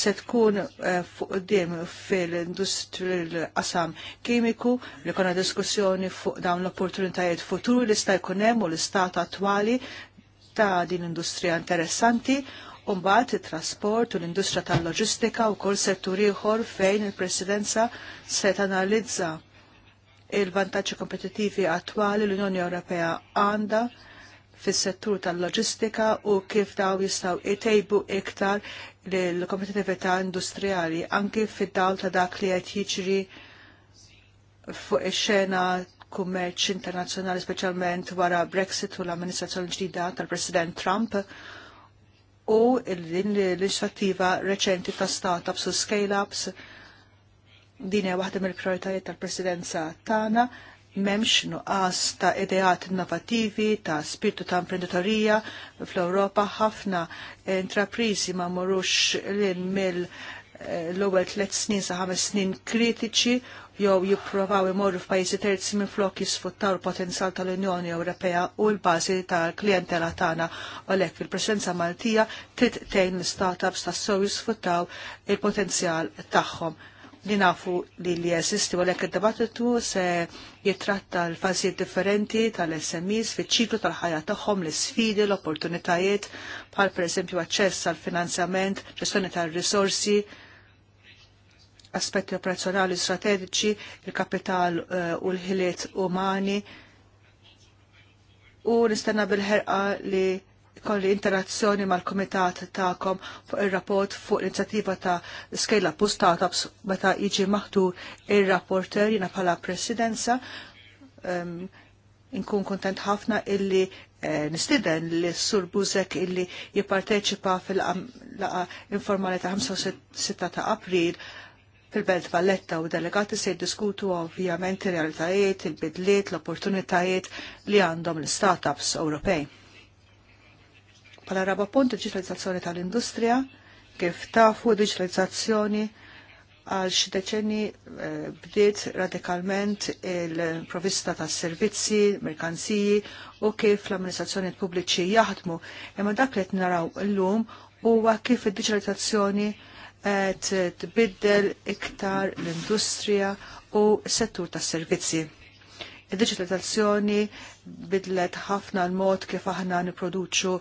se tkun eh, fuq dim fil-industri l-qasam kimiku li konna diskussjoni fuq dawn l-opportunitajiet futuri li sta' jkunem u l-istat attwali ta' din industrija interessanti Umbat il-trasport u l-industrija tal-loġistika u kol settur ieħor fejn il-Presidenza se analizza il-vantaġġi kompetittivi attwali l-Unjoni Ewropea għandha fis-settur tal-loġistika u kif daw jistgħu jtejbu iktar lill kompetitività industrijali anki fid-dawl ta' dak li qed jiġri fuq ix-xena kummerċ internazzjonali speċjalment wara Brexit u l-amministrazzjoni ġdida tal-President Trump u l-inizjattiva reċenti ta' startups u scale-ups din hija waħda mill-prijoritajiet tal-Presidenza tagħna memx nuqqas ta' ideat innovativi, ta' spiritu ta' imprenditorija fl-Europa ħafna intraprizi ma' morux l-in mill eh, l-ewwel tliet snin sa' ħames snin kritiċi jew jipprovaw imorru f'pajjiżi terzi minn flok jisfuttaw il-potenzjal tal-Unjoni Ewropea u l-bażi tal-klijentela tagħna għalhekk fil-presenza Maltija trid tgħin l-startups sew jisfuttaw il-potenzjal tagħhom li nafu li li jesisti għalek id-debattitu se jitratta l-fazijiet differenti tal-SMEs fiċ ċiklu tal-ħajja tagħhom l-sfidi, l-opportunitajiet bħal pereżempju aċċess għal finanzjament, ġestjoni tal-risorsi, aspetti operazzjonali strategiċi, il-kapital eh, u l-ħiliet umani u nistenna bil-ħerqa li kolli interazzjoni mal-komitat ta'kom fuq il-rapport fuq l-inizjattiva ta' Scale Up Startups meta jiġi maħdu il-rapporter jina bħala presidenza. Um, inkun kontent ħafna illi eh, nistiden li sur Buzek illi jipparteċipa fil-laqa informali ta' 5-6 ta' april fil-Belt Valletta u delegati se jiddiskutu ovvjament il-realtajiet, il-bidliet, l-opportunitajiet li għandhom l-startups Ewropej. Pala raba punt digitalizzazzjoni tal-industrija, kif tafu digitalizzazzjoni għal xi eh, bdiet radikalment il-provista ta' servizzi, merkanziji u kif l-amministrazzjoni pubbliċi jaħdmu. Imma dak li qed naraw lum huwa kif id-digitalizzazzjoni qed tbiddel iktar l-industrija u settur tas servizzi. il digitalizzazzjoni bidlet ħafna l-mod kif aħna niproduċu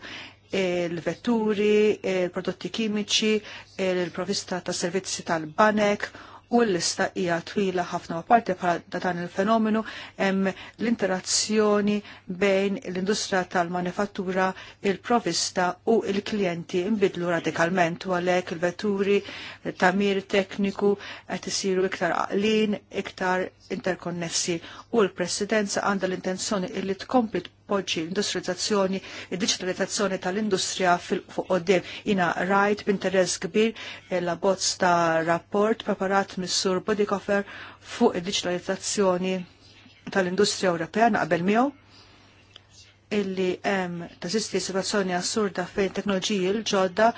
il-vetturi, il-prodotti kimiċi, il-provista ta' servizzi tal-banek u l-lista hija twila ħafna parti bħala dan il-fenomenu hemm l-interazzjoni bejn l-industrija tal-manifattura, il-provista u l-klijenti imbidlu radikalment u għalhekk il-vetturi tamir tekniku qed isiru iktar aqlin, iktar interkonnessi u l-Presidenza għandha l-intenzjoni li tkompli appoġġi l-industrializzazzjoni, id-digitalizzazzjoni tal-industrija fuq qoddim. ina rajt b'interess kbir eh, la bozz ta' rapport preparat mis-sur Bodikofer fuq id-digitalizzazzjoni tal-industrija Ewropea naqbel miegħu illi hemm tażisti situazzjoni assurda fejn teknoloġiji l-ġodda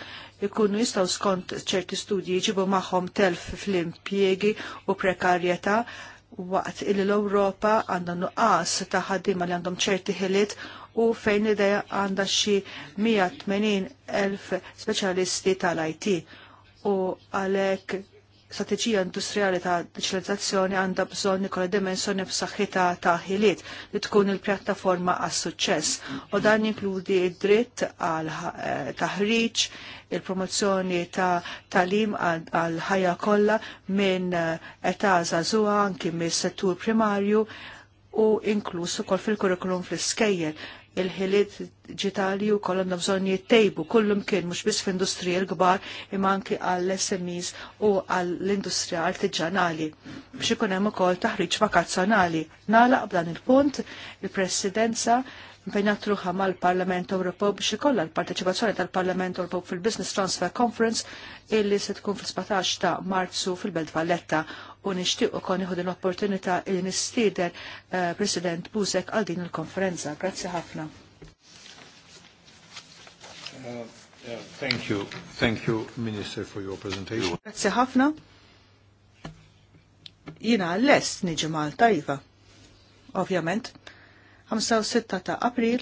jkunu jistgħu skont ċerti studji jġibu magħhom telf fl-impjiegi u prekarjetà waqt illi l-Ewropa għandha nuqqas ta' ħaddiema li għandhom ċerti ħiliet u fejn l-idea għandha xi 180 elf speċjalisti tal-IT. U għalhekk strateġija industrijali ta' digitalizzazzjoni għandha bżonn ikolla dimensjoni b'saħħitha ta' ħiliet li tkun il-pjattaforma għas suċċess u dan jinkludi id-dritt għal eh, taħriġ, il-promozzjoni ta' talim għal ħajja kollha minn eh, età żagħżugħa anki mis-settur primarju u inkluż ukoll fil-kurrikulum fl-iskejjel il-ħiliet digitali u kollha bżonn jittejbu kullum kien mhux biss f'industrija l-kbar imma anki għall-SMEs u għall-industrija artiġanali. biex ikun hemm ukoll taħriġ vakazzjonali. Nagħlaq b'dan il-punt il-Presidenza impegnat ruħa mal-Parlament Ewropew biex ikollha l-parteċipazzjoni tal-Parlament Ewropew fil-Business Transfer Conference illi se tkun fil-17 ta' Marzu fil-Belt Valletta u nishtiq u nieħu din l-opportunità li nistieden uh, eh, President Busek għal din il-konferenza. Grazie ħafna. Uh, yeah, thank you, thank you, Minister, for your presentation. Grazie ħafna. Jina l-est niġi Malta, Iva. Ovvjament, 5-6 ta' april,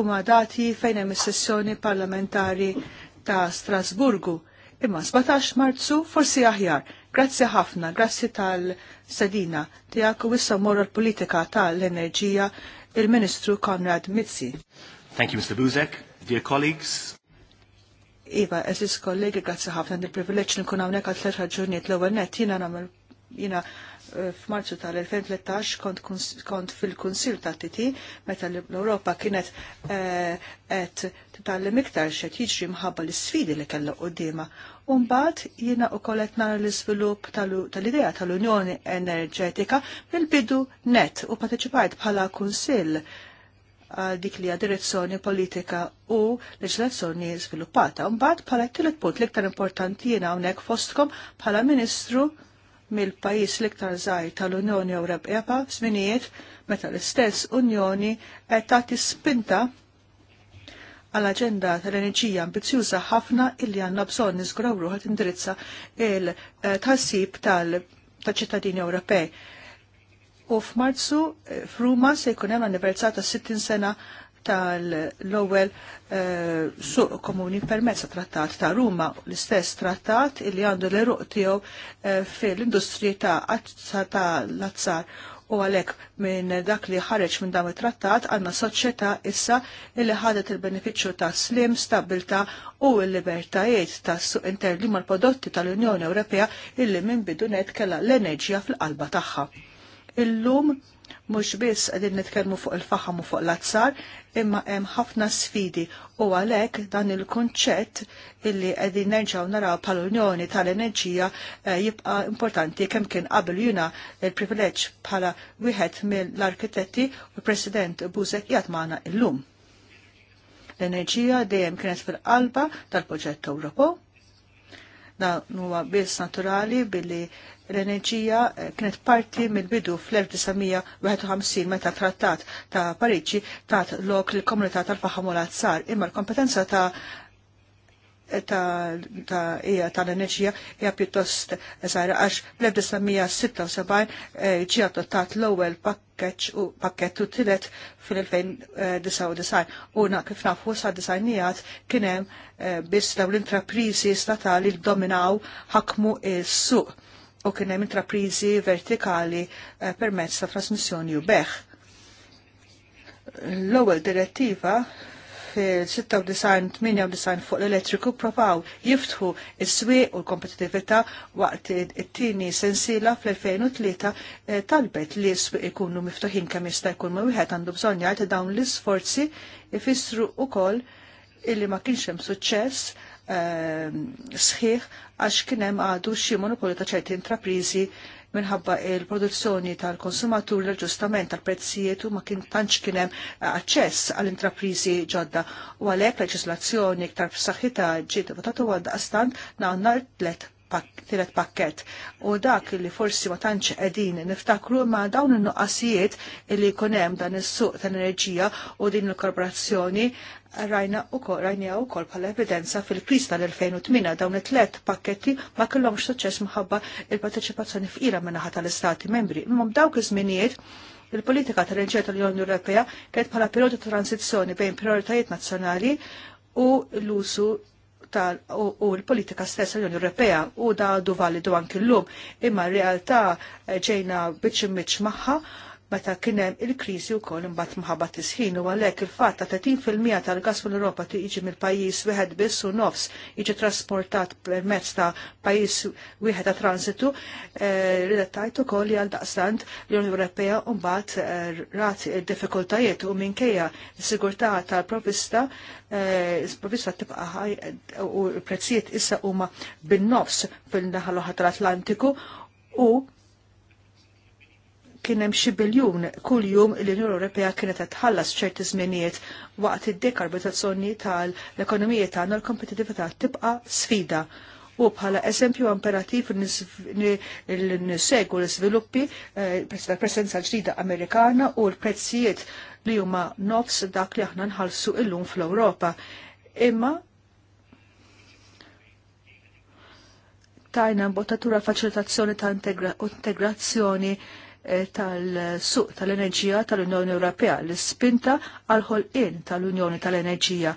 huma dati fejnem hemm is-sessjoni parlamentari ta' Strasburgu imma 17 marzu forsi aħjar. Grazzi ħafna, grazzi tal-sedina tijak u morra l-politika tal-enerġija il-Ministru Konrad Mizzi. Thank you, Mr. Buzek. Dear colleagues, Iva, eżis kollegi, grazzi ħafna, di privileċ nkun hawnhekk għal tliet ġurniet l-ewwel jina jiena nagħmel f'Marzu tal-2013 kont, kont fil-Kunsil ta' Titi meta l-Europa kienet eh, qed titgħallem iktar xed jiġri mħabba l-isfidi li kellha qudiema. Umbagħad jiena wkoll qed nara l-iżvilupp tal-idea tal-Unjoni Enerġetika mill-bidu net u pateċipajt bħala Kunsill għal dik li direzzjoni politika u leġlazzjoni sviluppata. Mbagħad bħala t-tielet punt l-iktar importanti jiena hawnhekk fostkom bħala Ministru mill-pajis liktar zaħi tal-Unjoni Ewropea zminijiet meta l-istess Unjoni qed tagħti spinta għal aġenda tal-enerġija ambizjuża ħafna illi għandna bżonn niżgraw ruħa indirizza il-tassib tal-ċittadini Ewropej. U f'Marzu f'Ruma se jkun hemm anniversar ta' 60 sena tal-ewwel eh, suq komuni permezz trattat ta' Ruma, l-istess trattat li għandu l-eruq tiegħu eh, fil industrija ta' ta' l-azzar u għalek minn dak li ħareġ minn dam it-trattat għanna soċjetà issa li ħadet il-beneficju ta' slim, stabilta u l-libertajiet ta' suq inter li mal-prodotti tal-Unjoni Ewropea illi minn bidunet kella l-enerġija fil-qalba tagħha. Illum Mhux biss qegħdin nitkellmu fuq il-faħam u fuq l-azzar, imma hemm ħafna sfidi u għalhekk dan il-kunċett illi qegħdin nerġgħu naraw pal unjoni tal-Enerġija eh, jibqa' importanti kemm kien qabel juna il-privileġġ bħala wieħed mill-arkitetti u President Buzek jgħat il-lum. L-enerġija dejjem kienet fil-qalba tal-proġett Ewropew Dan huwa biss naturali billi l-enerġija eh, kienet parti mill-bidu fl-1951 meta trattat ta' Pariċi tat lok l-komunità tal-faħam u imma l-kompetenza ta' ta' ta' tal-enerġija hija pjuttost sajra għax bl-1976 eh, ġie adottat l-ewwel pakket u tilet fil-2099 u na kif nafu sa disajnijat kien hemm eh, biss dawn l-intrapriżi statali li dominaw ħakmu il suq u kien hemm intrapriżi vertikali eh, permezz ta' trasmissjoni u beħ l-ewwel direttiva fil-96-98 fuq l-elettriku propaw jiftħu is-swieq u l-kompetitività waqt it-tieni sensiela fl-2003 eh, talbet li s-swieq ikunu miftuħin kemm jista' jkun ma wieħed għandu bżonn jgħid dawn l-isforzi ifissru wkoll illi ma kienx hemm suċċess eh, sħiħ għax kien hemm għadu xi monopolju ta' ċerti intrapriżi minħabba il-produzzjoni tal-konsumatur l-ġustament tal-prezzijiet u ma kien tantx kien hemm eh, aċċess għall-intrapriżi ġodda u għalhekk leġislazzjoni iktar f'saħħitha ġiet votata għal daqstant għandna tlet tiret pakket. U dak li forsi ma tantx qegħdin niftakru ma dawn in-nuqqasijiet li jkun hemm dan is-suq tal-enerġija u din il-korporazzjoni rajna u kol, rajna u kol pala evidenza fil-kriz tal-2008 dawn it-tlet pakketti ma kellhomx suċċess minħabba il-parteċipazzjoni f'ira minnaħa tal-istati membri. Imma dawk iż-żminijiet il-politika tal-enerġija tal-Unjoni Ewropea kienet bħala perjodu ta' transizzjoni bejn prioritajiet nazzjonali u l-usu tal u l-politika stessa l-Unjoni Ewropea u da għadu validu anki l-lum imma r-realtà eh, ġejna biċ miċ maħħa meta kien hemm il-kriżi wkoll imbagħad mħabba tisħin u għalhekk il-fatt ta' 30% tal-gas fl-Ewropa tiġi mill-pajjiż wieħed biss u nofs jiġi trasportat permezz ta' pajjiż wieħed ta' transitu, eh, ridattajt ukoll li għal daqstant l-Unjoni Ewropea mbagħad eh, d diffikultajiet u minkejja s-sigurtà tal-provista eh, s-provista tibqa' u l-prezzijiet issa huma bin-nofs fil-naħa l-oħra tal-Atlantiku u kien hemm xi biljun kull jum l-Unjoni Ewropea kienet qed tħallas ċerti żminijiet waqt id-dekarbonizzazzjoni tal-ekonomija tagħna l-kompetitività tibqa' sfida. U bħala eżempju imperativ nisegu l-iżviluppi tal-presenza eh, ġdida Amerikana u l-prezzijiet li huma nofs dak li aħna nħallsu illum fl-Ewropa. Imma tajna mbottatura faċilitazzjoni ta' integrazzjoni integra Eh, tal-suq tal-enerġija tal-Unjoni Ewropea l-spinta għal ħolqien tal-Unjoni tal-Enerġija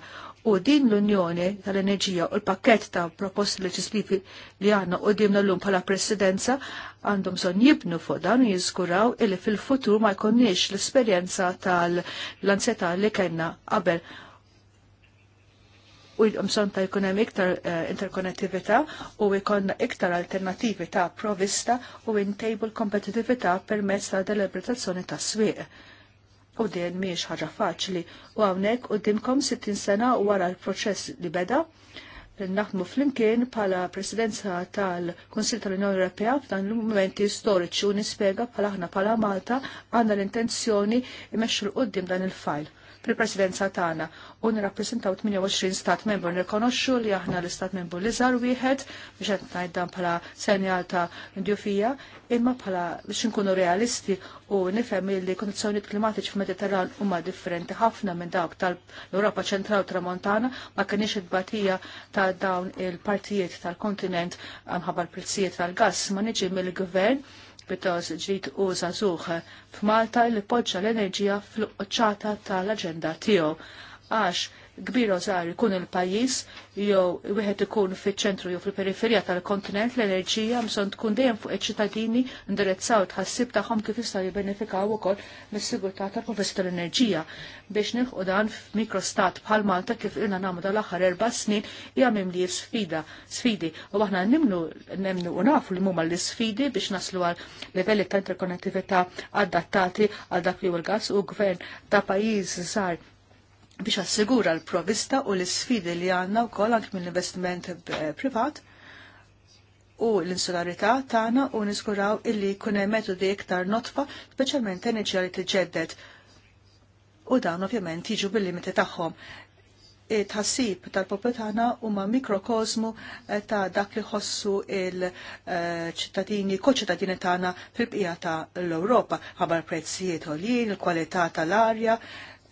u din l-Unjoni tal-Enerġija u l-pakket ta' proposti leġislivi li għanna u dimna l-lum pala presidenza għandhom son jibnu fuq dan u jizguraw illi fil-futur ma jkonniex l-esperienza tal lanzeta li kena qabel u jomson ta' eh, jkun hemm iktar interkonnettività u jkollna iktar alternativi ta' provista u intejbu l-kompetitività permezz ta' deliberazzjoni ta' swieq. U din miex ħaġa faċli u hawnhekk dimkom 60 sena wara l-proċess li beda naħdmu flimkien pala presidenza tal-Konsil tal-Unjoni Ewropea f'dan l-momenti storiċi u nispjega pala aħna pala Malta għandna l-intenzjoni imexxu l-qoddim dan il-fajl fil-presidenza tagħna u nirrappreżentaw 28 stat membru nirkonoxxu li aħna l-istat membru li żar wieħed biex qed ngħid dan bħala senjal ta' ndjufija imma bħala biex inkunu realisti u nifhem li kondizzjonijiet klimatiċi f'Mediterran huma differenti ħafna minn dawk tal-Ewropa ċentrali u tramontana ma kienx it-batija ta' dawn il-partijiet tal-kontinent għamħabba l-prezzijiet tal-gass ma niġi mill-gvern pittos ġrid u zazuħ f'Malta li poġġa l-enerġija fl-qoċċata tal-aġenda tiegħu għax kbir ozar ikun il-pajjiż jew wieħed ikun fiċ-ċentru jew fil-periferija tal-kontinent l-enerġija bżonn tkun dejjem fuq iċ-ċittadini indirizzaw tħassib tagħhom kif jista' jibbenefikaw ukoll mis-sigurtà tal-professi tal-enerġija. Biex nilħu dan f'mikrostat bħal Malta kif ilna nagħmlu dal-aħħar erba' snin hija mimli sfida, sfidi. U aħna nimnu nemnu u nafu li huma l-isfidi biex naslu għal livelli ta' interkonnettività adattati għal dak li l gas u gvern ta' pajjiż żgħar biex assigura l-provista u l-sfidi li għanna u koll anke mill-investiment eh, privat u l-insularità tagħna u niskuraw illi jkun hemm metodi iktar notfa speċjalment enerġija li tiġġedded. U dawn ovvjament jiġu bil-limiti tagħhom. Tħassib tal popetana tagħna huma mikrokosmu eh, ta' dak li ħossu il-ċittadini, eh, koċittadini tagħna fil-bqija ta' l-Ewropa ħabar prezzijiet għoljin, il-kwalità tal-arja,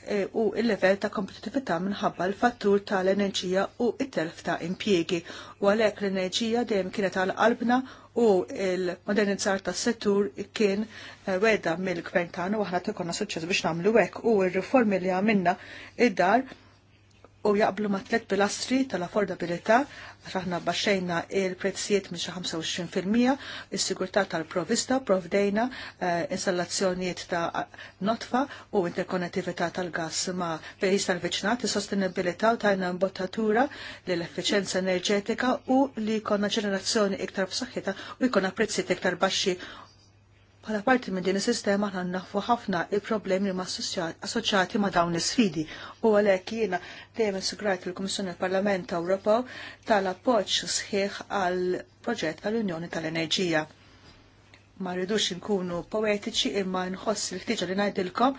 E, u il-level ta' kompetitività minħabba l-fattur tal-enerġija u it-telf ta' impjiegi. U għalhekk l-enerġija dejjem kienet għal qalbna u il-modernizzar tas settur kien e, weda mill-gvern tagħna u aħna tikonna suċċess biex nagħmlu hekk u r-riformi li għamilna id-dar u jaqblu ma' tlet pilastri tal-affordabilità għax aħna baxxejna il-prezzijiet minn xi 25%, is-sigurtà tal-provista provdejna eh, installazzjonijiet ta' notfa u interkonnettività tal-gass ma' pejjiż tal-viċinat, is-sostenibilità u tajna imbottatura l efficienza enerġetika u li jkollna ġenerazzjoni iktar b'saħħitha u jkollna prezzijiet iktar baxxi Pala parti minn din is-sistema għan nafu ħafna il-problemi ma' assoċjati ma' dawn is-sfidi u għalhekk jiena dejjem sigrajt il-Kummissjoni tal-Parlament Ewropew tal-appoġġ sħiħ għal proġett tal-Unjoni tal-Enerġija ma rridux nkunu poetiċi imma nħoss il-ħtiġa li ngħidilkom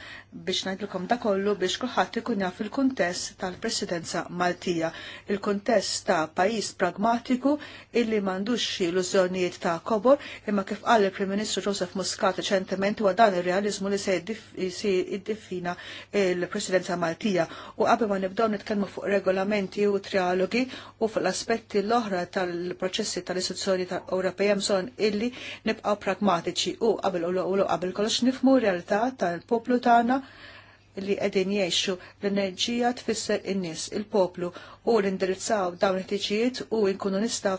biex ngħidilkom da kollu biex kulħadd ikun jaf il-kuntest tal-Presidenza Maltija, il-kuntest ta' pajjiż pragmatiku illi m'għandux xi illużjonijiet ta' kobor imma kif qal il-Prim Ministru Joseph Muscat reċentement huwa dan ir-realiżmu li se jiddiffina il-Presidenza Maltija u qabel ma nibdew nitkellmu fuq regolamenti u trialogi u fuq l-aspetti l-oħra tal-proċessi tal-istituzzjoni tal-Ewropej hemm illi nibqgħu pragmatiku pragmatiċi u qabel u qabel kollox nifmu realtà tal-poplu tagħna li qegħdin jgħixu l-enerġija tfisser in-nies, il-poplu u l-indirizzaw dawn it-tiġijiet u nkunu nistgħu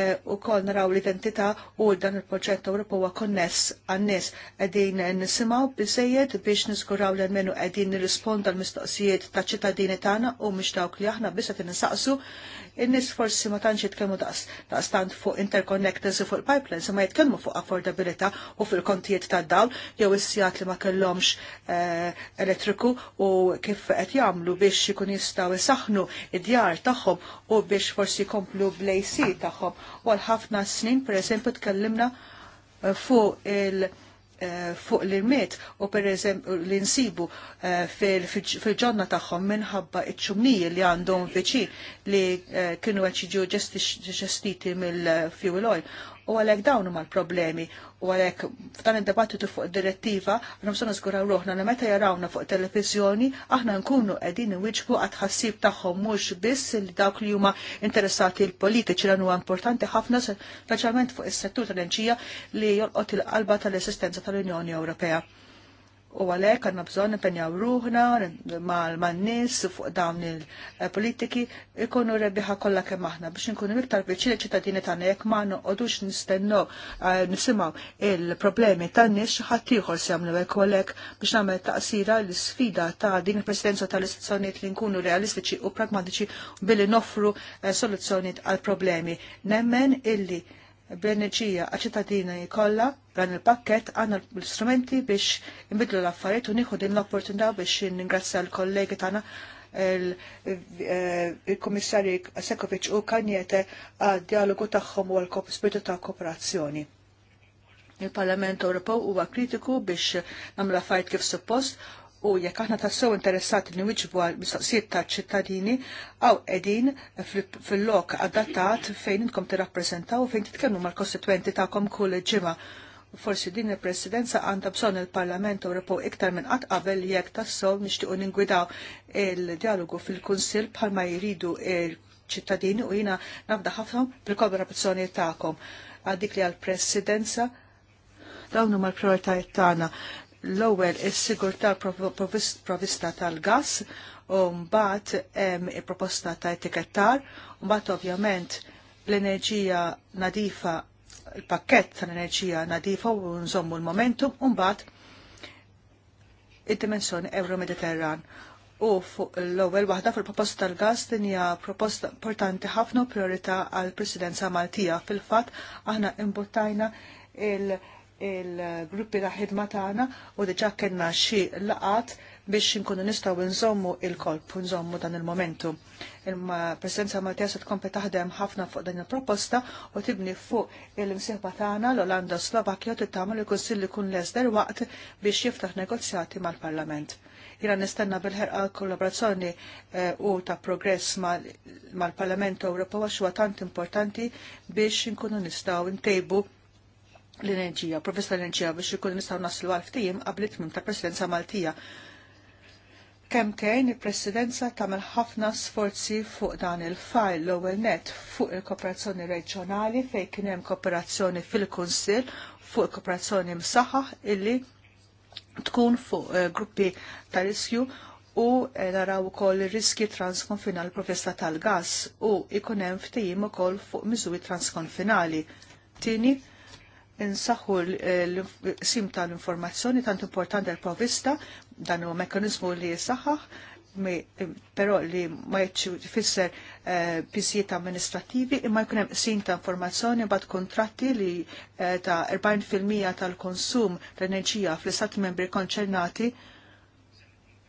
eh, wkoll naraw l-identità u dan il-proġett Ewropa huwa konness għan-nies qegħdin nisimgħu biżejjed biex niżguraw l menu qegħdin nirrisponda l mistoqsijiet taċ ċittadini tagħna u mhux dawk li aħna biss qed in-nies forsi ma tantx jitkellmu daqs tant fuq interconnectors u fuq pipelines ma jitkellmu fuq affordabilità u fil-kontijiet tad-dawl jew s sijat li ma kellhomx eh, elettriku u kif qed jagħmlu biex ikun jistgħu jisaxnu id-djar tagħhom u biex forsi jkomplu blejsi tagħhom. Wal ħafna snin pereżempju tkellimna eh, fuq il- Eh, fuq l irmet u per li nsibu eh, fil-ġonna tagħhom minħabba iċ-ċumniji li għandhom veċi li eh, kienu għed ġestiti mill-fuel oil U għalhekk dawn huma l-problemi u għalhekk f'dan id-dibattitu fuq direttiva għandhom se niżguraw ruħna li meta jarawna fuq televiżjoni aħna nkunu qegħdin iwiġbu għad ħassib tagħhom mhux biss li dawk li huma interessati l-politiċi dan huwa importanti ħafna speċjalment fuq is-settur tal-enerġija li jolqot il-qalba tal-esistenza tal-Unjoni Ewropea. U għalek għanna bżon nipenjaw ruħna mal-nis fuq dawn il-politiki ikonu rebiħa kollha kemm aħna biex nkunu iktar viċini ċittadini tagħna jekk ma nqogħdux nistennew eh, nisimgħu il-problemi tan-nies xi ħadd ieħor se jagħmlu hekk għalhekk biex nagħmel taqsira l-sfida ta' din il-presidenza tal-istituzzjonijiet li nkunu realistiċi u pragmatiċi billi noffru eh, soluzzjonijiet għal problemi. Nemmen illi b'enerġija għaċ-ċittadina jkollha dan il-pakket għandna l-istrumenti biex nbidlu l-affarijiet u nieħu din l-opportunità biex ningrazzja l-kollegi tagħna eh, il-Kummissarji Sekovic u Kanjete għad dialogu tagħhom u l spiritu ta' kooperazzjoni. Il-Parlament Ewropew huwa kritiku biex nagħmlu affarijiet kif suppost u jekk aħna tassew interessati li wieġbu għal mistoqsijiet ta' ċittadini għaw edin fil-lok adattat fejn inkom tirrappreżentaw u fejn titkellmu mal-kostituenti tagħkom kull ġimgħa. Forsi din il-presidenza għandha bżonn il-Parlament Ewropew iktar minn qatt qabel jekk tassew nixtiequ ningwidaw il-dialogu fil-Kunsill bħalma jridu ċittadini u jina nafda ħafna fil-kooperazzjoni tagħkom. Għaddik li għal-presidenza dawn huma l-prioritajiet tagħna l-ewwel is-sigurtà provvista tal-gass u mbagħad hemm il proposta ta' etikettar u mbagħad ovvjament l-enerġija nadifa il pakkett tal-enerġija nadifa u nżommu l-momentum u mbagħad id-dimensjoni Euro-Mediterran. U fuq l-ewwel waħda fil-proposta tal gass din hija proposta importanti ħafna u priorità għall presidenza Maltija. Fil-fatt aħna imbuttajna il- il-gruppi ta' ħidma tagħna u diġà kellna xi laqat biex nkunu nistgħu nżommu il-kolb, nżommu dan il-momentu. Imma Presidenza Maltija se tkompli taħdem ħafna fuq dan il-proposta u tibni fuq il-msieħba tagħna l-Olanda Slovakkja u li il-Kunsill ikun lesder waqt biex jiftaħ negozjati mal-Parlament. Jira nistenna bil-ħerqa kollaborazzjoni eh, u ta' progress mal-Parlament Ewropew għax huwa tant importanti biex nkunu nistgħu ntejbu l-enerġija, professor l-enerġija biex ikun nistgħu naslu għal ftijim qabel it ta' presidenza Maltija. Kemm kejn il-Presidenza tagħmel ħafna sforzi fuq dan il-fajl l-ewwel net fuq il-kooperazzjoni reġjonali fejn kien hemm kooperazzjoni fil-Kunsill fuq il-kooperazzjoni msaħħaħ illi tkun fuq eh, gruppi ta' riskju u eh, naraw ukoll riski transkonfinali professa tal-gas u ikun hemm ftehim ukoll fuq miżuri transkonfinali. Tieni, insaħħu l-sim tal-informazzjoni tant importanti l-provista dan u mekanizmu li jisaħħaħ però li ma jċu fisser uh, amministrativi imma jkun hemm sin ta' informazzjoni bad kontratti li eh, ta' 40% tal-konsum tal-enerġija fl-istati membri konċernati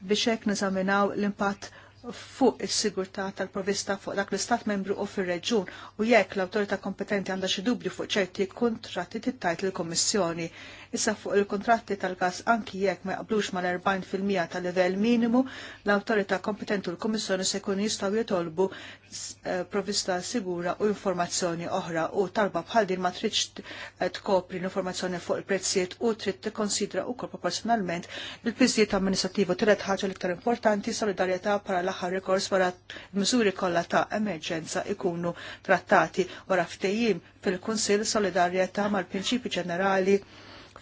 biex hekk niżaminaw l-impatt fuq is-sigurtà tal-provista fuq dak l-istat membru u fir-reġun u jekk l-awtorità kompetenti għandha xi fuq ċerti kuntratti tittajt lill-Kummissjoni. Issa fuq il-kontratti tal-gas anki jekk ma jaqblux mal-40% tal-livell minimu, l-autorità kompetenti u l-Komissjoni se jkunu jistgħu jitolbu eh, provista sigura u informazzjoni oħra u talba bħal din ma tridx eh, tkopri l-informazzjoni fuq il-prezzijiet u trid tikkonsidra wkoll proporzjonalment il-piżijiet amministrativu tiret ħaġa l-iktar importanti solidarjetà para l-aħħar rikors wara miżuri kollha ta' emerġenza ikunu trattati wara ftejim fil-Kunsill solidarjetà mal-prinċipi ġenerali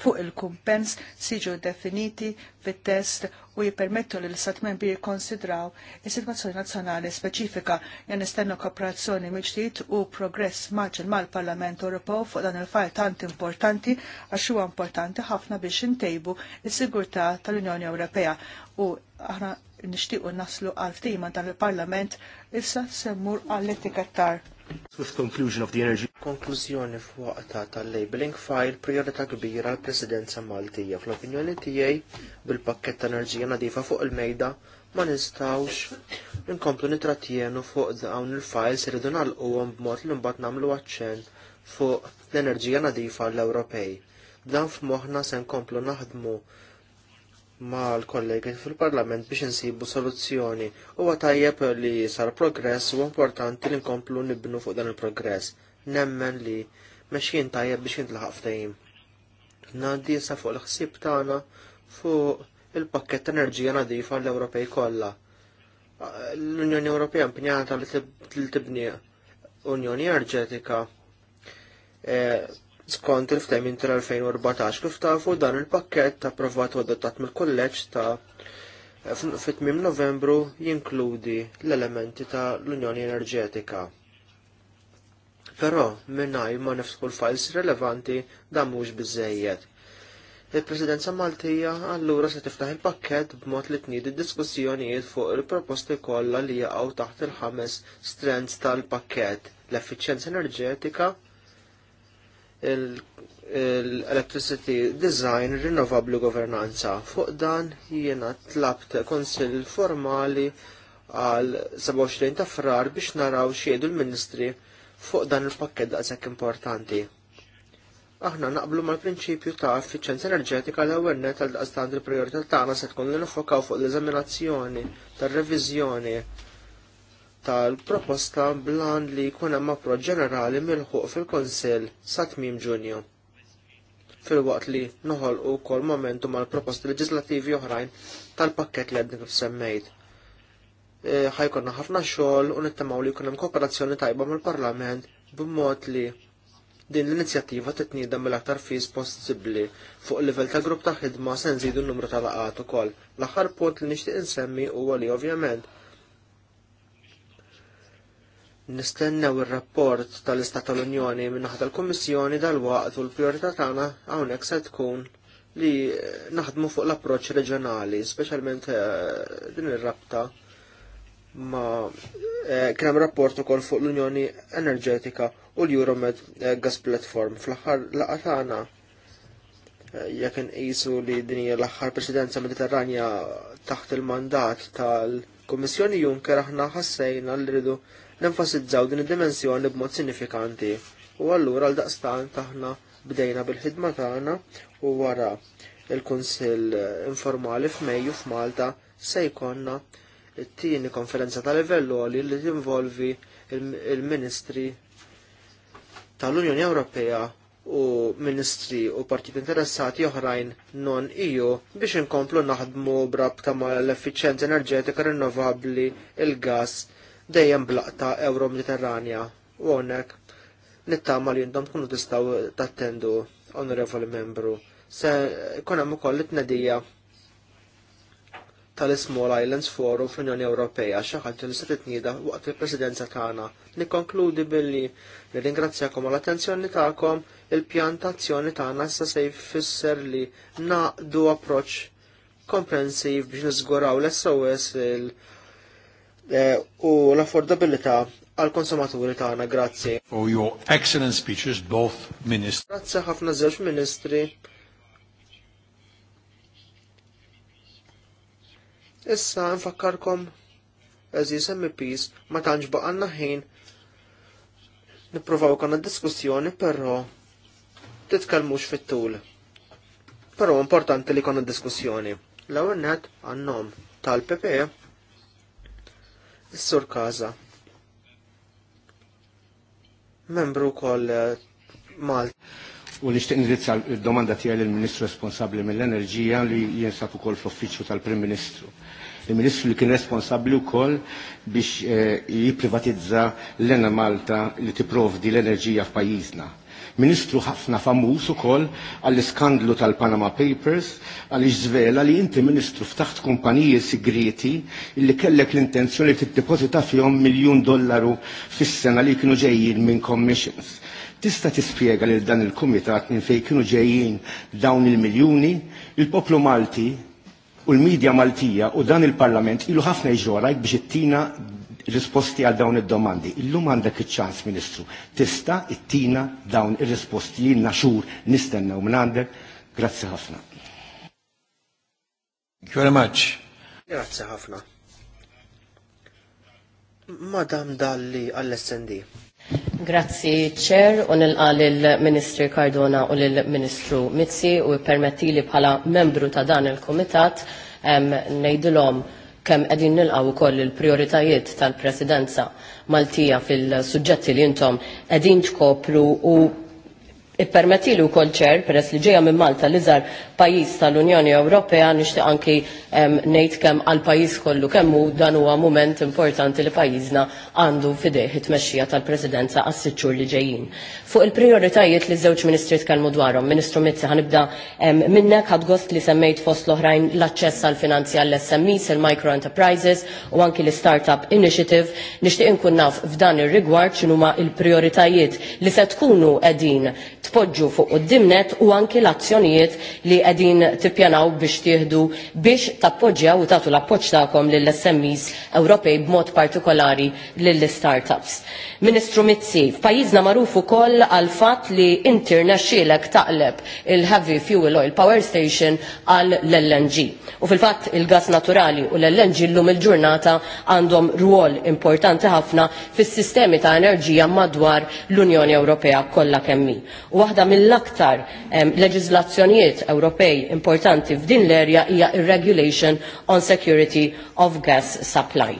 fuq il-kumpens siġu definiti fit-test u jipermettu li l-Istat membri jikonsidraw is-sitwazzjoni nazzjonali speċifika Jen istennu kooperazzjoni mill u progress maġel mal-Parlament Ewropew fuq dan il fajt tant importanti għax huwa importanti ħafna biex intejbu is-sigurtà tal-Unjoni Ewropea u aħna nixtiequ naslu għal tima dan il-Parlament issa semmur għall-etikettar. Swift conclusion of the energy. Konklużjoni f'waqta tal-labeling file priorità kbira għal presidenza Maltija. Fl-opinjoni tiegħi bil-pakket ta' enerġija nadifa fuq il-mejda ma nistawx inkomplu nitratjenu fuq dawn il-files irridu nagħlquhom b'mod li mbagħad nagħmlu aċċent fuq l-enerġija nadifa l-Ewropej. Dan f'moħħna se nkomplu naħdmu mal-kollegi fil-Parlament biex insibu soluzzjoni u għatajjeb li sar progress u importanti li nkomplu nibnu fuq dan il-progress. Nemmen li meċin tajjeb biex jintlaħaf ftajim. Nandi sa fuq l-ħsib tagħna fuq il-pakket enerġija nadifa l-Ewropej kollha. L-Unjoni Ewropea impinjata li tibni Unjoni Enerġetika eh, skont il-ftemin tal-2014 kif tafu dan il-pakket ta' provat u adottat mill-kolleġġ ta' fit tmiem Novembru jinkludi l-elementi ta' l-Unjoni Enerġetika. Però minnaj ma nifsku l-files relevanti dan mhux biżejjed. Il-Presidenza Maltija allura se tiftaħ il-pakket b'mod li tnid id-diskussjonijiet fuq il-proposti kollha li jaqgħu taħt il-ħames strands tal-pakket l-effiċjenza enerġetika, l-Electricity Design Rinnovabli Governanza. Fuq dan jiena tlabt konsil formali għal 27 ta' frar biex naraw xiedu l-Ministri fuq dan il-pakket daqshekk importanti. Aħna naqblu mal-prinċipju ta' effiċenza enerġetika l ewwennet tal daqstant il ta' tagħna se tkun l fuq l-eżaminazzjoni tar-reviżjoni tal-proposta blan li jkun hemm approċċ ġenerali milħuq fil-Kunsill sa tmiem Ġunju. Fil-waqt li noħolqu wkoll momentu mal proposti leġislattivi oħrajn tal-pakkett li għadni kif semmejt. E, ħajkonna ħafna xogħol u nittemgħu li jkun hemm kooperazzjoni tajba mill-Parlament b'mod li din l-inizjattiva titniedem mill-aktar fis possibbli fuq livell ta' grupp ta' ħidma se nżidu n-numru tal-laqat ukoll. L-aħħar punt li nixtieq insemmi huwa li ovvjament nistennew ir-rapport tal-Istat tal-Unjoni minnaħa tal-Kummissjoni dal-waqt u l-priorità tagħna hawnhekk se tkun li eh, naħdmu fuq l-approċċ reġjonali, speċjalment eh, din ir-rabta ma eh, kien hemm rapport ukoll fuq l-Unjoni Enerġetika u l-Euromed Gas Platform fl-aħħar laqgħa tagħna jekk inqisu li din hija l-aħħar presidenza Mediterranja taħt il-mandat tal-Kummissjoni Juncker aħna ħassejna li rridu nenfasizzaw din id-dimensjoni b'mod sinifikanti. U allura l daqstan taħna bdejna bil-ħidma tagħna u wara il-Kunsill informali f'Mejju f'Malta se jkollna t-tieni konferenza ta' livellu li tinvolvi il-Ministri tal-Unjoni Ewropea u ministri u partit interessati oħrajn non iju biex inkomplu naħdmu brab ta' l-effiċenza enerġetika rinnovabli, il-gas, dejjem blaqta Euro-Mediterranja u għonek nittama li jindom tkunu tistaw tattendu onorevoli membru. Se kuna ukoll it-nedija tal-Small Islands Forum fl-Unjoni Ewropea xaħat li se titnida waqt il-presidenza tagħna. Nikkonkludi billi nirringrazzjakom għal attenzjoni tagħkom il-pjantazzjoni tagħna issa se jfisser li naqdu approċċ komprensiv biex niżguraw l-SOS il- Eh, u l-affordabilità għal konsumaturi tagħna grazzi. For your excellent speeches both ministri. Grazzi ħafna żewġ ministri. Issa nfakkarkom eżis MPs ma tantx baqanna ħin nipprovaw konna diskussjoni però titkellmux fit-tul. Però importanti li konna diskussjoni. L-ewwel net għannom tal-PPE Sur Kaza. Membru kol eh, Malta. U nixtieq indirizza domanda tiegħi lill ministru responsabbli mill-enerġija li jinsab ukoll fl-uffiċċju tal-Prim Ministru. Il-Ministru li kien responsabbli wkoll biex eh, jipprivatizza l-ena Malta li tipprovdi l-enerġija f'pajjiżna ministru ħafna famuż ukoll għall-iskandlu tal-Panama Papers għaliex żvela li inti ministru ftaħt kumpaniji sigreti illi kellek l-intenzjoni tiddeposita fihom miljun dollaru fis-sena li kienu ġejjin minn commissions. Tista' tispjega lil dan il-kumitat minn fejn kienu ġejjin dawn il-miljuni, il-poplu Malti u l-medja Maltija u dan il-Parlament ilu ħafna jġorajk biex ittina risposti għal dawn id-domandi. Illum għandek iċ-ċans, Ministru, tista' it-tina dawn ir-risposti li naxur nistennew minn għandek. Grazzi ħafna. Thank you very much. Grazzi ħafna. Madam Dalli għall-SND. Grazzi ċer u nilqal il-Ministri Cardona u l-Ministru Mizzi u permetti li bħala membru ta' dan il-Komitat nejdilom kemm qegħdin nilqgħu wkoll il-prijoritajiet tal-Presidenza Maltija fil-suġġetti li intom qegħdin tkopru u Ippermettilu wkoll ċer, peress li ġejja minn Malta li zar pajjiż tal-Unjoni Ewropea nixtieq anki ngħid kemm għal pajjiż kollu kemm hu dan huwa mument importanti li pajjiżna għandu fideħ it-tmexxija tal-Presidenza għas sitt xhur li ġejjin. Fuq il prioritajiet li żewġ ministri tkellmu dwarhom, Ministru Mizzi ħanibda minnek ħadgost li semmejt fost l-oħrajn l-aċċess għal finanzi għall smis il-micro enterprises u anki l-startup initiative nixtieq inkun naf f'dan ir-rigward x'inhuma il prioritajiet li se tkunu qegħdin tpoġġu fuq id-dimnet u anki l-azzjonijiet li qegħdin tippjanaw biex tieħdu biex tappoġġjaw u tagħtu l-appoġġ tagħkom lill-SMEs Ewropej b'mod partikolari lill-startups. Ministru Mizzi, f'pajjiżna magħruf ukoll għal fatt li interna xielek taqleb il-heavy fuel oil power station għal l-LNG. U fil-fatt il-gas naturali u l-LNG llum il-ġurnata għandhom ruol importanti ħafna fis-sistemi ta' enerġija madwar l-Unjoni Ewropea kollha kemmi. U waħda mill-aktar leġiżlazzjonijiet Ewropej importanti f'din l-erja hija ir-regulation on security of gas supply.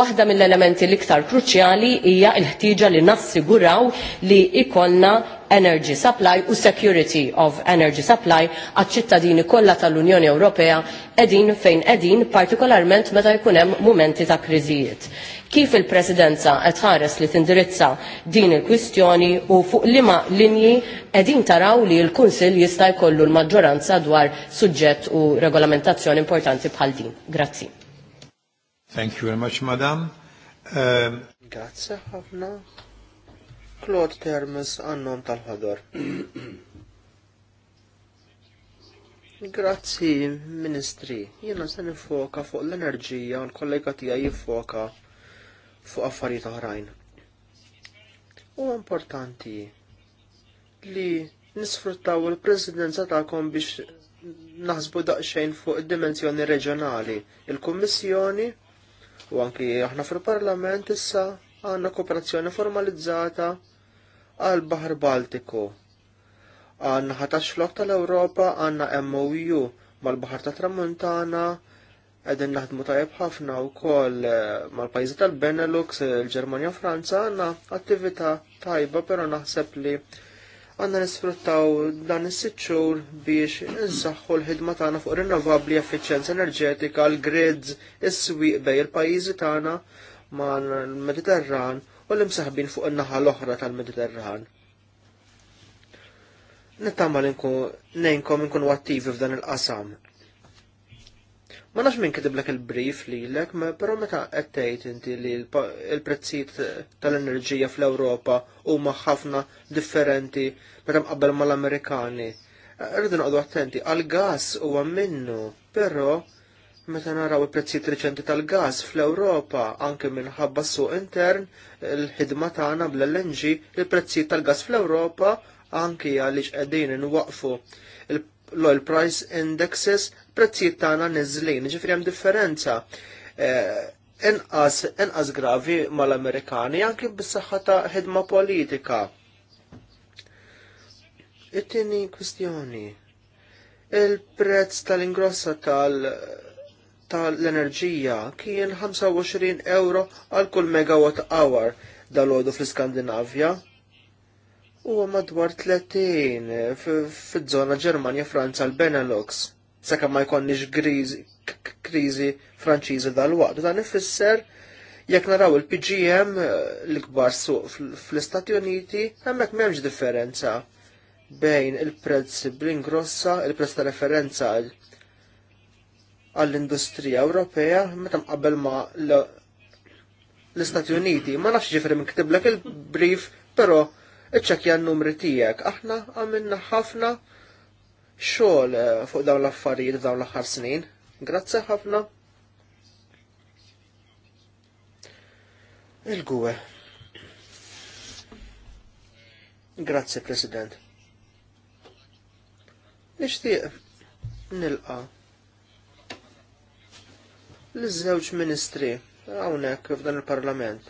Waħda mill-elementi l-iktar kruċjali hija l-ħtieġa li nassiguraw li ikolna energy supply u security of energy supply għat ċittadini kollha tal-Unjoni Ewropea edin fejn edin partikolarment meta jkun hemm mumenti ta' kriżijiet. Kif il-Presidenza qed ħares li tindirizza din il-kwistjoni u fuq liema linji edin taraw li l-Kunsill jista' jkollu l-maġġoranza dwar suġġett u regolamentazzjoni importanti bħal din. Grazzi. Thank you very much, Madam. Um... Grazie, ħafna. Claude Termes għannom tal ħadar Grazzi, Ministri. Jena se nifoka fuq l-enerġija u l-kollega tija jiffoka fuq affarijiet oħrajn. U importanti li nisfruttaw il-presidenza tagħkom biex naħsbu daqsxejn fuq id-dimensjoni reġjonali. Il-Kummissjoni u anki aħna fil-Parlament issa għandna kooperazzjoni formalizzata għal Baħar Baltiku. Għanna ħatax flok tal-Ewropa għanna MOU mal-Baħar ta' Tramuntana, għedin naħdmu tajab ħafna u koll eh, mal-pajzi tal-Benelux, il-Germania, eh, Franza, għanna attività tajba, pero naħseb li għanna nisfruttaw dan is-sitxur biex nsaħħu l-ħidma tagħna fuq rinnovabbli effiċjenza enerġetika, l-grids, is-swieq bej il-pajjiżi tagħna mal-Mediterran u l-imsaħbin fuq in-naħa l-oħra tal-Mediterran. Nittama li nejnkom nkunu attivi f'dan il-qasam. Ma nafx minn kitiblek il-brief li l-ek, pero meta għettejt inti li il prezzit tal-enerġija fl-Europa u ħafna differenti meta mqabbel mal-Amerikani. Rridu naqdu attenti, għal-gas u minnu, pero Meta naraw il-prezzijiet riċenti tal-gas fl-Ewropa anke minħabba suq intern, il-ħidma tagħna bl-LNG, il-prezzijiet tal-gas fl-Ewropa anke għaliex qegħdin inwaqfu l-oil price indexes, prezzijiet tagħna niżlin, ġifri hemm differenza. Eh, inqas inqas gravi mal-Amerikani anke bis-saħħa ta' ħidma politika. It-tieni kwistjoni. Il-prezz tal-ingrossa tal-, -ingrossa tal tal-enerġija kien 25 euro għal kull megawatt hour dal ħodu fl-Skandinavja u madwar 30 fil-żona Ġermanja, Franza, l-Benelux. Sakemm ma jkollniex kriżi Franċiżi dal-waqt. Dan ifisser jekk naraw il-PGM l-kbar suq fl-Istati Uniti, hemmhekk m'hemmx differenza bejn il-prezz bl-ingrossa, il-prezz ta' referenza għall-industrija Ewropea meta mqabbel ma l-Istati Uniti. Ma nafx ġifri minn ktiblek il-brief, però iċċekja n-numri tiegħek. Aħna għamilna ħafna xogħol eh, fuq dawn l-affarijiet dawn l-aħħar snin. Grazzi ħafna. Il-gwe. Grazzi, President. Nixtieq nilqa' l-żewġ ministri hawnhekk f'dan il-Parlament.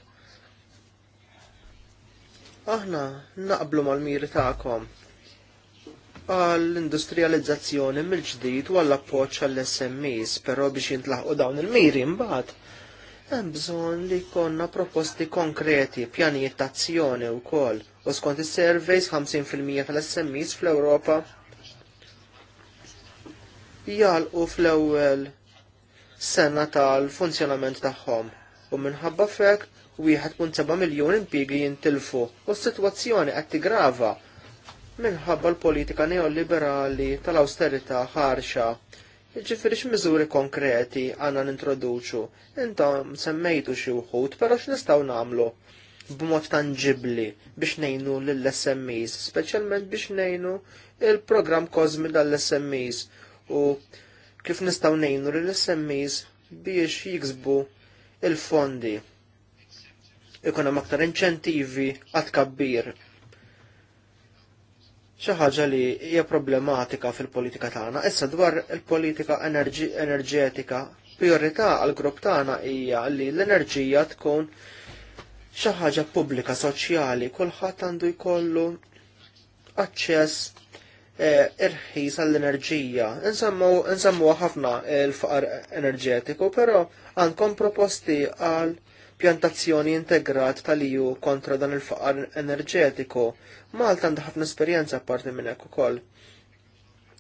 Aħna naqblu mal-miri tagħkom għall-industrializzazzjoni mill-ġdid u għall-appoġġ għall-SMEs, però biex jintlaħqu dawn il-miri mbagħad hemm bżonn li jkollna proposti konkreti, pjanijiet ta' azzjoni wkoll. U skont is-surveys 50% tal-SMEs fl-Ewropa Jalqu fl-ewwel sena tal-funzjonament tagħhom u minħabba fek 1.7 miljon impigi jintilfu u s-sitwazzjoni qed tigrava minħabba l-politika neoliberali tal-austerità ħarxa. Ġifiri x-mizuri konkreti għanna nintroduċu, intom semmejtu xi wħud, pero x-nistaw namlu b'mod tangibli biex nejnu l-SMEs, specialment biex nejnu il-program kozmi dal-SMEs u kif nistgħu ngħinu lill SMEs biex jiksbu il-fondi. Ikonam hemm aktar inċentivi għad kabbir. Xi ħaġa li hija problematika fil-politika tagħna. Issa dwar il-politika enerġetika, priorità għall grupp tagħna hija li l-enerġija tkun xi ħaġa pubblika soċjali kulħadd għandu jkollu aċċess Eh, irħis għall-enerġija. Nsemmu ħafna l-faqar enerġetiku, pero għandkom proposti għal pjantazzjoni integrat tal-iju kontra dan il-faqar enerġetiku. Malta għandha ħafna esperjenza parti minn hekk ukoll.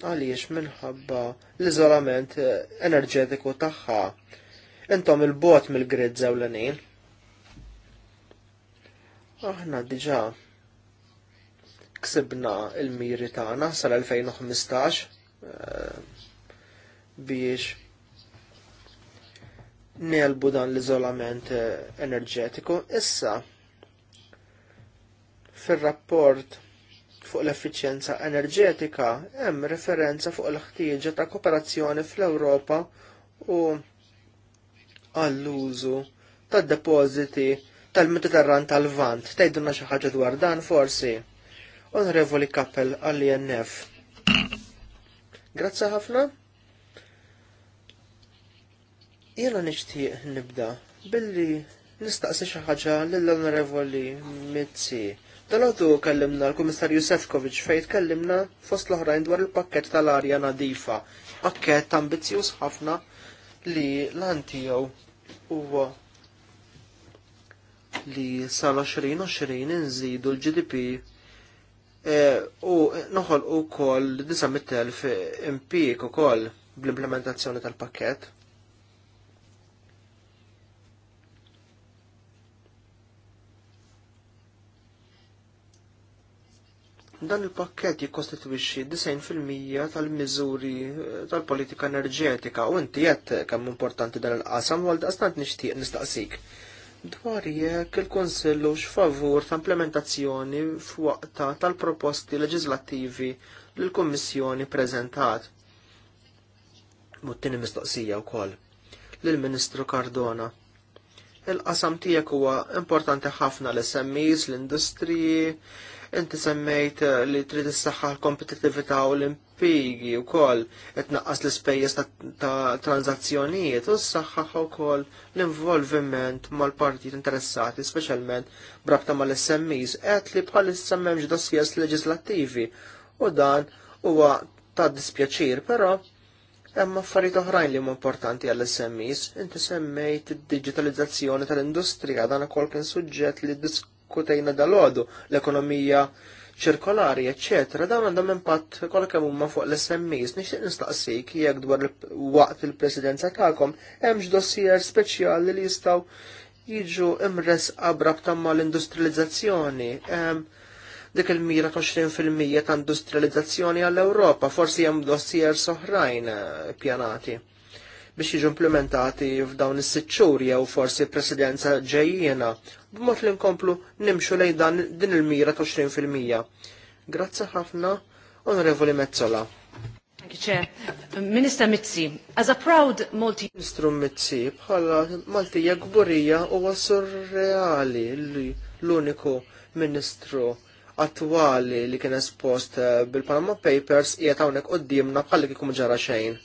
Għaliex minħabba l-iżolament eh, enerġetiku tagħha. Intom il-bot mill-grid żewlenin. Aħna diġa' ksibna il-miri tagħna sal-2015 eh, biex nelbu dan l-iżolament eh, enerġetiku. Issa fir-rapport fuq l-effiċjenza enerġetika hemm referenza fuq l-ħtieġa ta' kooperazzjoni fl-Ewropa u għall-użu tad-depożiti tal-Mediterran tal-Vant. Tgħidulna xi ħaġa dwar dan forsi. Onorevoli Kappel għall-INF. Grazzi ħafna. Jena nixtieq nibda billi nistaqsi xi ħaġa lill-Onorevoli Mizzi. Dalgħodu kellimna l-Kummissarju Sefkovic fejn tkellimna fost l-oħrajn dwar il-pakket tal-arja nadifa. Pakket ambizzjuż ħafna li l tiegħu. huwa li sal-2020 inżidu l-GDP Eh, u noħol u kol 900.000 MP u kol bl-implementazzjoni tal-pakket. Dan il-pakket jikostituixi 90% tal-miżuri eh, tal-politika enerġetika u inti jett kemm importanti dan il-qasam għal daqstant nixtieq nistaqsik dwar jekk il-Kunsillu x'favur ta' implementazzjoni f'waqta tal-proposti leġislattivi li l-Kummissjoni preżentat. Muttini mistoqsija wkoll lill-Ministru Cardona. Il-qasam tiegħek huwa importanti ħafna l-SMEs, l-industriji, Inti semmejt eh, li trid issaħħa l-kompetittività u l-impigi wkoll qed naqqas l-ispejjeż ta' tranzazzjonijiet u ssaħħaħ ukoll l-involviment mal-partijiet interessati, speċjalment brabta mal-SMEs, qed li bħalissa m'hemmx dossiers leġislattivi u dan huwa ta' dispjaċir, però Hemm affarijiet oħrajn li huma importanti għall SMEs, inti semmejt id-diġitalizzazzjoni tal-industrija dan ukoll kien suġġett li dis Kutajna dal ħodu l-ekonomija ċirkolari, eccetera, dawn għandhom impatt kollha kemm huma fuq l-SMEs. Nixtieq nistaqsik jekk dwar waqt il-presidenza tagħkom hemmx dossier speċjali li jistgħu jiġu imres qabrab tamma l-industrializzazzjoni. Dik il-mira 20% ta' industrializzazzjoni għall-Ewropa, forsi hemm dossier soħrajn eh, pjanati biex jiġu implementati f'dawn is-sitt jew forsi presidenza ġejjina, b'mod li nkomplu nimxu lejn dan din il-mira ta' 20%. Grazzi ħafna, Onorevoli Mezzola. Minister Mitzi, as a proud Malti... Ministru Mitzi, bħala Maltija gburija u surreali l-uniku ministru attwali li kien espost eh, bil-Panama Papers qiegħed hawnhekk dimna bħalli jkun ġara xejn.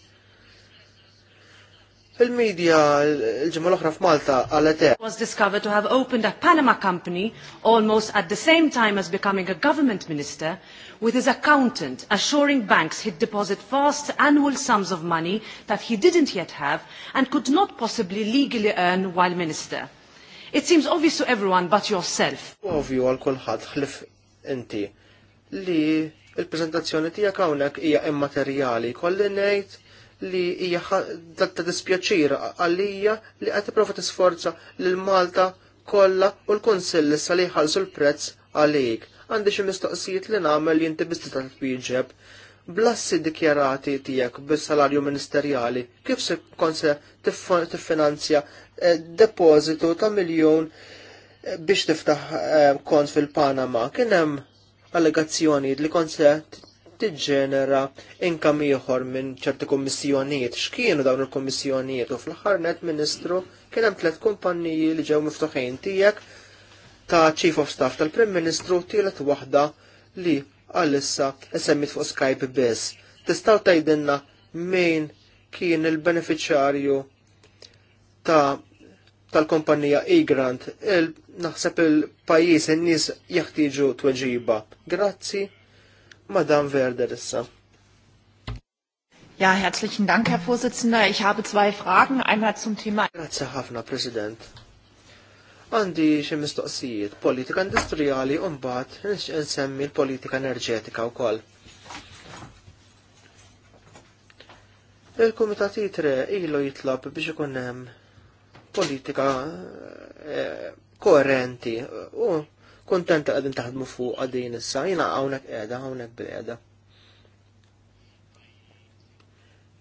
Il-medja il-ġimma l-oħra f'Malta għal għalet was discovered to have opened a Panama company almost at the same time as becoming a government minister with his accountant assuring banks he'd deposit vast annual sums of money that he didn't yet have and could not possibly legally earn while minister. It seems obvious to everyone but yourself. Ovvju għal kulħadd ħlif inti li il-preżentazzjoni tiegħek hawnhekk hija immaterjali. Kolli ngħid li hija ta' dispjaċir għalija li qed tipprova tisforza lil Malta kollha u l-Kunsill issa li jħallsu l-prezz għalik. Għandi xi mistoqsijiet li nagħmel li inti bista twieġeb. Blassi dikjarati tiegħek bis-salarju ministerjali, kif se konse tiffinanzja eh, depozitu ta' miljun eh, biex tiftaħ eh, kont fil-Panama. Kien hemm allegazzjoni li konse tiġġenera inkam ieħor minn ċerti kummissjonijiet. X'kienu dawn il-kummissjonijiet u fl-aħħar net Ministru kien hemm tliet kumpanniji li ġew miftuħin tiegħek ta' Chief of Staff tal-Prim Ministru tielet waħda li għalissa semmit fuq Skype biss. Tistgħu tgħidilna min kien il-beneficjarju ta' tal-kompanija e-grant, il naħseb il-pajis, il-nis jaħtiġu tweġiba. Grazzi Madame Werder issa. Ja, herzlichen Dank, Herr Vorsitzender. Ich habe zwei Fragen. Einmal zum Thema... Grazie ħafna, President. Għandi xi mistoqsijiet, politika industrijali u mbagħad nsemmi l-politika enerġetika wkoll. Il-Kumitat Itre ilu jitlab biex ikun hemm politika eh, koerenti u kontenta għadin taħdmu fuq għadin issa, jina għawnek edha, għawnek bil-edha.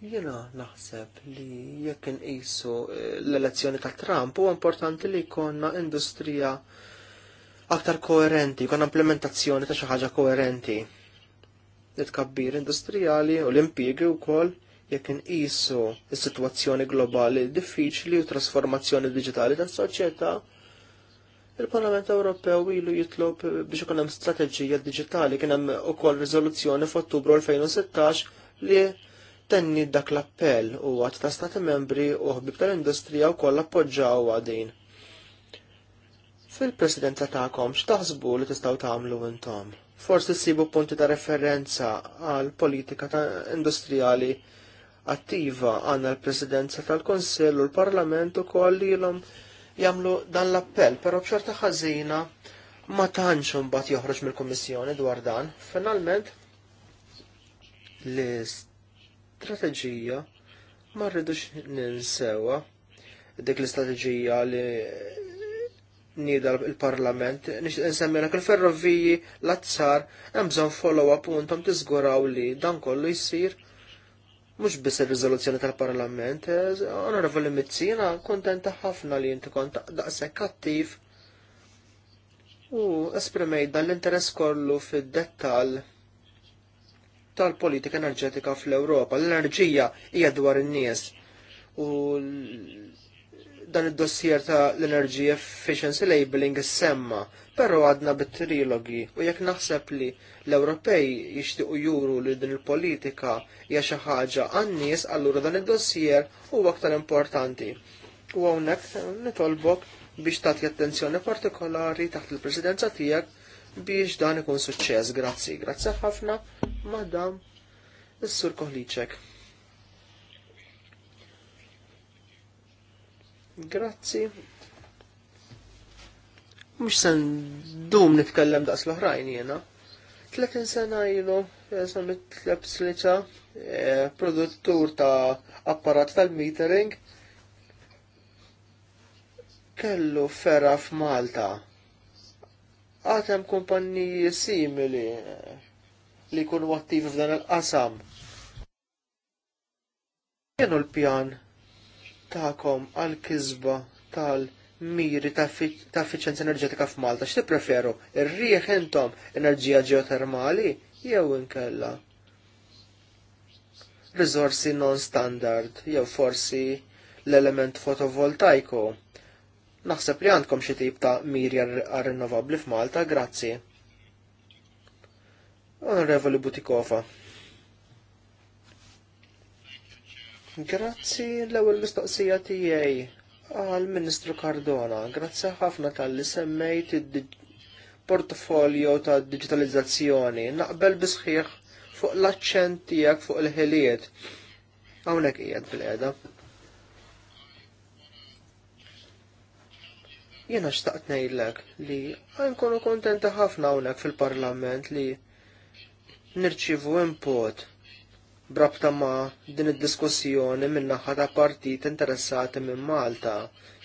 Jena naħseb li jekk nqisu eh, l-elezzjoni ta' Trump huwa importanti li jkollna industrija aktar koerenti, konna implementazzjoni ta' xi ħaġa koerenti. It-tkabbir industrijali u l-impjiegi wkoll jekk nqisu s-sitwazzjoni globali diffiċli u trasformazzjoni diġitali tas-soċjetà Il-Parlament Ewropew ilu jitlob biex ikun hemm strateġija diġitali kien hemm ukoll riżoluzzjoni f'Ottubru 2016 li tenni dak l-appell u għat ta' stati membri u ħbib tal-industrija u koll appoġġaw għadin. Fil-presidenza ta'kom x'taħsbu li tistgħu tagħmlu intom? Forsi ssibu punti ta' referenza għal politika ta' industrijali attiva għanna l-presidenza tal-Konsill u l-Parlament u koll l-om Jamlu dan l-appell, però b'xorta ħażina ma tantx bat joħroġ mill-Kummissjoni dwar dan. Finalment l-istrateġija ma rridux ninsewa dik l-istrateġija li nida il-parlament, nix nsemmilek il-ferroviji, l-azzar, hemm bżonn follow-up untom tiżguraw li dan kollu jsir mux biss il-rizoluzzjoni tal-parlament, eh, onorevoli Mizzina, kontenta ħafna li jinti kont daqsek attiv u esprimej dal-interess kollu fid-dettal tal-politika enerġetika fl-Europa. L-enerġija hija dwar in-nies u dan id-dossier ta' l-Energy Efficiency Labeling semma, però għadna bit-trilogi u jekk naħseb li l-Ewropej jixtiequ juru li din il-politika hija xi ħaġa għan-nies allura dan id-dossier huwa aktar importanti. U hawnhekk nitolbok biex tagħti attenzjoni partikolari taħt il-presidenza tiegħek biex dan ikun suċċess. Grazzi, grazzi ħafna, madam, is-sur Koħliċek. Grazzi. Mux san dum nitkellem daqs l-oħrajn jena. 30 sena ilu, semmit l-ebsliċa, e, produttur ta' apparat tal-metering, kellu ferra f'Malta. Għatem kumpanniji simili e, li kunu attivi f'dan il-qasam. Kienu l-pjan tagħkom għal kisba tal-miri ta' effiċenza enerġetika f'Malta, x'ti preferu? Ir-rieħ intom enerġija ġeotermali jew inkella riżorsi non-standard jew forsi l-element fotovoltaiku. Naħseb li għandkom xi tip ta' miri rinnovabbli f'Malta, grazzi. Onorevoli Butikofa. Grazzi l-ewwel mistoqsija tiegħi għal Ministru Cardona. Grazzi ħafna tal-li semmejt il-portfolio ta' digitalizzazzjoni. Naqbel bisħiħ fuq l-aċċent tiegħek fuq il-ħiliet. Hawnhekk qiegħed bil-qiegħda. Jiena xtaqt ngħidlek li nkunu kontenta ħafna hawnhekk fil-Parlament li nirċivu input brabta ma' din id-diskussjoni minn naħa ta' partit interessati minn Malta.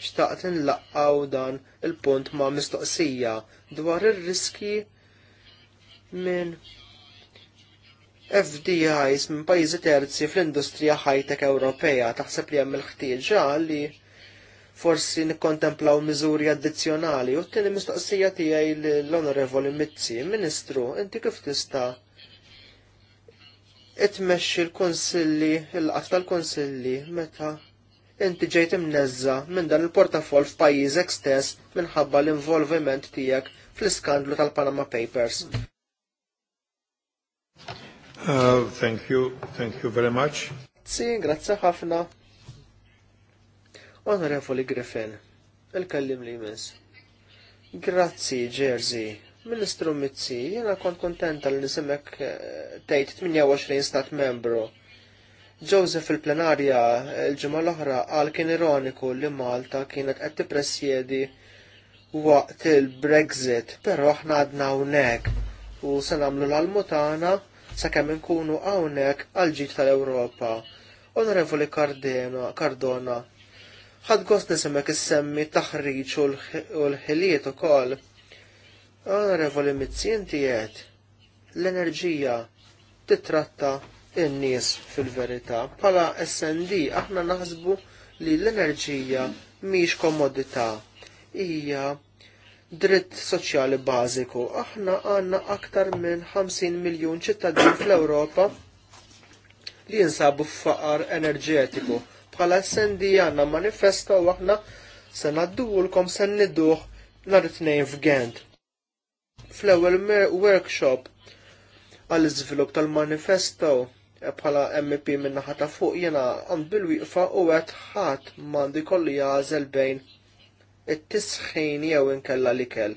Xtaqt nlaqqaw dan il-punt ma' mistoqsija dwar ir-riski minn FDIs minn pajjiżi terzi fl-industrija high-tech Ewropea taħseb li hemm il-ħtieġa li forsi nikkontemplaw miżuri addizzjonali u t-tieni mistoqsija tiegħi l-Onorevoli Mizzi, Ministru, inti kif tista' Itmexxi l-konsilli, il-qat tal-konsilli, meta inti ġejt imnezza minn dan il-portafol f'pajjiżek stess minħabba l-involviment tiegħek fl-iskandlu tal-Panama Papers. Uh, thank you, thank you very much. Si, grazzi ħafna. Onorevoli Griffin, il-kellim li jmiss. Grazzi, Jersey. Ministru Mizzi, jena kont kontenta li nisimek eh, tejt 28 stat membru. Joseph il-plenarja il-ġimgħa l-oħra għal kien ironiku li Malta kienet qed tippresjedi waqt il-Brexit, però aħna għadna hawnhekk u se nagħmlu l-almutana sakemm inkunu hawnhekk għal ġid tal-Ewropa. Onorevoli Cardona, ħad gost nisimek is-semmi taħriġ u l-ħiliet ukoll Għara Mizzinti jgħid, l-enerġija titratta in-nies fil-verità. Pala SND aħna naħsbu li l-enerġija miex komodità. Hija dritt soċjali bażiku. Aħna għandna aktar minn 50 miljun ċittadin fl-Ewropa li jinsabu f'faqar enerġetiku. Bħala SND għandna manifesta u aħna se nadduwulkom se nidduh nhar it-tnejn f'Gent fl-ewwel workshop għall iżvilupp tal-manifesto bħala MP min-naħa ta' fuq jena għand bil-wieqfa u għed ħadd m'għandi kollu jażel bejn it-tisħin jew inkella l-ikel.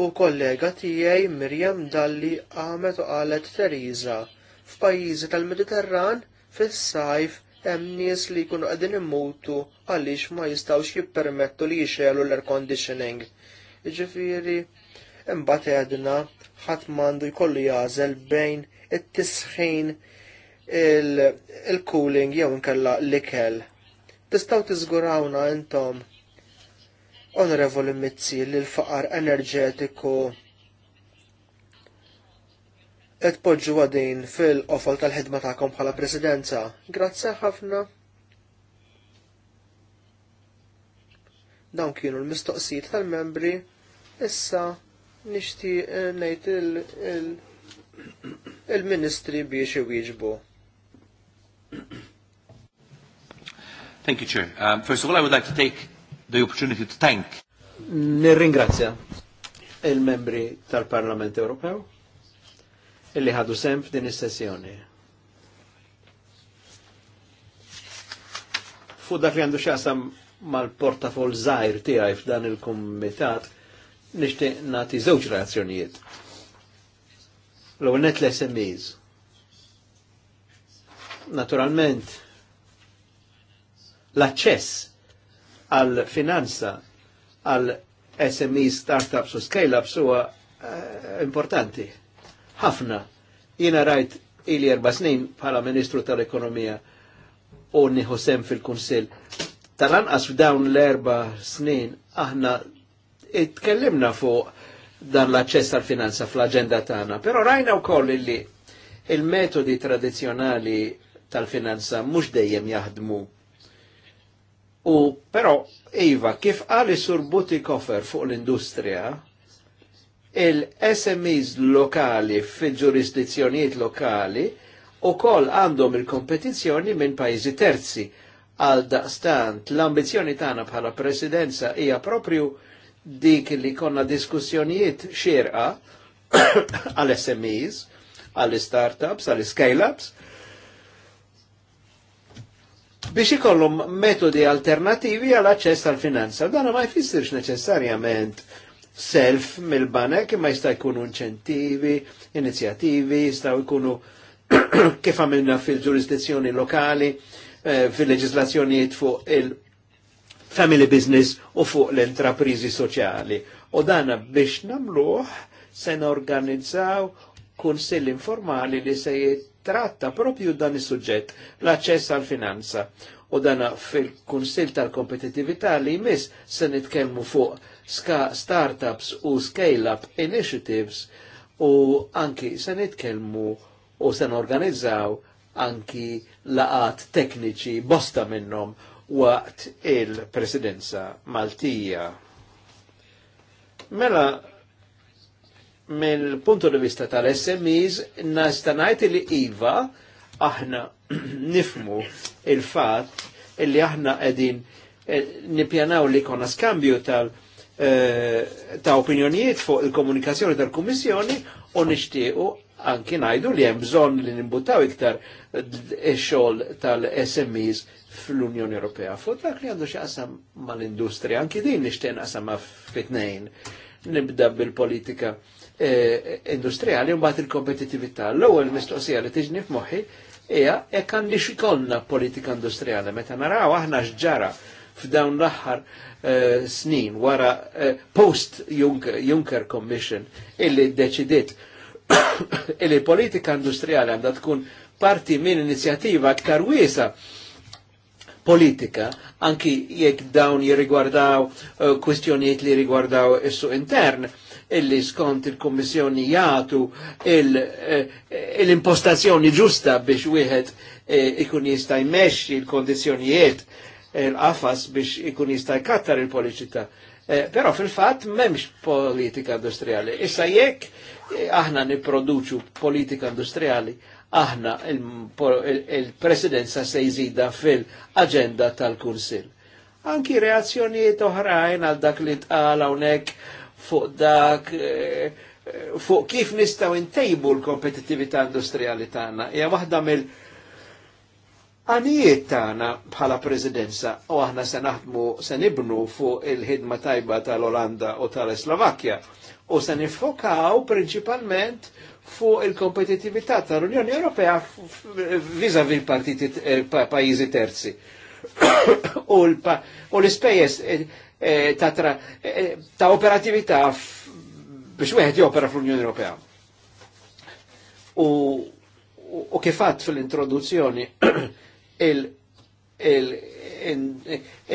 U kollega tiegħi Mirjam Dalli għamet u qalet Teriża f'pajjiżi tal-Mediterran fis-sajf hemm nies li jkunu qegħdin immutu għaliex ma jistgħux jippermettu li jixelu l-air conditioning. Ġifiri, imbat għedna ħat mandu jkollu jazel bejn it-tisħin il-cooling jew inkella l-ikel. Tistaw tiżgurawna intom onorevoli mizzi li l-faqar enerġetiku podġu għadin fil-qofol tal-ħidma tagħkom bħala presidenza. Grazzi ħafna. Dawn kienu l-mistoqsijiet tal-membri Issa nixtieq eh, ngħid il-Ministri biex iwieġbu. Thank you, Chair. Um, first of all, I would like to take the opportunity to thank. Nirringrazzja il-membri tal-Parlament Ewropew illi ħadu sem f'din is-sessjoni. Fu dak li għandu xasam mal-portafol zaħir tiegħi f'dan il-kumitat, nixtieq nagħti żewġ reazzjonijiet. L-ewwel l-SMEs. Naturalment l-aċċess għal finanza għal SME startups u scale-ups huwa uh, importanti. Ħafna. Jiena rajt ili erba' snin bħala Ministru tal-Ekonomija u nieħu sem fil-Kunsill. Tal-anqas f'dawn l-erba' snin aħna Itkellimna fuq dan l-aċċess tal-finanza fl agenda tagħna, però rajna wkoll li il-metodi tradizjonali tal-finanza mhux dejjem jaħdmu. U però iva, kif qal sur Buti Koffer fuq l-industrija, il-SMEs lokali fil-ġurisdizzjonijiet lokali u koll għandhom il-kompetizjoni minn pajjiżi terzi għal daqstant l-ambizjoni tagħna bħala presidenza hija propju dik li konna diskussjonijiet xirqa għal SMEs, għal startups, għal scale-ups, biex ikollhom metodi alternativi għal aċċess għal finanza. Dan ma jfissirx neċessarjament self mill-banek ma jista' jkunu inċentivi, inizjattivi, jistgħu jkunu kif għamilna fil-ġurisdizzjoni lokali, eh, fil-leġislazzjonijiet fuq il- family business u fuq l-intraprizi soċjali. U dana biex namluħ se organizzaw kunsill informali li se jitratta propju dan is-suġġett l-aċċess għal finanza. U dana fil-kunsill tal-kompetitività li jmiss se nitkellmu fuq startups u scale-up initiatives u anki se nitkellmu u se organizzaw anki laqat tekniċi bosta minnom waqt il-presidenza Maltija. Mela, mill-punto di vista tal-SMEs, nastanajt li IVA aħna nifmu il-fat illi aħna edin eh, nipjanaw li konna skambju tal- eh, ta' opinjonijiet fuq il-komunikazzjoni tal-Kummissjoni u nixtiequ anki najdu li hemm bżonn li nimbuttaw iktar ix-xogħol eh, tal-SMEs fl-Unjoni Ewropea. Fuq dak li għandu xaqsam mal-industrija, anki din nixtieq qasam ma' fitnejn. Nibda bil-politika eh, industrijali u mbagħad il-kompetittività. L-ewwel mistoqsija li tiġni f'moħħi hija hekk għandi xikollna politika industrijali meta naraw aħna x'ġara f'dawn l-aħħar eh, snin wara eh, post Juncker Commission illi ddeċidiet illi politika industrijali għandha tkun parti minn inizjattiva aktar wiesa' politika, anki jekk dawn jirrigwardaw eh, kwistjonijiet li jirrigwardaw issu intern, illi skont il-Kommissjoni jgħatu eh, l-impostazzjoni ġusta biex wieħed eh, ikun jista' jmexxi l-kondizzjonijiet l-qafas biex ikun jista' jkattar il poliċità Però fil-fatt m'hemmx politika industrijali. Issa jekk aħna nipproduċu politika industrijali, aħna il-presidenza se jżida fil-agenda tal kursil Anki reazzjonijiet oħrajn għal dak li tqal hawnhekk fuq dak eh, eh, fuq kif nistgħu intejbu l kompetitività industrijali tagħna hija waħda mill Għanijiet tagħna bħala presidenza u aħna se naħdmu se nibnu fuq il-ħidma tajba tal-Olanda u tal-Slovakkja u se nifokaw prinċipalment fuq il-kompetitività l unjoni Ewropea vis-à-vis partiti eh, pajjiżi terzi. U l-ispejjeż eh, eh, ta' operatività biex wieħed jopera fl-Unjoni Ewropea. U kifat fil-introduzzjoni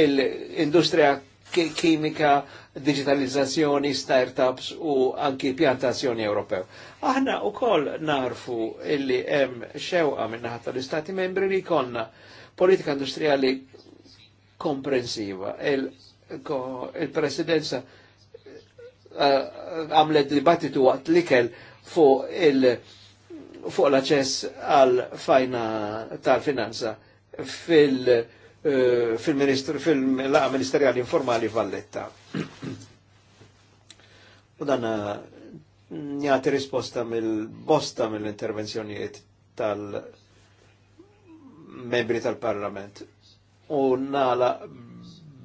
il-industrija kimika, digitalizzazzjoni, start-ups u anki pjantazzjoni Ewropea. Aħna u koll narfu illi hemm xewqa minnaħat tal-Istati membri li konna politika industriali komprensiva. Il-presidenza il eh, għamlet dibattitu għat likel fuq il- fuq l-aċess għal fajna tal-finanza fil-ministru uh, fil eh, fil-laqa ministerjali informali Valletta. U dan eh, njati risposta mill-bosta mill-intervenzjonijiet tal-membri tal-parlament. U nala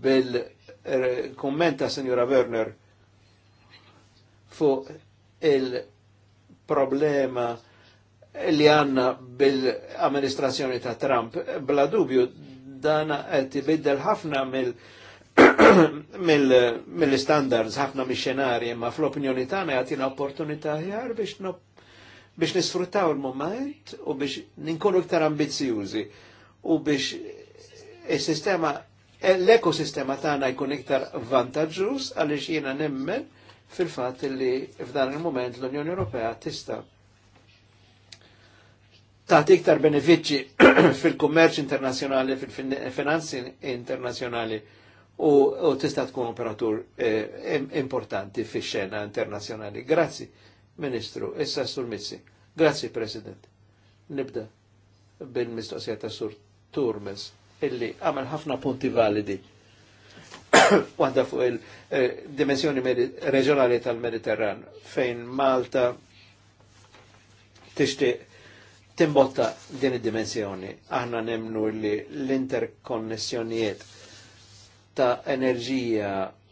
bil-kommenta signora Werner fu il-problema li għanna bil-amministrazzjoni ta' Trump. Bla dubju, dana għet biddel ħafna mill- mill-standards ħafna mis xenarji imma fl-opinjoni tagħna jagħtina opportunità ħjar biex biex nisfruttaw il-moment u biex ninkunu iktar ambizjużi u biex il-sistema l-ekosistema tagħna jkun iktar vantaġġuż għaliex jiena nemmen fil-fatt li f'dan il-moment l-Unjoni Ewropea tista' tagħti iktar benefiċċji fil-kummerċ internazzjonali, fil-finanzi internazzjonali u, u tista' tkun operatur eh, importanti fix xena internazzjonali. Grazzi, Ministru, issa Sur Mizzi. Grazzi, President. Nibda bil-mistoqsija ta' Sur Turmes illi għamel ħafna punti validi. Waħda fuq il-dimensjoni eh, reġjonali tal-Mediterran fejn Malta tixtieq timbotta din id-dimensjoni. Aħna nemnu li l-interkonnessjonijiet ta' enerġija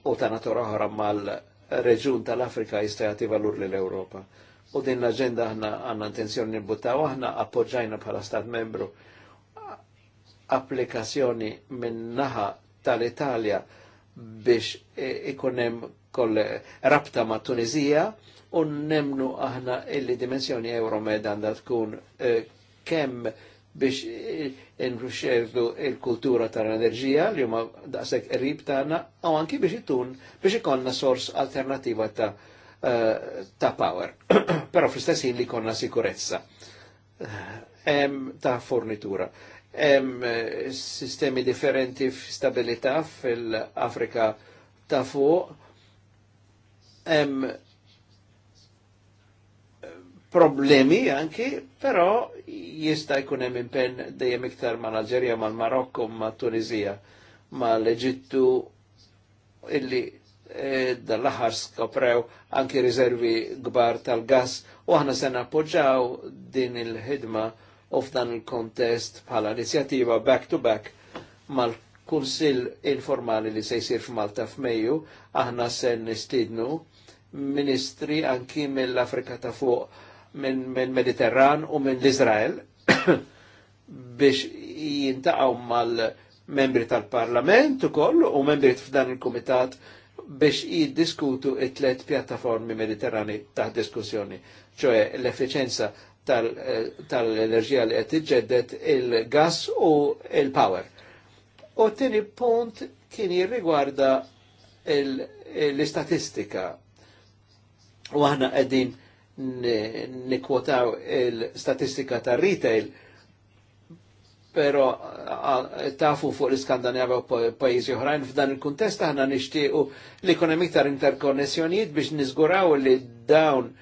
u ta' natura oħra mal-reġun tal-Afrika jista' jagħti valur lill-Ewropa. U din l-aġenda aħna għandna intenzjoni nibbuttaw aħna appoġġajna bħala stat membru applikazzjoni minn naħa tal-Italja biex e- ikun koll rabta ma' Tunizija u nemnu aħna illi dimensjoni Euromed għandha tkun eh, kemm biex inruxerdu il-kultura tal-enerġija li huma daqshekk qrib tagħna u anki biex itun biex ikollna sors alternativa ta' eh, ta' power. Però fl-istess li konna sikurezza ta' fornitura. Hemm eh, sistemi differenti f'stabilità fil-Afrika ta' fuq. Hemm problemi anki, però jista' jkun hemm impenn dejjem iktar ma' Alġerija, mal-Marokko, ma' Tunizija, ma' l-Eġittu illi e, dal-aħħar skoprew anki riservi gbar tal-gas u aħna se appoġġaw din il-ħidma u f'dan il-kontest bħala inizjattiva back to back mal-Kunsill informali li se jsir f'Malta f'Mejju, aħna se nistidnu ministri anki mill-Afrika ta' fuq minn min Mediterran u minn l-Izrael biex jintaqaw mal-membri tal-parlament u koll u membri f'dan il-komitat biex jiddiskutu it-tlet pjattaformi mediterrani ta' diskussjoni, ċoħe l-efficienza eh, tal-enerġija li qed tiġġedded il-gas u il-power. U t-tieni punt kien jirrigwarda l-istatistika. U aħna qegħdin nikwotaw il-statistika ta' retail, pero tafu fuq l-Iskandinavja u pajjiżi oħrajn f'dan il-kuntest aħna nixtiequ l-ekonomik ta' interkonnessjonijiet biex niżguraw li dawn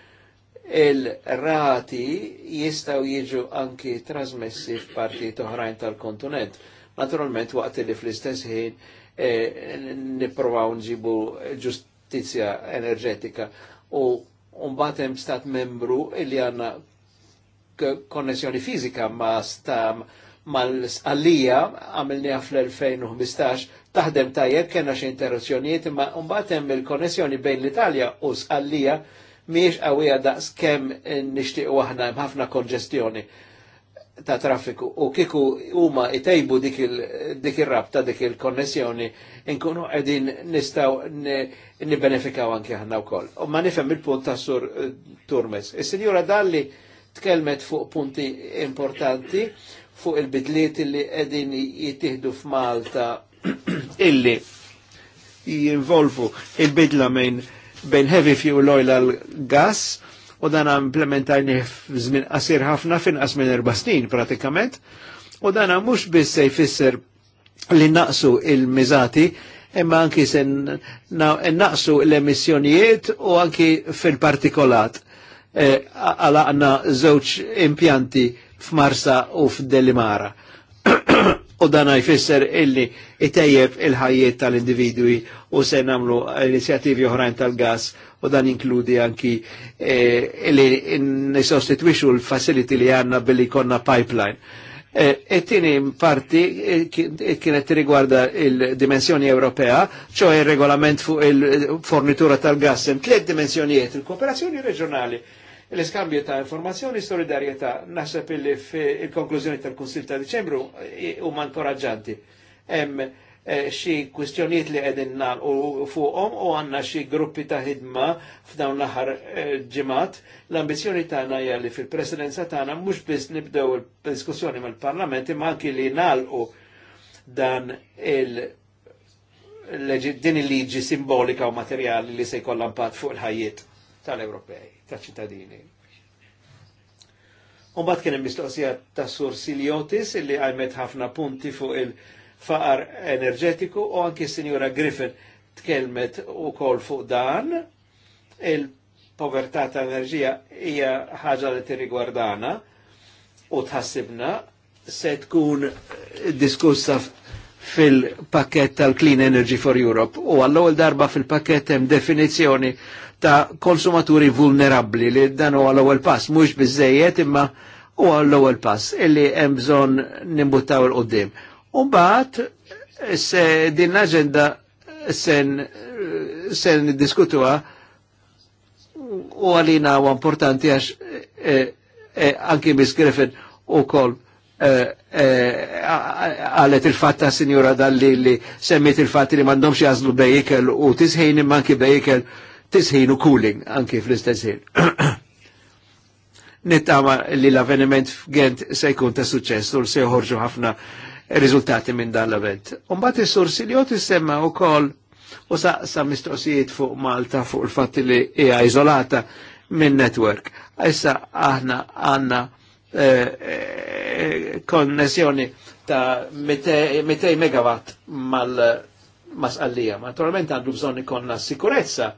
il-rati jistgħu jiġu anki trasmessi f'parti oħrajn tal-kontinent. Naturalment waqt li fl-istess ħin eh, nipprovaw nġibu ġustizzja enerġetika u Umbat hemm stat membru illi għanna konnessjoni fizika ma stam mal-għallija għamilniha fl-2015 taħdem tajjeb kena xi interruzzjonijiet ma mbagħad hemm il-konnessjoni bejn l-Italja u s-għallija miex għawija daqs kem nixtiequ aħna hemm ħafna konġestjoni ta' traffiku u kiku huma itejbu dik ir-rabta dik il-konnessjoni inkunu qegħdin nistgħu nibbenefikaw anke aħna wkoll. U ma nifhem il-punt ta' sur eh, Turmes. il sinjura Dalli tkellmet fuq punti importanti fuq il-bidliet li qegħdin jittieħdu f'Malta illi jinvolvu il-bidla minn bejn heavy fuel oil għal gas u dan implementajni f'żmien qasir ħafna finqas minn erba' snin pratikament u dan mhux biss se jfisser li naqsu il-miżati imma anki se naqsu l-emissjonijiet u anki fil-partikolat e, għalaqna e, żewġ impjanti f'Marsa u f'Delimara. u dan jfisser illi itejjeb il-ħajiet tal-individwi u se namlu inizjativi oħrajn tal-gas u dan inkludi anki eh, li nisostitwixu l-facility li għanna billi konna pipeline. Eh, e tini parti eh, eh, kienet riguarda il-dimensjoni Ewropea, ċo il-regolament fuq il-fornitura tal-gas, tliet dimensjonijiet, il-kooperazzjoni reġjonali, l-iskambju ta' informazzjoni, solidarieta, naħseb il-konklużjoni tal-Konsil ta' Diċembru u mankoraġġanti. koraġġanti Eh, xi kwistjonijiet li qegħdin nagħlqu fuqhom u għandna xi gruppi ta' ħidma f'dawn l-aħħar eh, ġimgħat. L-ambizzjoni tagħna hija li fil-presidenza tagħna mhux biss nibdew il-diskussjoni mal-Parlament imma anki li nagħlqu dan il- din il-liġi simbolika u materjali li se jkollha impatt fuq il-ħajjiet tal-Ewropej, tal-ċittadini. Umbat kien hemm mistoqsija ta' Sur Siliotis illi għajmet ħafna punti fuq il- faqar enerġetiku u anki Sinjura Griffin tkelmet u kol fuq dan il-povertà ta' enerġija hija ħaġa li tirrigwardana u tħassibna se tkun diskussa fil-pakket tal-Clean Energy for Europe u għall-ewwel darba fil-pakket hemm definizzjoni ta' konsumaturi vulnerabli li dan huwa l-ewwel pass mhux biżejjed imma huwa l-ewwel pass illi hemm bżonn nimbuttaw il-qudiem. Umbat, se din l-agenda sen, sen diskutua u għalina u importanti għax eh, eh, anki Miss Griffin u kol e, e, għalet il-fatta sinjura dalli li semmit il-fatti li mandomx jazlu bejikel u tisħin manki anki bejikel tisħin u cooling anki fl-istess ħin. Nittama li l-avveniment f'Gent se jkun ta' suċess u se joħorġu ħafna riżultati minn dan l-event. Umbat is-sur Siljot issemma wkoll u sa mistoqsijiet fuq Malta fuq il-fatt li hija izolata minn network. Issa aħna għandna eh, eh, konnessjoni ta' 200 megawatt mal-masqallija. Naturalment għandu bżonn ikonna sikurezza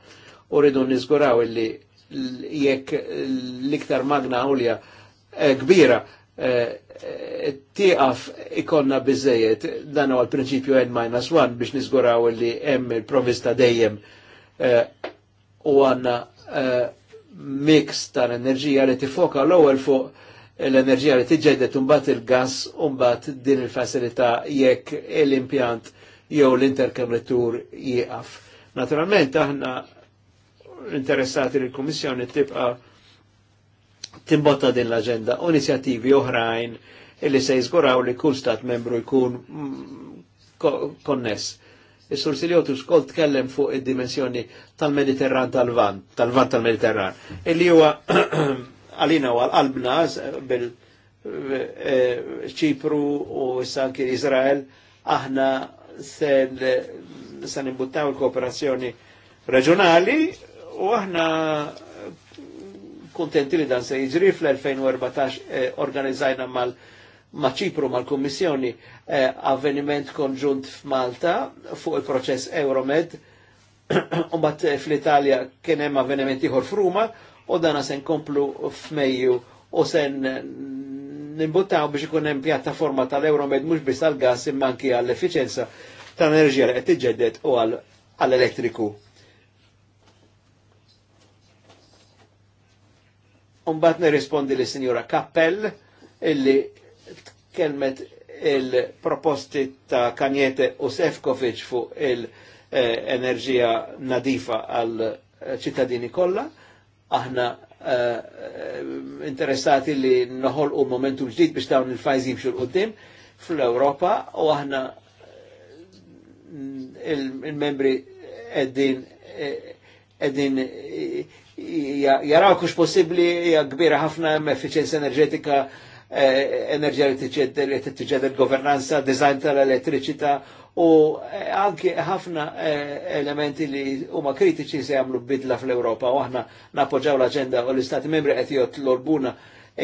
u rridu nizguraw li jekk l-iktar magna għulja eh, kbira Eh, eh, tieqaf ikonna bizzejiet dan huwa l-prinċipju n-1 biex niżguraw li hemm il-provista dejjem eh, u għanna mix tal-enerġija li tifoka l-ewwel fuq l-enerġija li tiġġedet imbagħad il-gas u mbagħad din il facilita jekk l-impjant jew l-interkonnettur jieqaf. Naturalment aħna interessati l-Kummissjoni tibqa' timbotta din l-agenda u inizjattivi oħrajn illi se jizguraw li kull stat membru jkun mm, konness. Is-sur Siliotus kol tkellem fuq id-dimensjoni tal-Mediterran tal-Van, tal-Van tal-Mediterran, illi huwa għalina u għal-qalbna bil eh, ċipru u s-sanki Izrael, aħna sen imbuttaw il-kooperazzjoni reġjonali u aħna kontenti li dan se jiġri fl-2014 eh, organizzajna mal ma' ċipru mal-Kommissjoni eh, avveniment konġunt f'Malta fuq il-proċess Euromed u bat eh, fl-Italja kien hemm avveniment ieħor f'Ruma u dana se nkomplu f'Mejju u sen nimbuttaw biex ikun hemm pjattaforma tal-Euromed mhux biss għall-gas imma anki għall efficienza tal-enerġija li qed u għall-elettriku. Umbat nirrispondi li signora Kappell illi tkelmet il-proposti ta' Kanjete u Sefkovic fuq il-enerġija nadifa għal ċittadini kollha. Aħna eh, interessati li noħol u momentum ġdid biex dawn il-fajz jimxu l-qoddim fl-Europa u aħna mm, il-membri il eddin eh, eddin jaraw possibli hija kbira ħafna hemm enerġetika eh, enerġija li il governanza, design tal-elettriċità u eh, anke ħafna eh, elementi li huma kritiċi se jagħmlu bidla fl-Ewropa u aħna napoġġaw l-aġenda u l-Istati Membri qed l-orbuna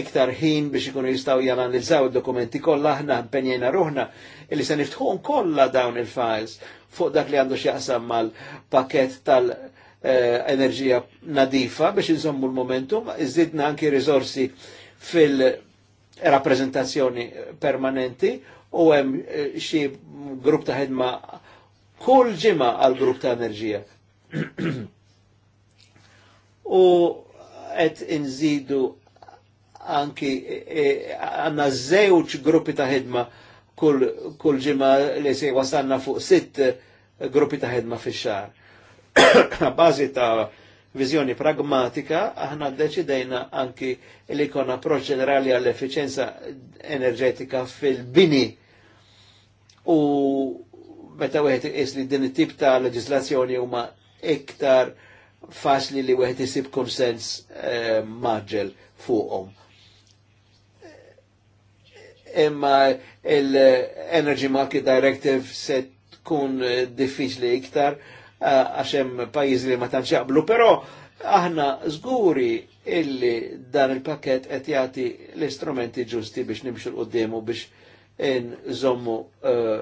iktar ħin biex ikunu jistgħu janalizzaw id-dokumenti kollha aħna impenjejna ruħna li se niftħuhom kollha dawn il-files fuq dak li għandu x'jaqsam mal paket tal- Eh, enerġija nadifa biex nżommu l-momentum, iżidna anki risorsi fil-rappresentazzjoni permanenti u hemm eh, xi grupp ta' ħedma kull ġimma għal grupp ta' enerġija. u qed inżidu anki eh, għanna żewġ gruppi ta' ħedma kull ġimgħa li se wasanna fuq sitt gruppi ta' ħedma fix-xahar bazi ta' viżjoni pragmatika, aħna deċidejna anki li kon approċ ġenerali għall-efficienza enerġetika fil-bini u meta wieħed is li din it-tip ta' leġislazzjoni huma iktar faċli li wieħed isib konsens eh, maġġel fuqhom. Imma l-Energy Market Directive se tkun diffiċli iktar Eh, għaxem pajiz li ma tantx jaqblu, però aħna żguri illi dan il-pakket qed jagħti l-istrumenti ġusti biex nimxu l-qudiem u biex nżommu eh,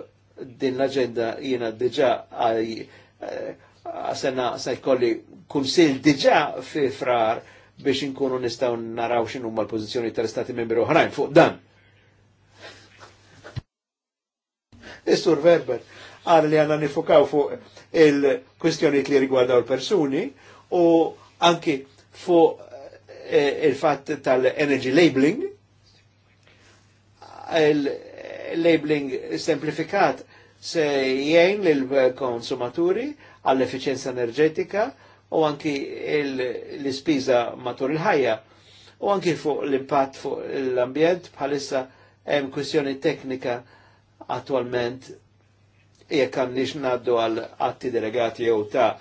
din l agenda jiena diġà eh, sena se jkolli kunsil diġà fi frar biex inkunu nistgħu naraw x'inhu l-pożizzjoni tal-Istati Membri oħrajn fuq dan. Istur Verber għal li għanna nifokaw fuq il-kwistjoni li rigwardaw l-persuni u anki fuq eh, il-fat tal-energy labeling, il-labeling semplifikat se jgħin l-konsumaturi għall-efficienza enerġetika u anki l-ispiża matur il-ħajja u anki fuq l-impatt fuq l-ambjent bħalissa hemm kwistjoni teknika attualment jekk għandix naddu għal atti delegati jew ta'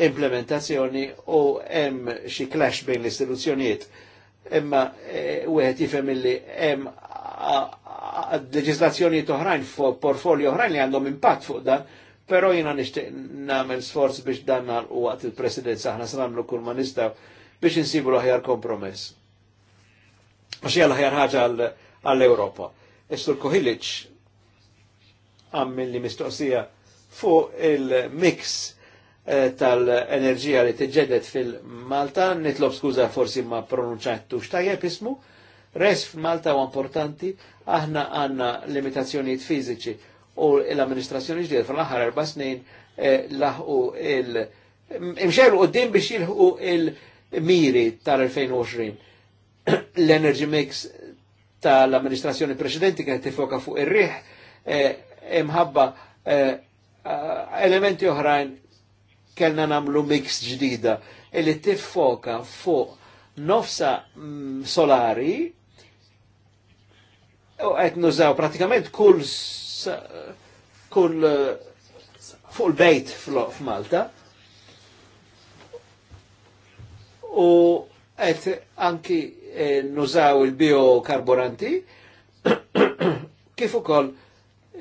implementazzjoni u hemm xi clash bejn l-istituzzjonijiet. Imma e, wieħed jifhem illi hemm leġislazzjoni toħrajn fuq portfolio oħrajn li għandhom impatt fuq dan, però jiena nixtieq nagħmel sforz biex dan u waqt il president saħna se nagħmlu kull ma nistgħu biex insibu l-aħjar kompromess. Għax hija l-aħjar ħaġa għall-Ewropa. Istur Kohilic għammin li mistoqsija fuq il-mix eh, tal-enerġija li t-ġeddet fil-Malta, nitlob skuza forsi ma pronunċattu xtajjeb ismu, res f'Malta u importanti, aħna għanna limitazzjonijiet fiziċi u l-amministrazzjoni ġdijed fl-aħħar erba' snin eh, laħu il- imxerru qoddim biex jilħu il-miri tal-2020. L-energy mix tal-amministrazzjoni preċedenti kienet tifoka fuq ir-riħ, eh, imħabba eh, elementi oħrajn kellna namlu mix ġdida illi tiffoka fuq nofsa mm, solari u qed nużaw pratikament kull kull fuq l bejt f'Malta u qed anki eh, nużaw il-biokarburanti kif ukoll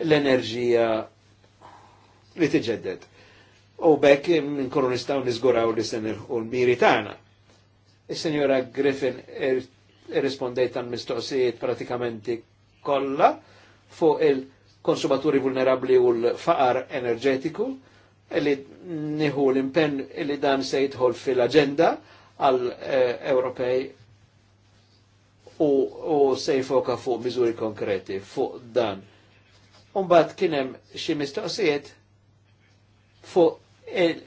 l-enerġija li tiġedded. U bekk nkunu nistgħu nizguraw li se u l-miri tagħna. Il-senjora Griffin er- irrispondejt għal mistoqsijiet pratikamenti kolla fuq il-konsumaturi vulnerabli u l-faqar enerġetiku li niħu l-impenn li dan se jidħol fil agenda għal eh, Ewropej u, u se jfoka fuq miżuri konkreti fuq dan Umbat kienem xie mistoqsijiet fuq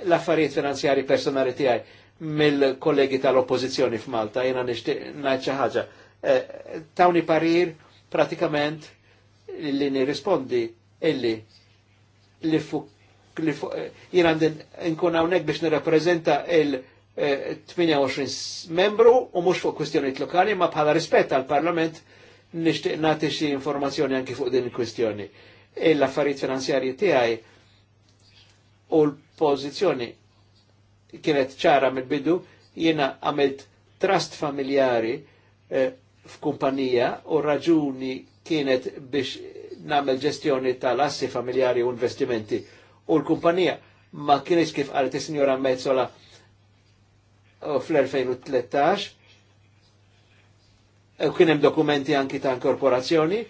l-affarijiet finanzjari personali tijaj mill-kollegi tal-oppozizjoni f'Malta, jena nishti najċa ħaġa. Eh, tawni parir pratikament li nirrispondi illi li fuq li fuq eh, jena nkun hawnhekk biex nirrappreżenta il-28 eh, membru u mhux fuq kwistjonijiet lokali ma bħala rispett għal parlament nixtieq nagħti xi informazzjoni anki fuq din il-kwistjoni l-affarijiet finanzjarji tiegħi u l-pożizzjoni kienet ċara mill-bidu jiena għamilt trust familjari eh, f'kumpanija u raġuni kienet biex namel ġestjoni tal-assi familjari u investimenti. U l-kumpanija ma kienx kif għalet il-Sinjora Mezzola eh, fl-2013 u eh, kienem dokumenti anki ta' korporazzjoni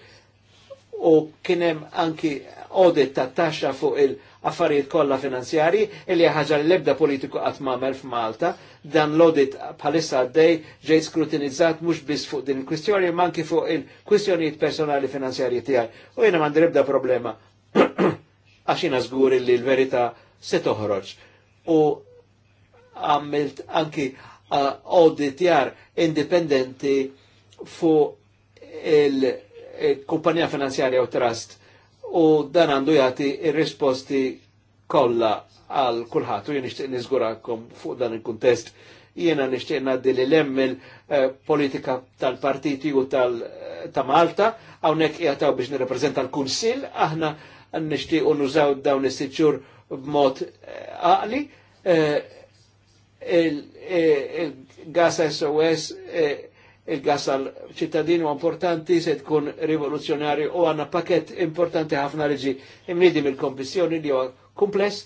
u kienem anki audit ta' taxxa fuq il-affarijiet kollha finanzjari li ħaġa l-ebda politiku qatt m'amel f'Malta, dan l-audit bħalissa għaddej ġej skrutinizzat mhux biss fuq din il-kwistjoni ma anki fuq il-kwistjonijiet personali finanzjarji tiegħi. U jiena m'għandi ebda problema għax jiena żgur li l-verità se toħroġ. U għamilt anki uh, auditjar indipendenti fuq il- E, kumpanija finanzjarja u trust u dan għandu jati il risposti kolla għal kulħadd u jien nixtieq niżgurakom fuq dan il-kuntest jiena nixtieq naddi li lemmel e, politika tal-partiti u tal-ta' Malta hawnhekk qiegħtaw biex nirrepreżenta l kunsil aħna nixtieq nużaw dawn is-siċur b'mod e, għali il gasa SOS il-gas għal ċittadini importanti se tkun rivoluzjonari u għanna pakett importanti ħafna liġi imnidi mill-kompissjoni li huwa kumpless,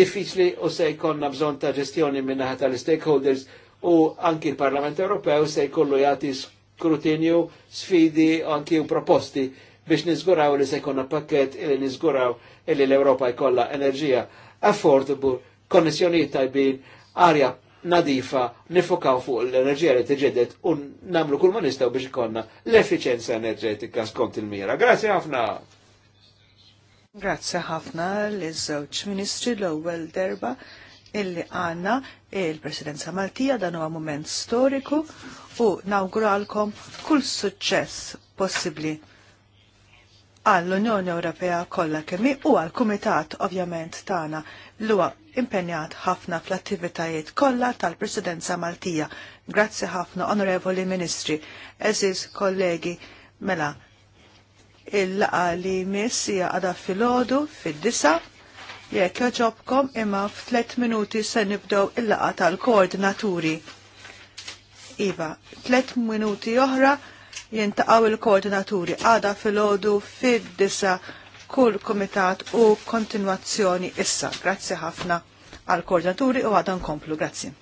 diffiċli u se jkonna bżon ta' ġestjoni minnaħa tal-stakeholders u anki l-Parlament Ewropew se jkollu jagħti skrutinju, sfidi u anki u proposti biex nizguraw li se jkonna pakket li nizguraw li l-Ewropa jkollha enerġija affordable, konnessjoni tajbin, arja nadifa, nifokaw fuq l-enerġija li tiġedet u namlu kull ma nistaw biex ikonna l-efficienza enerġetika skont il-mira. Grazie ħafna. Grazie ħafna l-żewġ ministri l-ewwel derba illi għanna il-presidenza Maltija dan huwa moment storiku u nawguralkom kull suċċess possibbli għall-Unjoni Ewropea kollha kemm u għall-Kumitat ovvjament tagħna li huwa impenjat ħafna fl-attivitajiet kollha tal-Presidenza Maltija. Grazzi ħafna Onorevoli Ministri, eżiż kollegi mela il-laqa li miss hija għadha filgħodu fid-disa jekk joġobkom imma f'tlet minuti se nibdew il-laqa tal-koordinaturi. Iva, tlet minuti oħra jintaqaw il-koordinaturi għada fil-ħodu fil disa kull komitat u kontinuazzjoni issa. Grazzi ħafna għal koordinaturi u għada nkomplu. Grazzi.